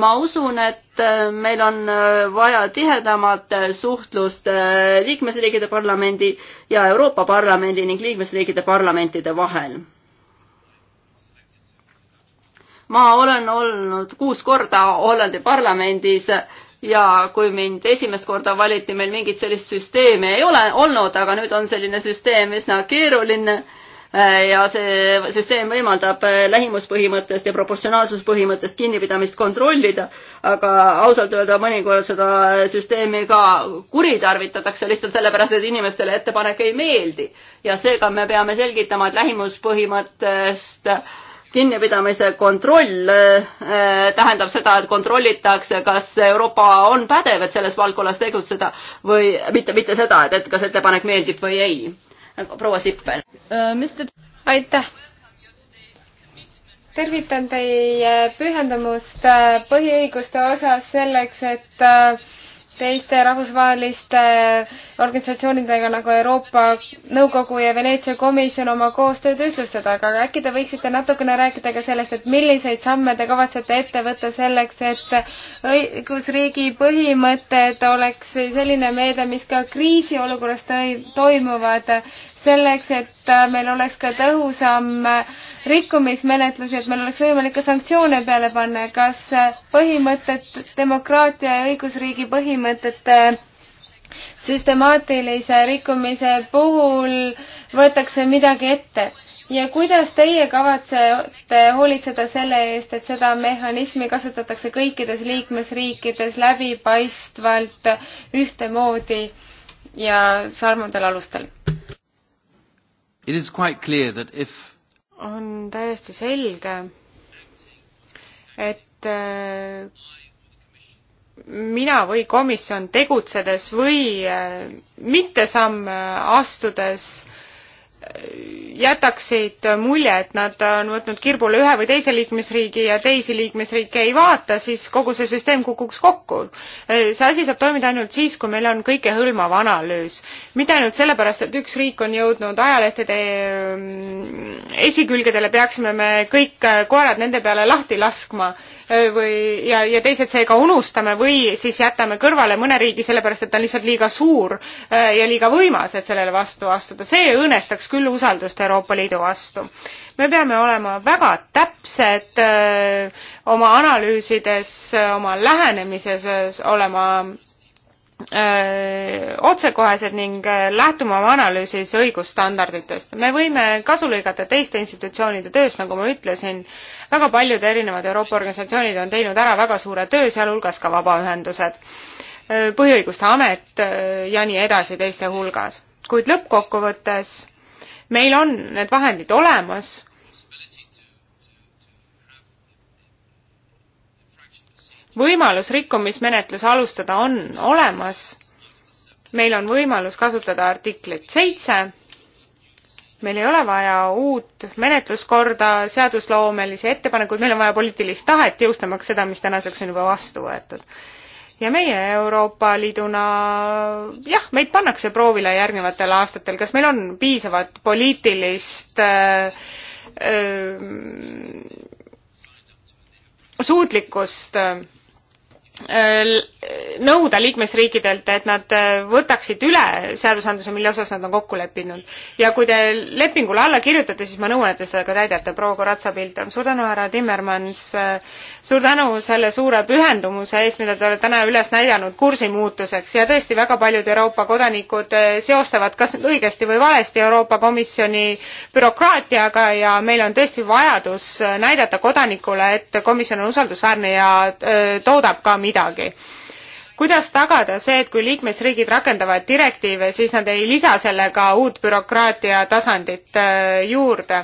ma usun, et äh, meil on äh, vaja tihedamat suhtlust liikmesriikide parlamendi ja Euroopa Parlamendi ning liikmesriikide parlamentide vahel ma olen olnud kuus korda Hollandi parlamendis ja kui mind esimest korda valiti, meil mingit sellist süsteemi ei ole olnud, aga nüüd on selline süsteem üsna keeruline ja see süsteem võimaldab lähimuspõhimõttest ja proportsionaalsuspõhimõttest kinnipidamist kontrollida, aga ausalt öelda mõnikord seda süsteemi ka kuritarvitatakse lihtsalt sellepärast, et inimestele ettepanek ei meeldi. ja seega me peame selgitama, et lähimuspõhimõttest äh, kinnipidamise kontroll äh, tähendab seda, et kontrollitakse, kas Euroopa on pädev, et selles valdkonnas tegutseda või mitte, mitte seda, et, et kas ettepanek meeldib või ei. proua Sippel. Äh, aitäh. tervitan teie pühendumust äh, põhiõiguste osas selleks, et teiste rahvusvaheliste organisatsioonidega nagu Euroopa Nõukogu ja Veneetsia komisjon oma koostööd ühtlustada, aga äkki te võiksite natukene rääkida ka sellest, et milliseid samme te kavatsete ette võtta selleks, et õigusriigi põhimõtted oleks selline meede, mis ka kriisiolukorras toimuvad selleks, et äh, meil oleks ka tõhusam äh, rikkumismenetlus ja et meil oleks võimalik ka sanktsioone peale panna. kas äh, põhimõtted, demokraatia ja õigusriigi põhimõtete süstemaatilise rikkumise puhul võetakse midagi ette? ja kuidas teie kavatsete hoolitseda selle eest, et seda mehhanismi kasutatakse kõikides liikmesriikides läbipaistvalt ühtemoodi ja sarnadel alustel? If... on täiesti selge, et äh, mina või komisjon tegutsedes või äh, mittesamme äh, astudes jätaksid mulje, et nad on võtnud kirbule ühe või teise liikmesriigi ja teisi liikmesriike ei vaata, siis kogu see süsteem kukuks kokku. see asi saab toimida ainult siis, kui meil on kõikehõlmav analüüs. mitte ainult sellepärast, et üks riik on jõudnud ajalehtede mm, esikülgedele, peaksime me kõik koerad nende peale lahti laskma e, või, ja, ja teised seega unustame või siis jätame kõrvale mõne riigi sellepärast, et ta on lihtsalt liiga suur e, ja liiga võimas, et sellele vastu astuda. see õõnestaks küll usaldust Euroopa Liidu vastu. me peame olema väga täpsed öö, äh, oma analüüsides, äh, oma lähenemises, äh, olema otsekohesed ning lähtuma oma analüüsis õigusstandarditest. me võime kasu lõigata teiste institutsioonide tööst, nagu ma ütlesin, väga paljud erinevad Euroopa organisatsioonid on teinud ära väga suure töö, sealhulgas ka vabaühendused, Põhiõiguste Amet ja nii edasi teiste hulgas. kuid lõppkokkuvõttes meil on need vahendid olemas võimalus rikkumismenetlus alustada on olemas. meil on võimalus kasutada artiklit seitse. meil ei ole vaja uut menetluskorda, seadusloomelisi ettepanekuid, meil on vaja poliitilist tahet jõustamaks seda, mis tänaseks on juba vastu võetud ja meie Euroopa Liiduna, jah, meid pannakse proovile järgnevatel aastatel, kas meil on piisavat poliitilist öö, äh, öö, äh, suutlikkust öö, äh, nõuda liikmesriikidelt, et nad äh, võtaksid üle seadusandluse, mille osas nad on kokku leppinud. ja kui te lepingule alla kirjutate, siis ma nõuan, et te seda ka täidate, proua Koratsa-Pilt on. suur tänu, härra Timmermans, äh, suur tänu selle suure pühendumuse eest, mida te olete täna üles näidanud kursi muutuseks ja tõesti, väga paljud Euroopa kodanikud äh, seostavad kas õigesti või valesti Euroopa Komisjoni bürokraatiaga ja meil on tõesti vajadus näidata kodanikule, et komisjon on usaldusväärne ja toodab ka midagi midagi kuidas tagada see, et kui liikmesriigid rakendavad direktiive, siis nad ei lisa sellega uut bürokraatia tasandit äh, juurde?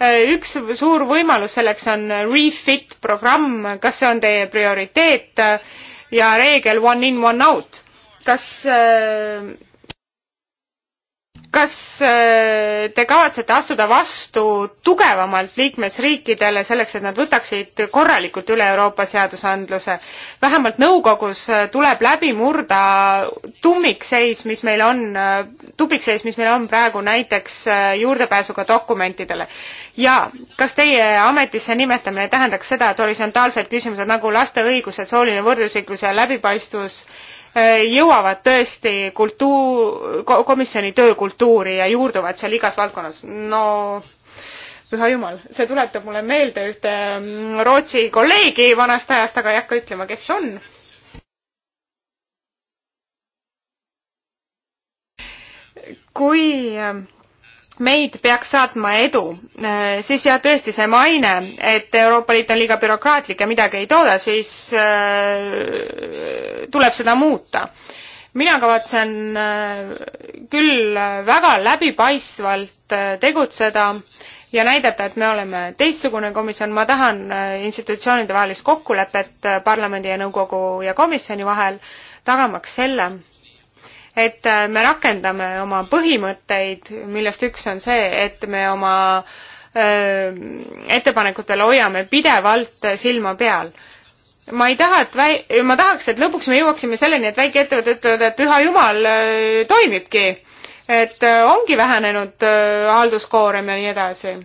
Äh, üks suur võimalus selleks on Refit programm, kas see on teie prioriteet ja reegel one in, one out? kas äh, kas äh, te kavatsete astuda vastu tugevamalt liikmesriikidele selleks, et nad võtaksid korralikult üle Euroopa seadusandluse? vähemalt nõukogus äh, tuleb läbi murda tummikseis, mis meil on, äh, tupikseis, mis meil on praegu näiteks juurdepääsuga dokumentidele. ja kas teie ametisse nimetamine tähendaks seda, et horisontaalsed küsimused nagu laste õigused, sooline võrdõiguslikkus ja läbipaistvus äh, Äh, jõuavad tõesti kultuur, komisjoni töökultuuri ja juurduvad seal igas valdkonnas. no püha jumal, see tuletab mulle meelde ühte mm, Rootsi kolleegi vanast ajast, aga ei hakka ütlema, kes on. kui äh, sest meid peaks saatma edu. Äh, siis jah, tõesti see maine, et Euroopa Liit on liiga bürokraatlik ja midagi ei tooda, siis äh, tuleb seda muuta. mina kavatsen äh, küll väga läbipaistvalt tegutseda ja näidata, et me oleme teistsugune komisjon, ma tahan institutsioonide vahelist kokkulepet parlamendi ja nõukogu ja komisjoni vahel, tagamaks selle, et me rakendame oma põhimõtteid, millest üks on see, et me oma öö, äh, ettepanekutel hoiame pidevalt silma peal. ma ei taha, et väi-, ma tahaks, et lõpuks me jõuaksime selleni, et väikeettevõtted ütlevad, et püha jumal öö, äh, toimibki, et öö, äh, ongi vähenenud öö, halduskoorem ja nii edasi.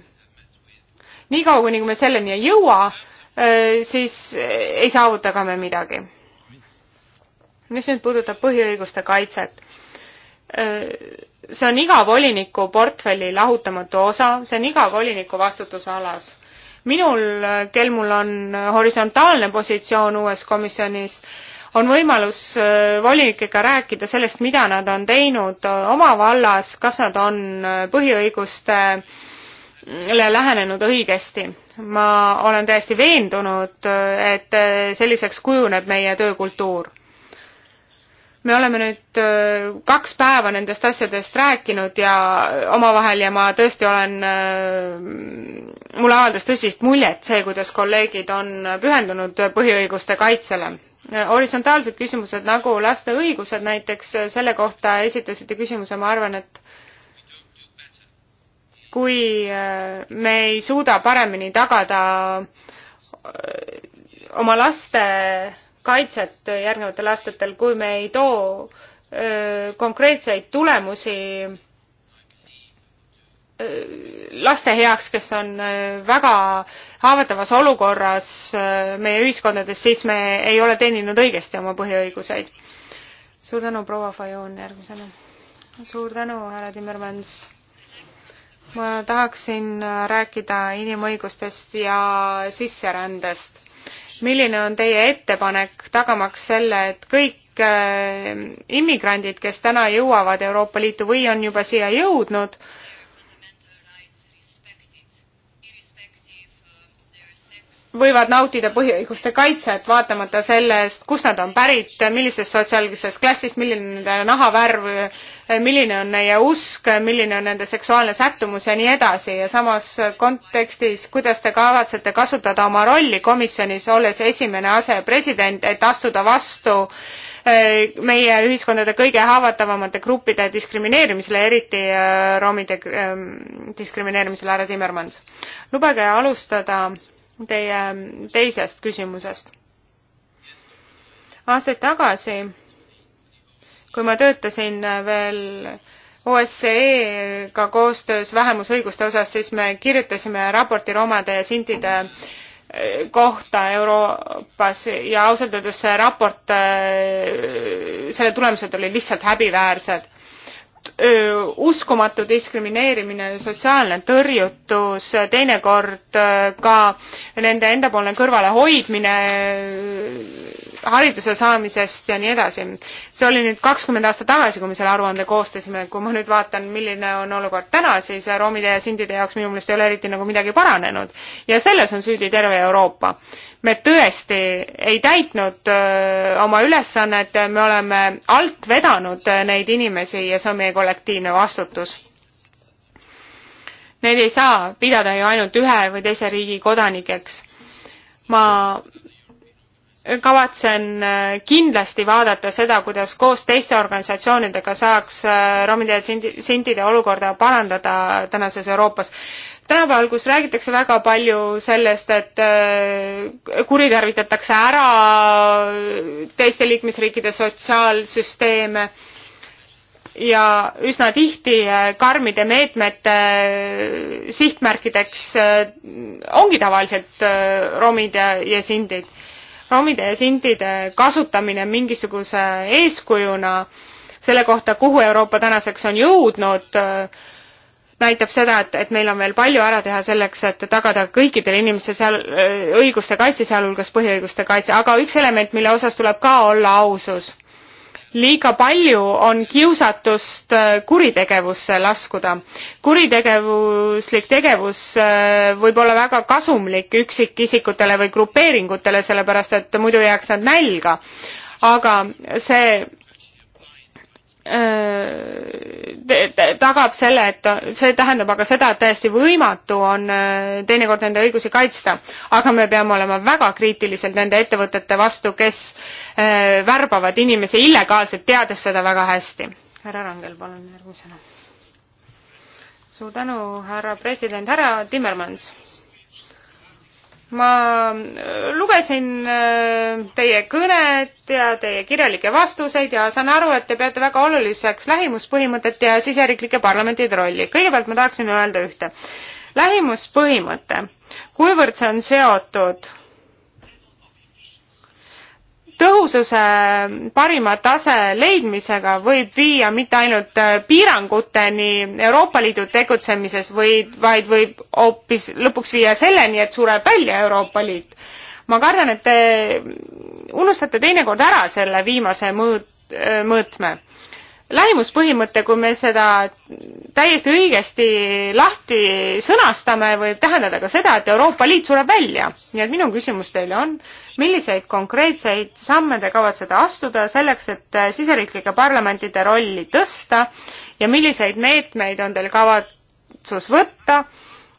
niikaua, kuni me selleni ei jõua, siis ei saavuta ka me midagi mis nüüd puudutab põhiõiguste kaitset, Äh, see on iga voliniku portfelli lahutamatu osa, see on iga voliniku vastutusalas. minul, äh, kel mul on äh, horisontaalne positsioon uues komisjonis, on võimalus volinikega rääkida sellest, mida nad on teinud oma vallas, kas nad on põhiõigustele lähenenud õigesti. ma olen täiesti veendunud, et selliseks kujuneb meie töökultuur me oleme nüüd äh, kaks päeva nendest asjadest rääkinud ja omavahel ja ma tõesti olen, äh, mulle avaldas tõsist muljet see, kuidas kolleegid on pühendunud põhiõiguste kaitsele. Äh, horisontaalsed küsimused nagu laste õigused näiteks, selle kohta esitasite küsimuse, ma arvan, et kui me ei suuda paremini tagada oma laste kaitset järgnevatel aastatel, kui me ei too konkreetseid tulemusi laste heaks, kes on väga haavatavas olukorras meie ühiskondades, siis me ei ole teeninud õigesti oma põhiõiguseid. suur tänu, proua Fajoon, järgmisena. suur tänu, härra Timmermans. ma tahaksin rääkida inimõigustest ja sisserändest milline on teie ettepanek tagamaks selle, et kõik äh, immigrandid, kes täna jõuavad Euroopa Liitu või on juba siia jõudnud, võivad nautida põhiõiguste kaitset, vaatamata sellest, kust nad on pärit, millisest sotsiaalsest klassist, milline on nende nahavärv, milline on neie usk, milline on nende seksuaalne sättumus ja nii edasi ja samas kontekstis, kuidas te kavatsete kasutada oma rolli komisjonis, olles esimene asepresident, et astuda vastu eh, meie ühiskondade kõige haavatavamate gruppide diskrimineerimisele, eriti eh, romide eh, diskrimineerimisele, härra Timmermans. lubage alustada teie teisest küsimusest. aastaid tagasi, kui ma töötasin veel OSCE-ga koostöös vähemusõiguste osas, siis me kirjutasime raporti romade ja sintide eh, kohta Euroopas ja ausalt öeldes see raport, eh, selle tulemused olid lihtsalt häbiväärsed uskumatu diskrimineerimine, sotsiaalne tõrjutus, teinekord ka nende endapoolne kõrvalehoidmine hariduse saamisest ja nii edasi. see oli nüüd kakskümmend aastat tagasi, kui me selle aruande koostasime, kui ma nüüd vaatan, milline on olukord täna, siis romide ja sindide jaoks minu meelest ei ole eriti nagu midagi paranenud. ja selles on süüdi terve Euroopa me tõesti ei täitnud öö, oma ülesannet, me oleme alt vedanud neid inimesi ja see on meie kollektiivne vastutus. Neid ei saa pidada ju ainult ühe või teise riigi kodanikeks. ma kavatsen kindlasti vaadata seda, kuidas koos teiste organisatsioonidega saaks romide ja sintide olukorda parandada tänases Euroopas tänapäeval, kus räägitakse väga palju sellest, et äh, kuritarvitatakse ära teiste liikmesriikide sotsiaalsüsteeme ja üsna tihti äh, karmide meetmete äh, sihtmärkideks ongi tavaliselt romid ja, ja sindid. romide ja sindide kasutamine mingisuguse eeskujuna selle kohta, kuhu Euroopa tänaseks on jõudnud, näitab seda, et, et meil on veel palju ära teha selleks, et tagada kõikidele inimeste seal äh, õiguste kaitse, sealhulgas põhiõiguste kaitse, aga üks element, mille osas tuleb ka olla ausus. liiga palju on kiusatust äh, kuritegevusse laskuda. kuritegevuslik tegevus äh, võib olla väga kasumlik üksikisikutele või grupeeringutele, sellepärast et muidu jääks nad nälga. aga see Äh, tagab selle, et see tähendab aga seda, et täiesti võimatu on äh, teinekord nende õigusi kaitsta. aga me peame olema väga kriitilised nende ettevõtete vastu, kes äh, värbavad inimesi illegaalselt, teades seda väga hästi. härra Rangel, palun järgmisena. suur tänu, härra president, härra Timmermans ma äh, lugesin äh, teie kõnet ja teie kirjalikke vastuseid ja saan aru, et te peate väga oluliseks lähimuspõhimõtet ja siseriiklike parlamentide rolli. kõigepealt ma tahaksin öelda ühte. lähimuspõhimõte, kuivõrd see on seotud tõhususe parima tase leidmisega võib viia mitte ainult äh, piiranguteni Euroopa Liidu tegutsemises, vaid, vaid võib hoopis lõpuks viia selleni, et sureb välja Euroopa Liit. ma kardan, et te unustate teinekord ära selle viimase mõõt-, äh, mõõtme lähimuspõhimõte, kui me seda täiesti õigesti lahti sõnastame, võib tähendada ka seda, et Euroopa Liit sureb välja. nii et minu küsimus teile on, milliseid konkreetseid samme te kavatsete astuda selleks, et siseriiklike parlamentide rolli tõsta ja milliseid meetmeid on teil kavatsus võtta,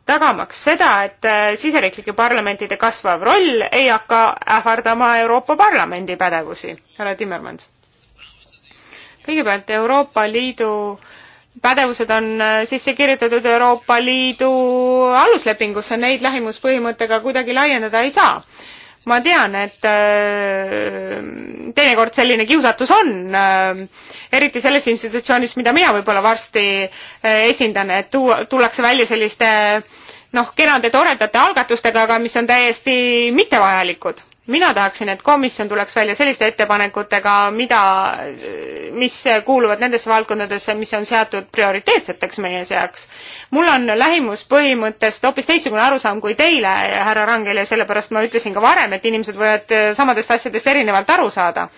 tagamaks seda, et siseriiklike parlamentide kasvav roll ei hakka ähvardama Euroopa Parlamendi pädevusi? härra Timmermans kõigepealt Euroopa Liidu pädevused on äh, sisse kirjutatud Euroopa Liidu aluslepingusse, neid lähimuspõhimõttega kuidagi laiendada ei saa. ma tean, et äh, teinekord selline kiusatus on, äh, eriti selles institutsioonis, mida mina võib-olla varsti esindan, et tuua, tullakse välja selliste noh, kenade toredate algatustega, aga mis on täiesti mittevajalikud mina tahaksin, et komisjon tuleks välja selliste ettepanekutega, mida, mis kuuluvad nendesse valdkondadesse, mis on seatud prioriteetseteks meie seaks. mul on lähimuspõhimõttest hoopis teistsugune arusaam kui teile, härra Rangel, ja sellepärast ma ütlesin ka varem, et inimesed võivad samadest asjadest erinevalt aru saada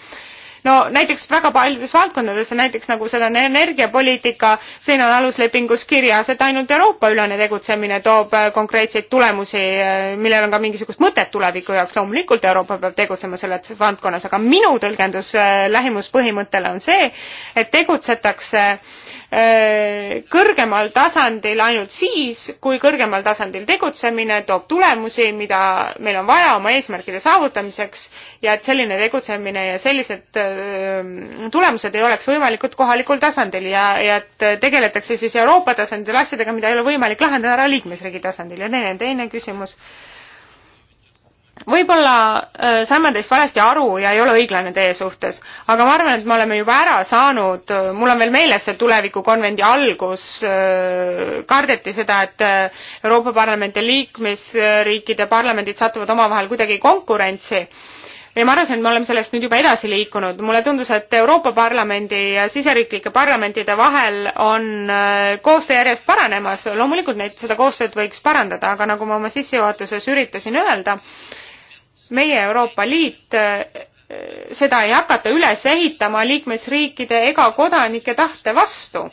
no näiteks väga paljudes valdkondades, näiteks nagu seda on energiapoliitika, siin on aluslepingus kirjas, et ainult Euroopa-ülene tegutsemine toob äh, konkreetseid tulemusi, äh, millel on ka mingisugust mõtet tuleviku jaoks. loomulikult Euroopa peab tegutsema selles valdkonnas, aga minu tõlgendus äh, lähimuspõhimõttele on see, et tegutsetakse äh, Äh, kõrgemal tasandil ainult siis, kui kõrgemal tasandil tegutsemine toob tulemusi, mida meil on vaja oma eesmärkide saavutamiseks ja et selline tegutsemine ja sellised äh, tulemused ei oleks võimalikud kohalikul tasandil ja, ja et tegeletakse siis Euroopa tasandil asjadega, mida ei ole võimalik lahendada ära liikmesriigi tasandil ja teine, teine küsimus äh, võib-olla äh, saame teist valesti aru ja ei ole õiglane teie suhtes, aga ma arvan, et me oleme juba ära saanud, äh, mul on veel meeles see tulevikukonvendi algus äh,, kardeti seda, et äh, Euroopa Parlamendi liikmesriikide parlamendid satuvad omavahel kuidagi konkurentsi ja ma arvasin, et me oleme sellest nüüd juba edasi liikunud. mulle tundus, et Euroopa Parlamendi ja siseriiklike parlamentide vahel on äh, koostöö järjest paranemas. loomulikult neid, seda koostööd võiks parandada, aga nagu ma oma sissejuhatuses üritasin öelda, meie Euroopa Liit, äh, seda ei hakata üles ehitama liikmesriikide ega kodanike tahte vastu.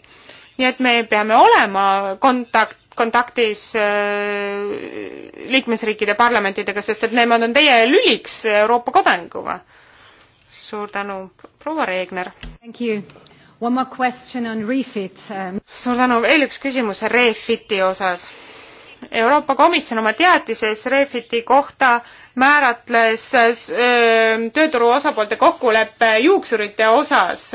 nii et me peame olema kontakt, kontaktis äh, liikmesriikide parlamentidega, sest et nemad on teie lüliks Euroopa kodanikuga. suur tänu, proua Reegner. Um suur tänu, veel üks küsimus Refiti osas Euroopa Komisjon oma teatises Refiti kohta määratles äh, tööturu osapoolte kokkuleppe juuksurite osas.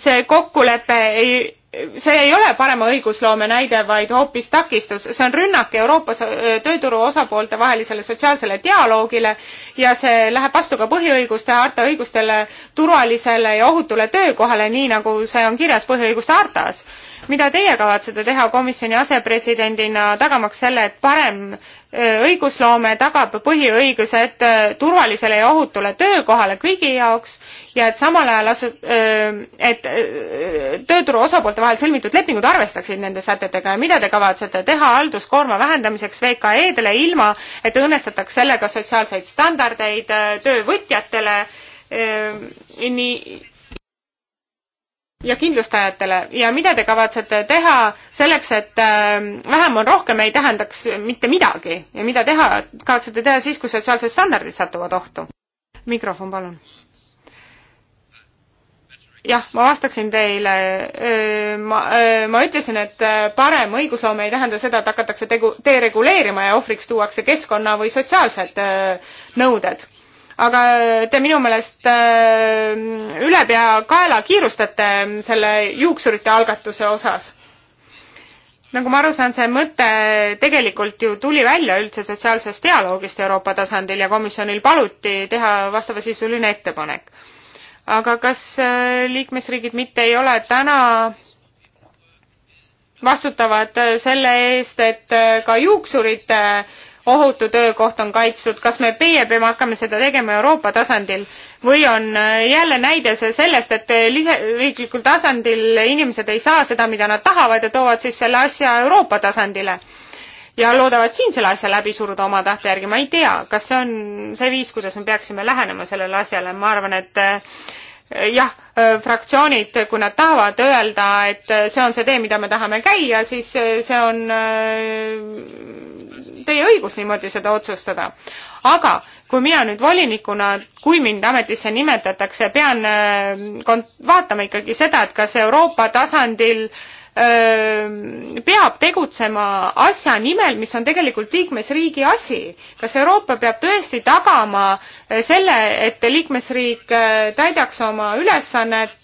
see kokkulepe ei, see ei ole parema õigusloome näide, vaid hoopis takistus. see on rünnak Euroopa tööturu osapoolte vahelisele sotsiaalsele dialoogile ja see läheb vastu ka põhiõiguste harta õigustele turvalisele ja ohutule töökohale, nii nagu see on kirjas põhiõiguste hartas mida teie kavatsete teha komisjoni asepresidendina, tagamaks selle, et parem äh, õigusloome tagab põhiõigused äh, turvalisele ja ohutule töökohale kõigi jaoks ja et samal ajal asu-, äh, et tööturu osapoolte vahel sõlmitud lepingud arvestaksid nende sätetega ja mida te kavatsete teha halduskoorma vähendamiseks VKE-dele ilma, et õõnestataks sellega sotsiaalseid standardeid töövõtjatele nii ja kindlustajatele ja mida te kavatsete teha selleks, et äh, vähem on rohkem ei tähendaks mitte midagi ja mida teha, kavatsete teha siis, kui sotsiaalsed standardid satuvad ohtu? mikrofon, palun. jah, ma vastaksin teile. Äh, ma, äh, ma ütlesin, et parem õigusloome ei tähenda seda, et hakatakse tegu, dereguleerima ja ohvriks tuuakse keskkonna või sotsiaalsed nõuded aga äh, te minu meelest äh, ülepeakaela kiirustate selle juuksurite algatuse osas. nagu ma aru saan, see mõte tegelikult ju tuli välja üldse sotsiaalsest dialoogist Euroopa tasandil ja komisjonil paluti teha vastavasisuline ettepanek. aga kas äh, liikmesriigid mitte ei ole täna vastutavad selle eest, et ka juuksurite äh, ohutu töökoht on kaitstud, kas me meie peame hakkama seda tegema Euroopa tasandil või on äh, jälle näide see sellest, et äh, riiklikul tasandil inimesed ei saa seda, mida nad tahavad ja toovad siis selle asja Euroopa tasandile ja loodavad siin selle asja läbi suruda oma tahte järgi, ma ei tea, kas see on see viis, kuidas me peaksime lähenema sellele asjale, ma arvan, et äh, jah, fraktsioonid, kui nad tahavad öelda, et see on see tee, mida me tahame käia, siis see on äh, teie õigus niimoodi seda otsustada. aga kui mina nüüd volinikuna, kui mind ametisse nimetatakse, pean äh, vaatama ikkagi seda, et kas Euroopa tasandil äh, peab tegutsema asja nimel, mis on tegelikult liikmesriigi asi. kas Euroopa peab tõesti tagama selle, et liikmesriik täidaks oma ülesannet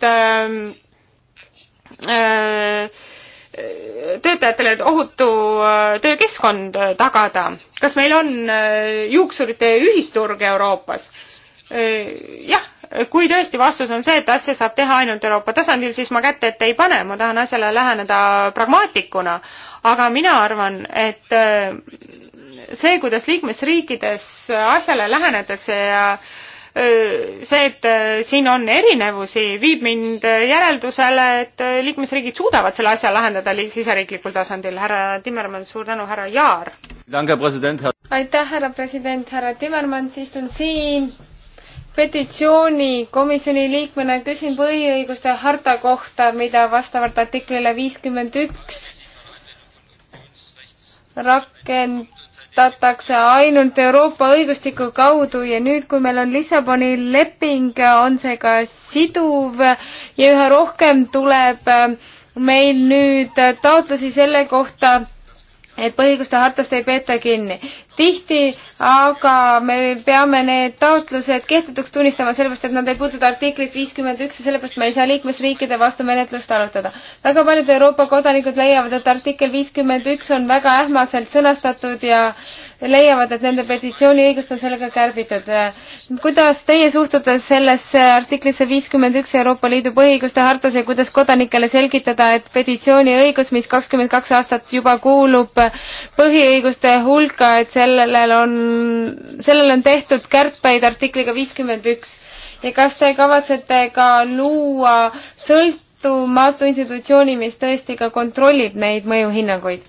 töötajatele ohutu töökeskkond tagada? kas meil on juuksurite ühisturg Euroopas? jah, kui tõesti vastus on see, et asja saab teha ainult Euroopa tasandil, siis ma kätt ette ei pane, ma tahan asjale läheneda pragmaatikuna, aga mina arvan, et äh, see, kuidas liikmesriikides asjale lähenetakse ja äh, see, et äh, siin on erinevusi, viib mind järeldusele, et liikmesriigid suudavad selle asja lahendada siseriiklikul tasandil. härra Timmermann, suur tänu, härra Jaar! aitäh, härra president, härra Timmermann, istun siin petitsioonikomisjoni liikmena küsin põhiõiguste harta kohta, mida vastavalt artiklile viiskümmend üks rakendatakse ainult Euroopa õigustiku kaudu ja nüüd, kui meil on Lissaboni leping, on see ka siduv ja üha rohkem tuleb äh, meil nüüd äh, taotlusi selle kohta, et põhiõiguste hartast ei peeta kinni tihti, aga me peame need taotlused kehtetuks tunnistama, sellepärast et nad ei puuduta artiklit viiskümmend üks ja sellepärast me ei saa liikmesriikide vastu menetlust arutada. väga paljud Euroopa kodanikud leiavad, et artikkel viiskümmend üks on väga ähmaselt sõnastatud ja leiavad, et nende petitsiooniõigust on sellega kärbitud. kuidas teie suhtute sellesse artiklisse viiskümmend üks Euroopa Liidu põhiõiguste hartas ja kuidas kodanikele selgitada, et petitsiooniõigus, mis kakskümmend kaks aastat juba kuulub põhiõiguste hulka, et sellel on, sellel on tehtud kärpeid artikliga viiskümmend üks ja kas te kavatsete ka luua sõltumatu institutsiooni, mis tõesti ka kontrollib neid mõjuhinnanguid?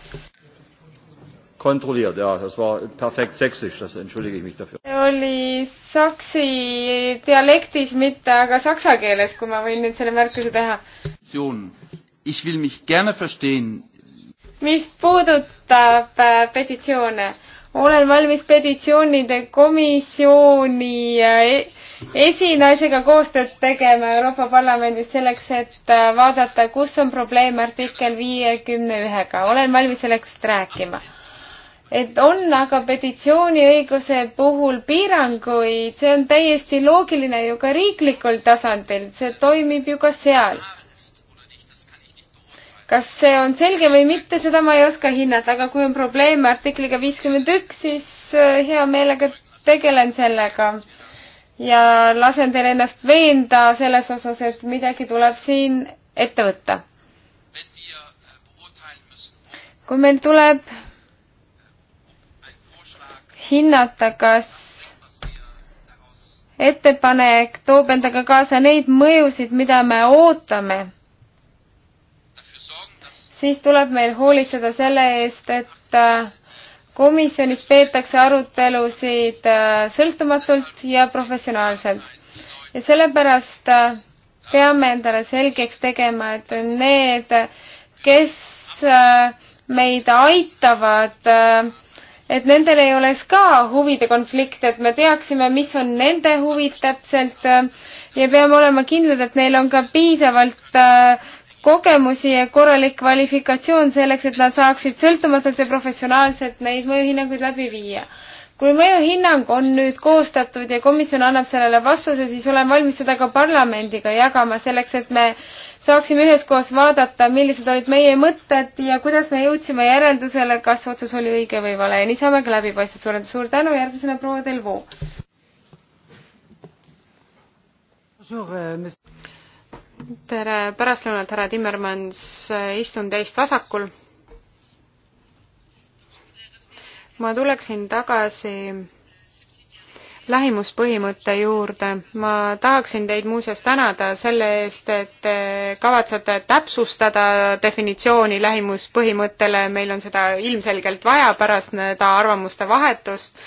kontrolliert, ja, das war perfekt sächsisch, das entschuldige ich mich dafür. oli saksi dialektis, mitte aga saksa keeles, kui ma võin nüüd selle märkuse teha. Ich will mich gerne verstehen. mis puudutab äh, petitsioone, olen valmis petitsioonide komisjoni äh, e-, esinaisega koostööd tegema Euroopa Parlamendis selleks, et äh, vaadata, kus on probleem artikkel viiekümne ühega. olen valmis sellest rääkima et on aga petitsiooniõiguse puhul piiranguid, see on täiesti loogiline ju ka riiklikul tasandil, see toimib ju ka seal. kas see on selge või mitte, seda ma ei oska hinnata, aga kui on probleeme artikliga viiskümmend üks, siis äh, hea meelega tegelen sellega ja lasen teil ennast veenda selles osas, et midagi tuleb siin ette võtta. kui meil tuleb hinnata, kas ettepanek toob endaga kaasa neid mõjusid, mida me ootame, siis tuleb meil hoolitseda selle eest, et äh, komisjonis peetakse arutelusid äh, sõltumatult ja professionaalselt. ja sellepärast äh, peame endale selgeks tegema, et need, kes meid aitavad et nendel ei oleks ka huvide konflikt, et me teaksime, mis on nende huvid täpselt äh, ja peame olema kindlad, et neil on ka piisavalt äh, kogemusi ja korralik kvalifikatsioon selleks, et nad saaksid sõltumatult ja professionaalselt neid mõjuhinnanguid läbi viia. kui mõjuhinnang on nüüd koostatud ja komisjon annab sellele vastuse, siis olen valmis seda ka parlamendiga jagama, selleks et me äh, saaksime üheskoos vaadata, millised olid meie mõtted ja kuidas me jõudsime järeldusele, kas otsus oli õige või vale ja nii saame ka läbipaistvust suurendada. suur tänu, järgmisena proua Delvaux. Euh, tere pärastlõunat, härra Timmermans, istun teist vasakul. ma tuleksin tagasi lähimuspõhimõtte juurde. ma tahaksin teid muuseas tänada selle eest, et te kavatsete täpsustada definitsiooni lähimuspõhimõttele, meil on seda ilmselgelt vaja pärast seda arvamuste vahetust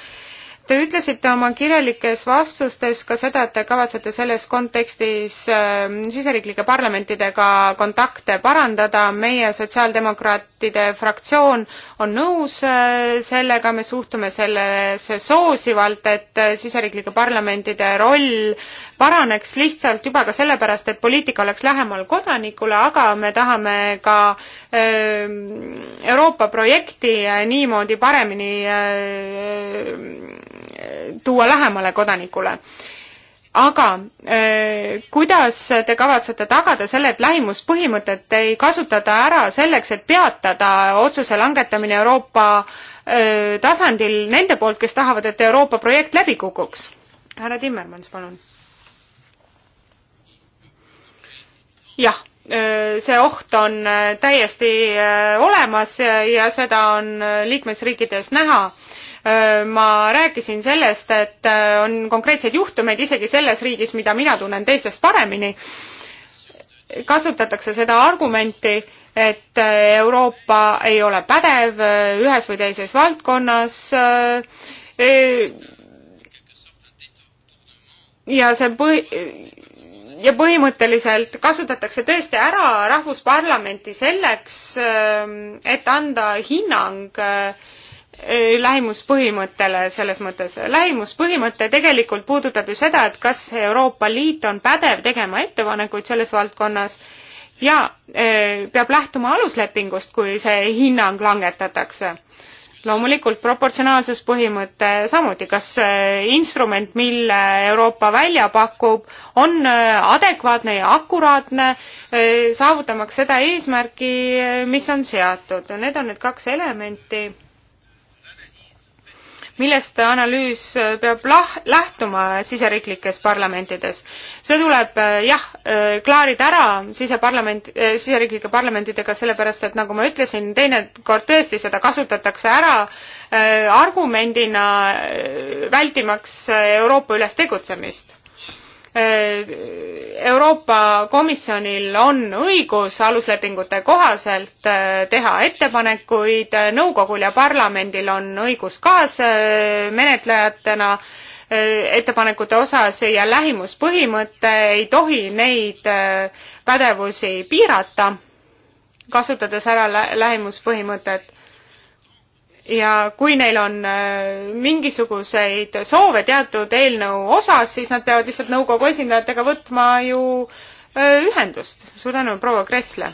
Te ütlesite oma kirjalikes vastustes ka seda, et te kavatsete selles kontekstis ähm, siseriiklike parlamentidega kontakte parandada. meie sotsiaaldemokraatide fraktsioon on nõus äh, sellega, me suhtume sellesse soosivalt, et äh, siseriiklike parlamentide roll paraneks lihtsalt juba ka sellepärast, et poliitika oleks lähemal kodanikule, aga me tahame ka ähm, Euroopa projekti äh, niimoodi paremini äh, tuua lähemale kodanikule aga äh, kuidas te kavatsete tagada selle, et lähimuspõhimõtet ei kasutata ära selleks, et peatada otsuse langetamine Euroopa äh, tasandil nende poolt, kes tahavad, et Euroopa projekt läbi kukuks? härra Timmermans, palun jah, äh, see oht on äh, täiesti äh, olemas ja seda on liikmesriikides näha. ma rääkisin sellest, et on konkreetseid juhtumeid isegi selles riigis, mida mina tunnen teistest paremini, kasutatakse seda argumenti, et Euroopa ei ole pädev ühes või teises valdkonnas ja see põhi- ja põhimõtteliselt kasutatakse tõesti ära rahvusparlamenti selleks, ähm, et anda hinnang äh, lähimuspõhimõttele selles mõttes. lähimuspõhimõte tegelikult puudutab ju seda, et kas Euroopa Liit on pädev tegema ettepanekuid selles valdkonnas ja äh, peab lähtuma aluslepingust, kui see hinnang langetatakse loomulikult proportsionaalsuspõhimõte samuti, kas eh, instrument, mille Euroopa välja pakub, on eh, adekvaatne ja akuraatne, eh, saavutamaks seda eesmärki, mis on seatud. Need on need kaks elementi millest analüüs äh, peab lah-, lähtuma siseriiklikes parlamentides. see tuleb äh, jah, äh, klaarida ära siseparlament, siseriiklike parlamentidega, sellepärast et nagu ma ütlesin, teinekord tõesti seda kasutatakse ära argumendina, vältimaks Euroopa üles tegutsemist Äh, Euroopa Komisjonil on õigus aluslepingute kohaselt äh, teha ettepanekuid, nõukogul ja parlamendil on õigus kaasmenetlejatena äh, ettepanekute osas ja lähimuspõhimõte ei tohi neid pädevusi piirata, kasutades ära lähimuspõhimõtet ja kui neil on äh, mingisuguseid soove teatud eelnõu osas, siis nad peavad lihtsalt nõukogu esindajatega võtma ju äh, ühendust. suur tänu, proua Kressle!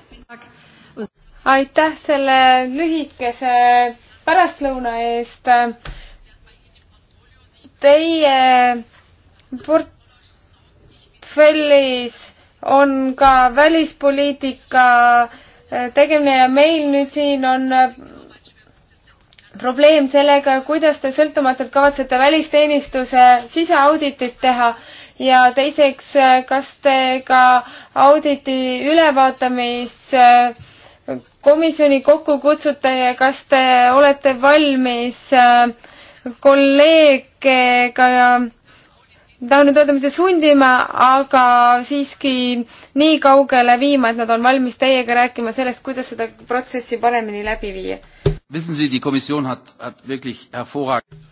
aitäh selle lühikese pärastlõuna eest. Teie portfellis on ka välispoliitika tegemine ja meil nüüd siin on probleem sellega, kuidas te sõltumatult kavatsete välisteenistuse siseauditit teha ja teiseks, kas te ka auditi ülevaatamiskomisjoni äh, kokku kutsute ja kas te olete valmis äh, kolleegidega tahan nüüd öelda, mitte sundima, aga siiski nii kaugele viima, et nad on valmis teiega rääkima sellest, kuidas seda protsessi paremini läbi viia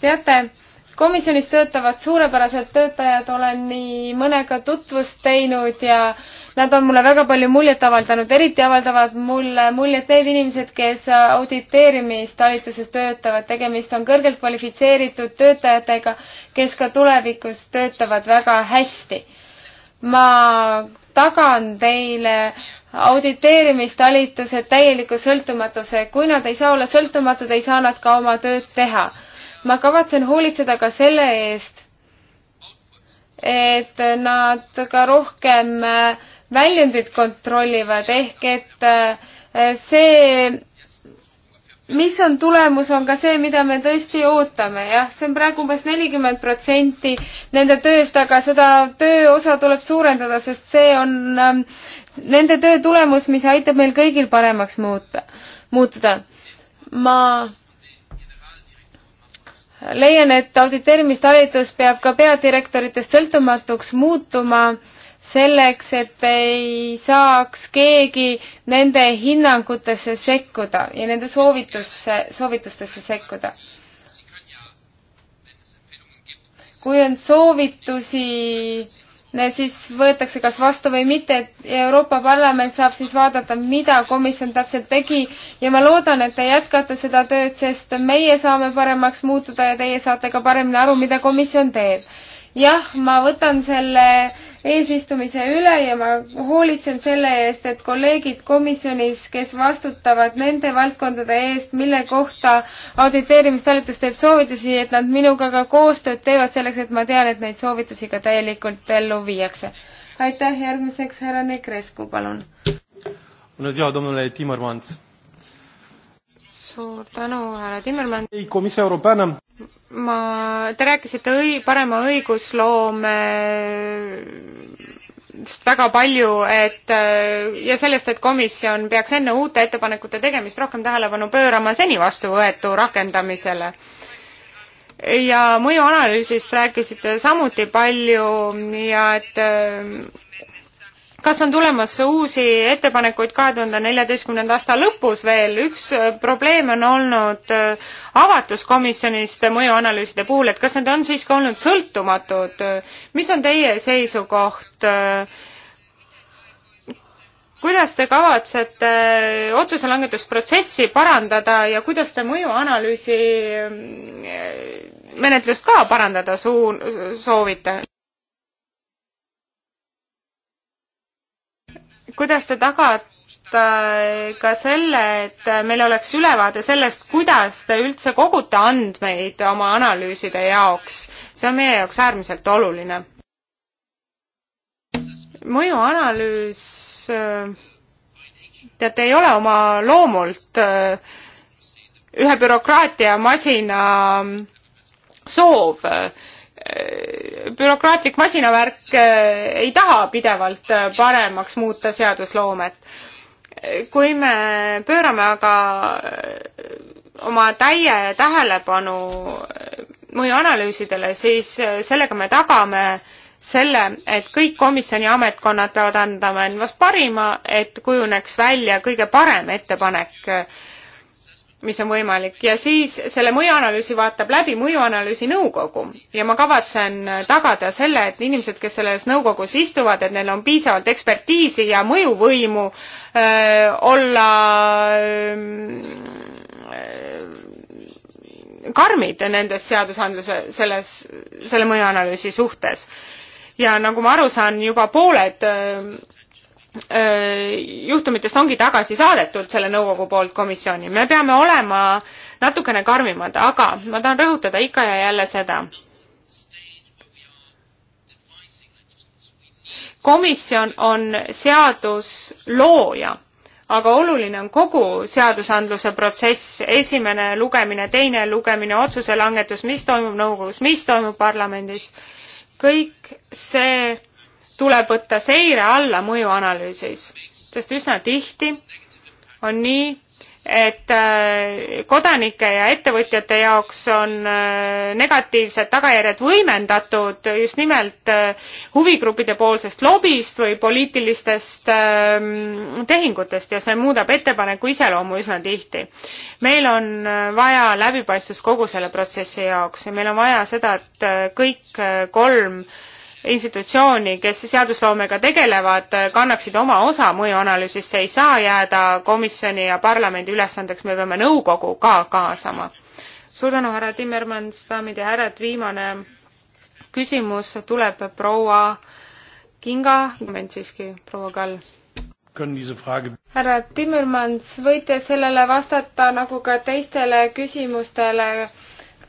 teate, komisjonis töötavad suurepärased töötajad, olen nii mõnega tutvust teinud ja nad on mulle väga palju muljet avaldanud, eriti avaldavad mulle muljet need inimesed, kes auditeerimistalituses töötavad, tegemist on kõrgelt kvalifitseeritud töötajatega, kes ka tulevikus töötavad väga hästi ma tagan teile auditeerimistalitused täieliku sõltumatuse. kui nad ei saa olla sõltumatud, ei saa nad ka oma tööd teha. ma kavatsen hoolitseda ka selle eest, et nad ka rohkem väljundit kontrollivad, ehk et eh, see mis on tulemus, on ka see, mida me tõesti ootame, jah, see on praegu umbes nelikümmend protsenti nende tööst, aga seda tööosa tuleb suurendada, sest see on ähm, nende töö tulemus, mis aitab meil kõigil paremaks muuta, muutuda. ma leian, et auditeerimistalitus peab ka peadirektoritest sõltumatuks muutuma äh, selleks, et ei saaks keegi nende hinnangutesse sekkuda ja nende soovitusse, soovitustesse sekkuda. kui on soovitusi, need siis võetakse kas vastu või mitte, et Euroopa Parlament saab siis vaadata, mida komisjon täpselt tegi ja ma loodan, et te jätkate seda tööd, sest meie saame paremaks muutuda ja teie saate ka paremini aru, mida komisjon teeb jah, ma võtan selle eesistumise üle ja ma hoolitsen selle eest, et kolleegid komisjonis, kes vastutavad nende valdkondade eest, mille kohta auditeerimistalitus teeb soovitusi, et nad minuga ka koostööd teevad selleks, et ma tean, et neid soovitusi ka täielikult ellu viiakse. aitäh, järgmiseks härra Negrescu, palun. Bună ziua, domnule Timmermans suur tänu, härra Timmermann. Komisjon Euroopana. ma, te rääkisite õi-, parema õigusloome sest väga palju, et ja sellest, et komisjon peaks enne uute ettepanekute tegemist rohkem tähelepanu pöörama seni vastu võetu rakendamisele. ja mõjuanalüüsist rääkisite samuti palju ja et kas on tulemas uusi ettepanekuid kahe tuhande neljateistkümnenda aasta lõpus veel, üks äh, probleem on olnud äh, avatus komisjonist mõjuanalüüside puhul, et kas need on siiski olnud sõltumatud, mis on teie seisukoht? Äh, kuidas te kavatsete otsuse langetusprotsessi parandada ja kuidas te mõjuanalüüsi menetlust ka parandada suu-, soovite? kuidas te tagate ka selle, et meil oleks ülevaade sellest, kuidas te üldse kogute andmeid oma analüüside jaoks. see on meie jaoks äärmiselt oluline. mõjuanalüüs, teate, ei ole oma loomult äh, ühe bürokraatiamasina äh, soov bürokraatlik masinavärk eh, ei taha pidevalt eh, paremaks muuta seadusloomet. kui me pöörame aga eh, oma täie tähelepanu mõjuanalüüsidele, siis sellega me tagame selle, et kõik komisjoni ametkonnad peavad andma endast parima, et kujuneks välja kõige parem ettepanek mis on võimalik ja siis selle mõjuanalüüsi vaatab läbi mõjuanalüüsi nõukogu ja ma kavatsen tagada selle, et inimesed, kes selles nõukogus istuvad, et neil on piisavalt ekspertiisi ja mõjuvõimu öö, äh, olla öö, äh, karmid nendes seadusandluse selles, selle mõjuanalüüsi suhtes. ja nagu ma aru saan, juba pooled öö, äh, Äh, juhtumitest ongi tagasi saadetud selle nõukogu poolt komisjoni. me peame olema natukene karmimad, aga ma tahan rõhutada ikka ja jälle seda. komisjon on seaduslooja, aga oluline on kogu seadusandluse protsess, esimene lugemine, teine lugemine, otsuse langetus, mis toimub nõukogus, mis toimub parlamendis, kõik see tuleb võtta seire alla mõjuanalüüsis, sest üsna tihti on nii, et äh, kodanike ja ettevõtjate jaoks on äh, negatiivsed tagajärjed võimendatud just nimelt äh, huvigruppide poolsest lobist või poliitilistest ähm, tehingutest ja see muudab ettepaneku iseloomu üsna tihti. meil on vaja läbipaistvust kogu selle protsessi jaoks ja meil on vaja seda, et kõik kolm äh, institutsiooni, kes seadusloomega tegelevad, kannaksid oma osa mõjuanalüüsist, see ei saa jääda komisjoni ja parlamendi ülesandeks, me peame nõukogu ka kaasama. suur tänu, härra Timmermans, daamid ja härrad, viimane küsimus tuleb proua Kinga, moment siiski, proua Kall. härra Timmermans, võite sellele vastata nagu ka teistele küsimustele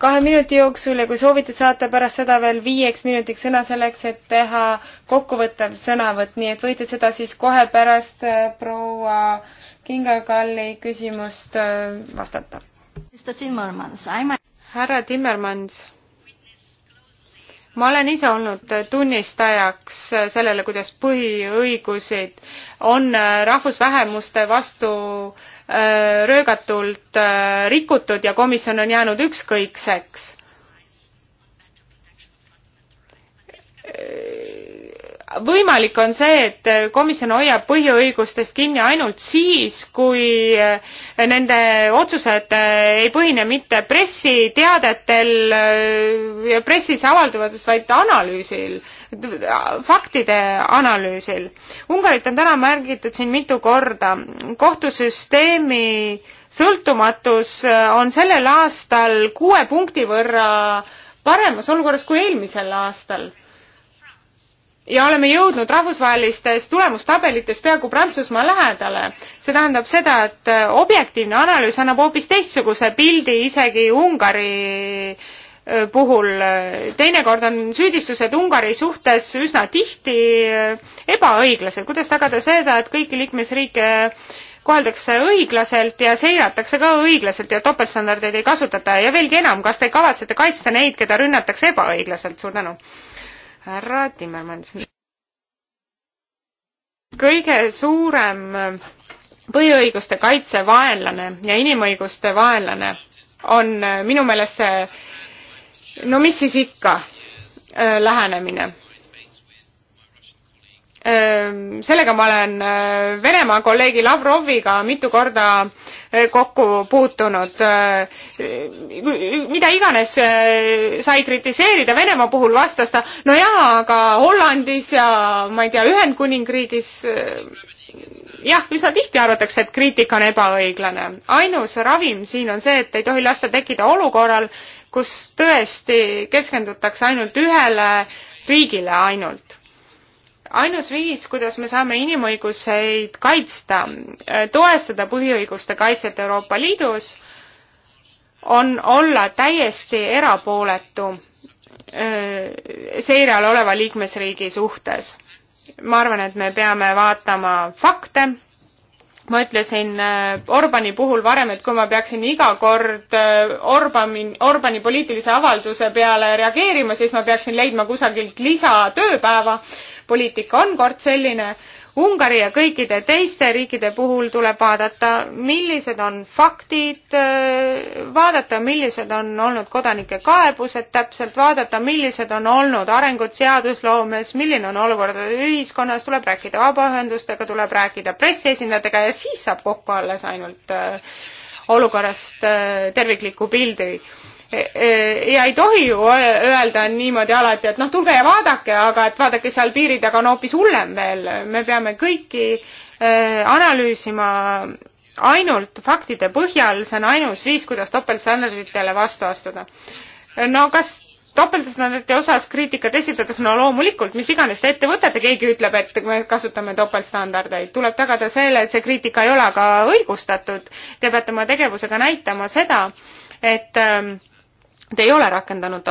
kahe minuti jooksul ja kui soovite, saate pärast seda veel viieks minutiks sõna selleks, et teha kokkuvõttev sõnavõtt, nii et võite seda siis kohe pärast äh, proua Kingakalli küsimust äh, vastata. härra Timmermans ma olen ise olnud tunnistajaks sellele, kuidas põhiõigusid on äh, rahvusvähemuste vastu äh, röögatult äh, rikutud ja komisjon on jäänud ükskõikseks võimalik on see, et komisjon hoiab põhiõigustest kinni ainult siis, kui eh, nende otsused eh, ei põhine mitte pressiteadetel eh, ja pressis avalduvates, vaid analüüsil, faktide analüüsil. Ungarit on täna märgitud siin mitu korda. kohtusüsteemi sõltumatus on sellel aastal kuue punkti võrra paremas olukorras kui eelmisel aastal ja oleme jõudnud rahvusvahelistes tulemustabelites peaaegu Prantsusmaa lähedale. see tähendab seda, et äh, objektiivne analüüs annab hoopis teistsuguse pildi isegi Ungari äh, puhul. teinekord on süüdistused Ungari suhtes üsna tihti äh, ebaõiglased. kuidas tagada seda, et kõiki liikmesriike koheldakse õiglaselt ja seiratakse ka õiglaselt ja topeltstandardeid ei kasutata ja veelgi enam, kas te kavatsete kaitsta neid, keda rünnatakse ebaõiglaselt? suur tänu! härra Timmermans. kõige suurem põhiõiguste kaitse vaenlane ja inimõiguste vaenlane on eh, minu meelest see, no mis siis ikka, eh, lähenemine Ehm, sellega ma olen äh, Venemaa kolleegi Lavroviga mitu korda äh, kokku puutunud. Äh, mida iganes sai kritiseerida Venemaa puhul, vastas ta, no jaa, aga Hollandis ja ma ei tea, Ühendkuningriigis jah, üsna tihti arvatakse, et kriitika on ebaõiglane. ainus ravim siin on see, et ei tohi lasta tekkida olukorral, kus tõesti keskendutakse ainult ühele riigile ainult ainus viis, kuidas me saame inimõiguseid kaitsta, äh, toestada põhiõiguste kaitset Euroopa Liidus, on olla täiesti erapooletu äh, seire all oleva liikmesriigi suhtes. ma arvan, et me peame vaatama fakte, ma ütlesin äh, Orbani puhul varem, et kui ma peaksin iga kord Orbani, Orbani poliitilise avalduse peale reageerima, siis ma peaksin leidma kusagilt lisatööpäeva, poliitika on kord selline. Ungari ja kõikide teiste riikide puhul tuleb vaadata, millised on faktid, äh, vaadata, millised on olnud kodanike kaebused täpselt, vaadata, millised on olnud arengud seadusloomes, milline on olukord ühiskonnas, tuleb rääkida vabaühendustega, tuleb rääkida pressiesindajatega ja siis saab kokku alles ainult äh, olukorrast äh, tervikliku pildi E, e, ja ei tohi ju öelda niimoodi alati, et noh, tulge ja vaadake, aga et vaadake seal piiri taga on hoopis hullem veel, me peame kõiki e, analüüsima ainult faktide põhjal, see on ainus viis, kuidas topeltstandarditele vastu astuda. no kas topeltstandardite osas kriitikat esitatakse, no loomulikult, mis iganes te ette võtate, keegi ütleb, et me kasutame topeltstandardeid, tuleb tagada selle, et see kriitika ei ole aga õigustatud. Te peate oma tegevusega näitama seda, et äh, Te ei ole rakendanud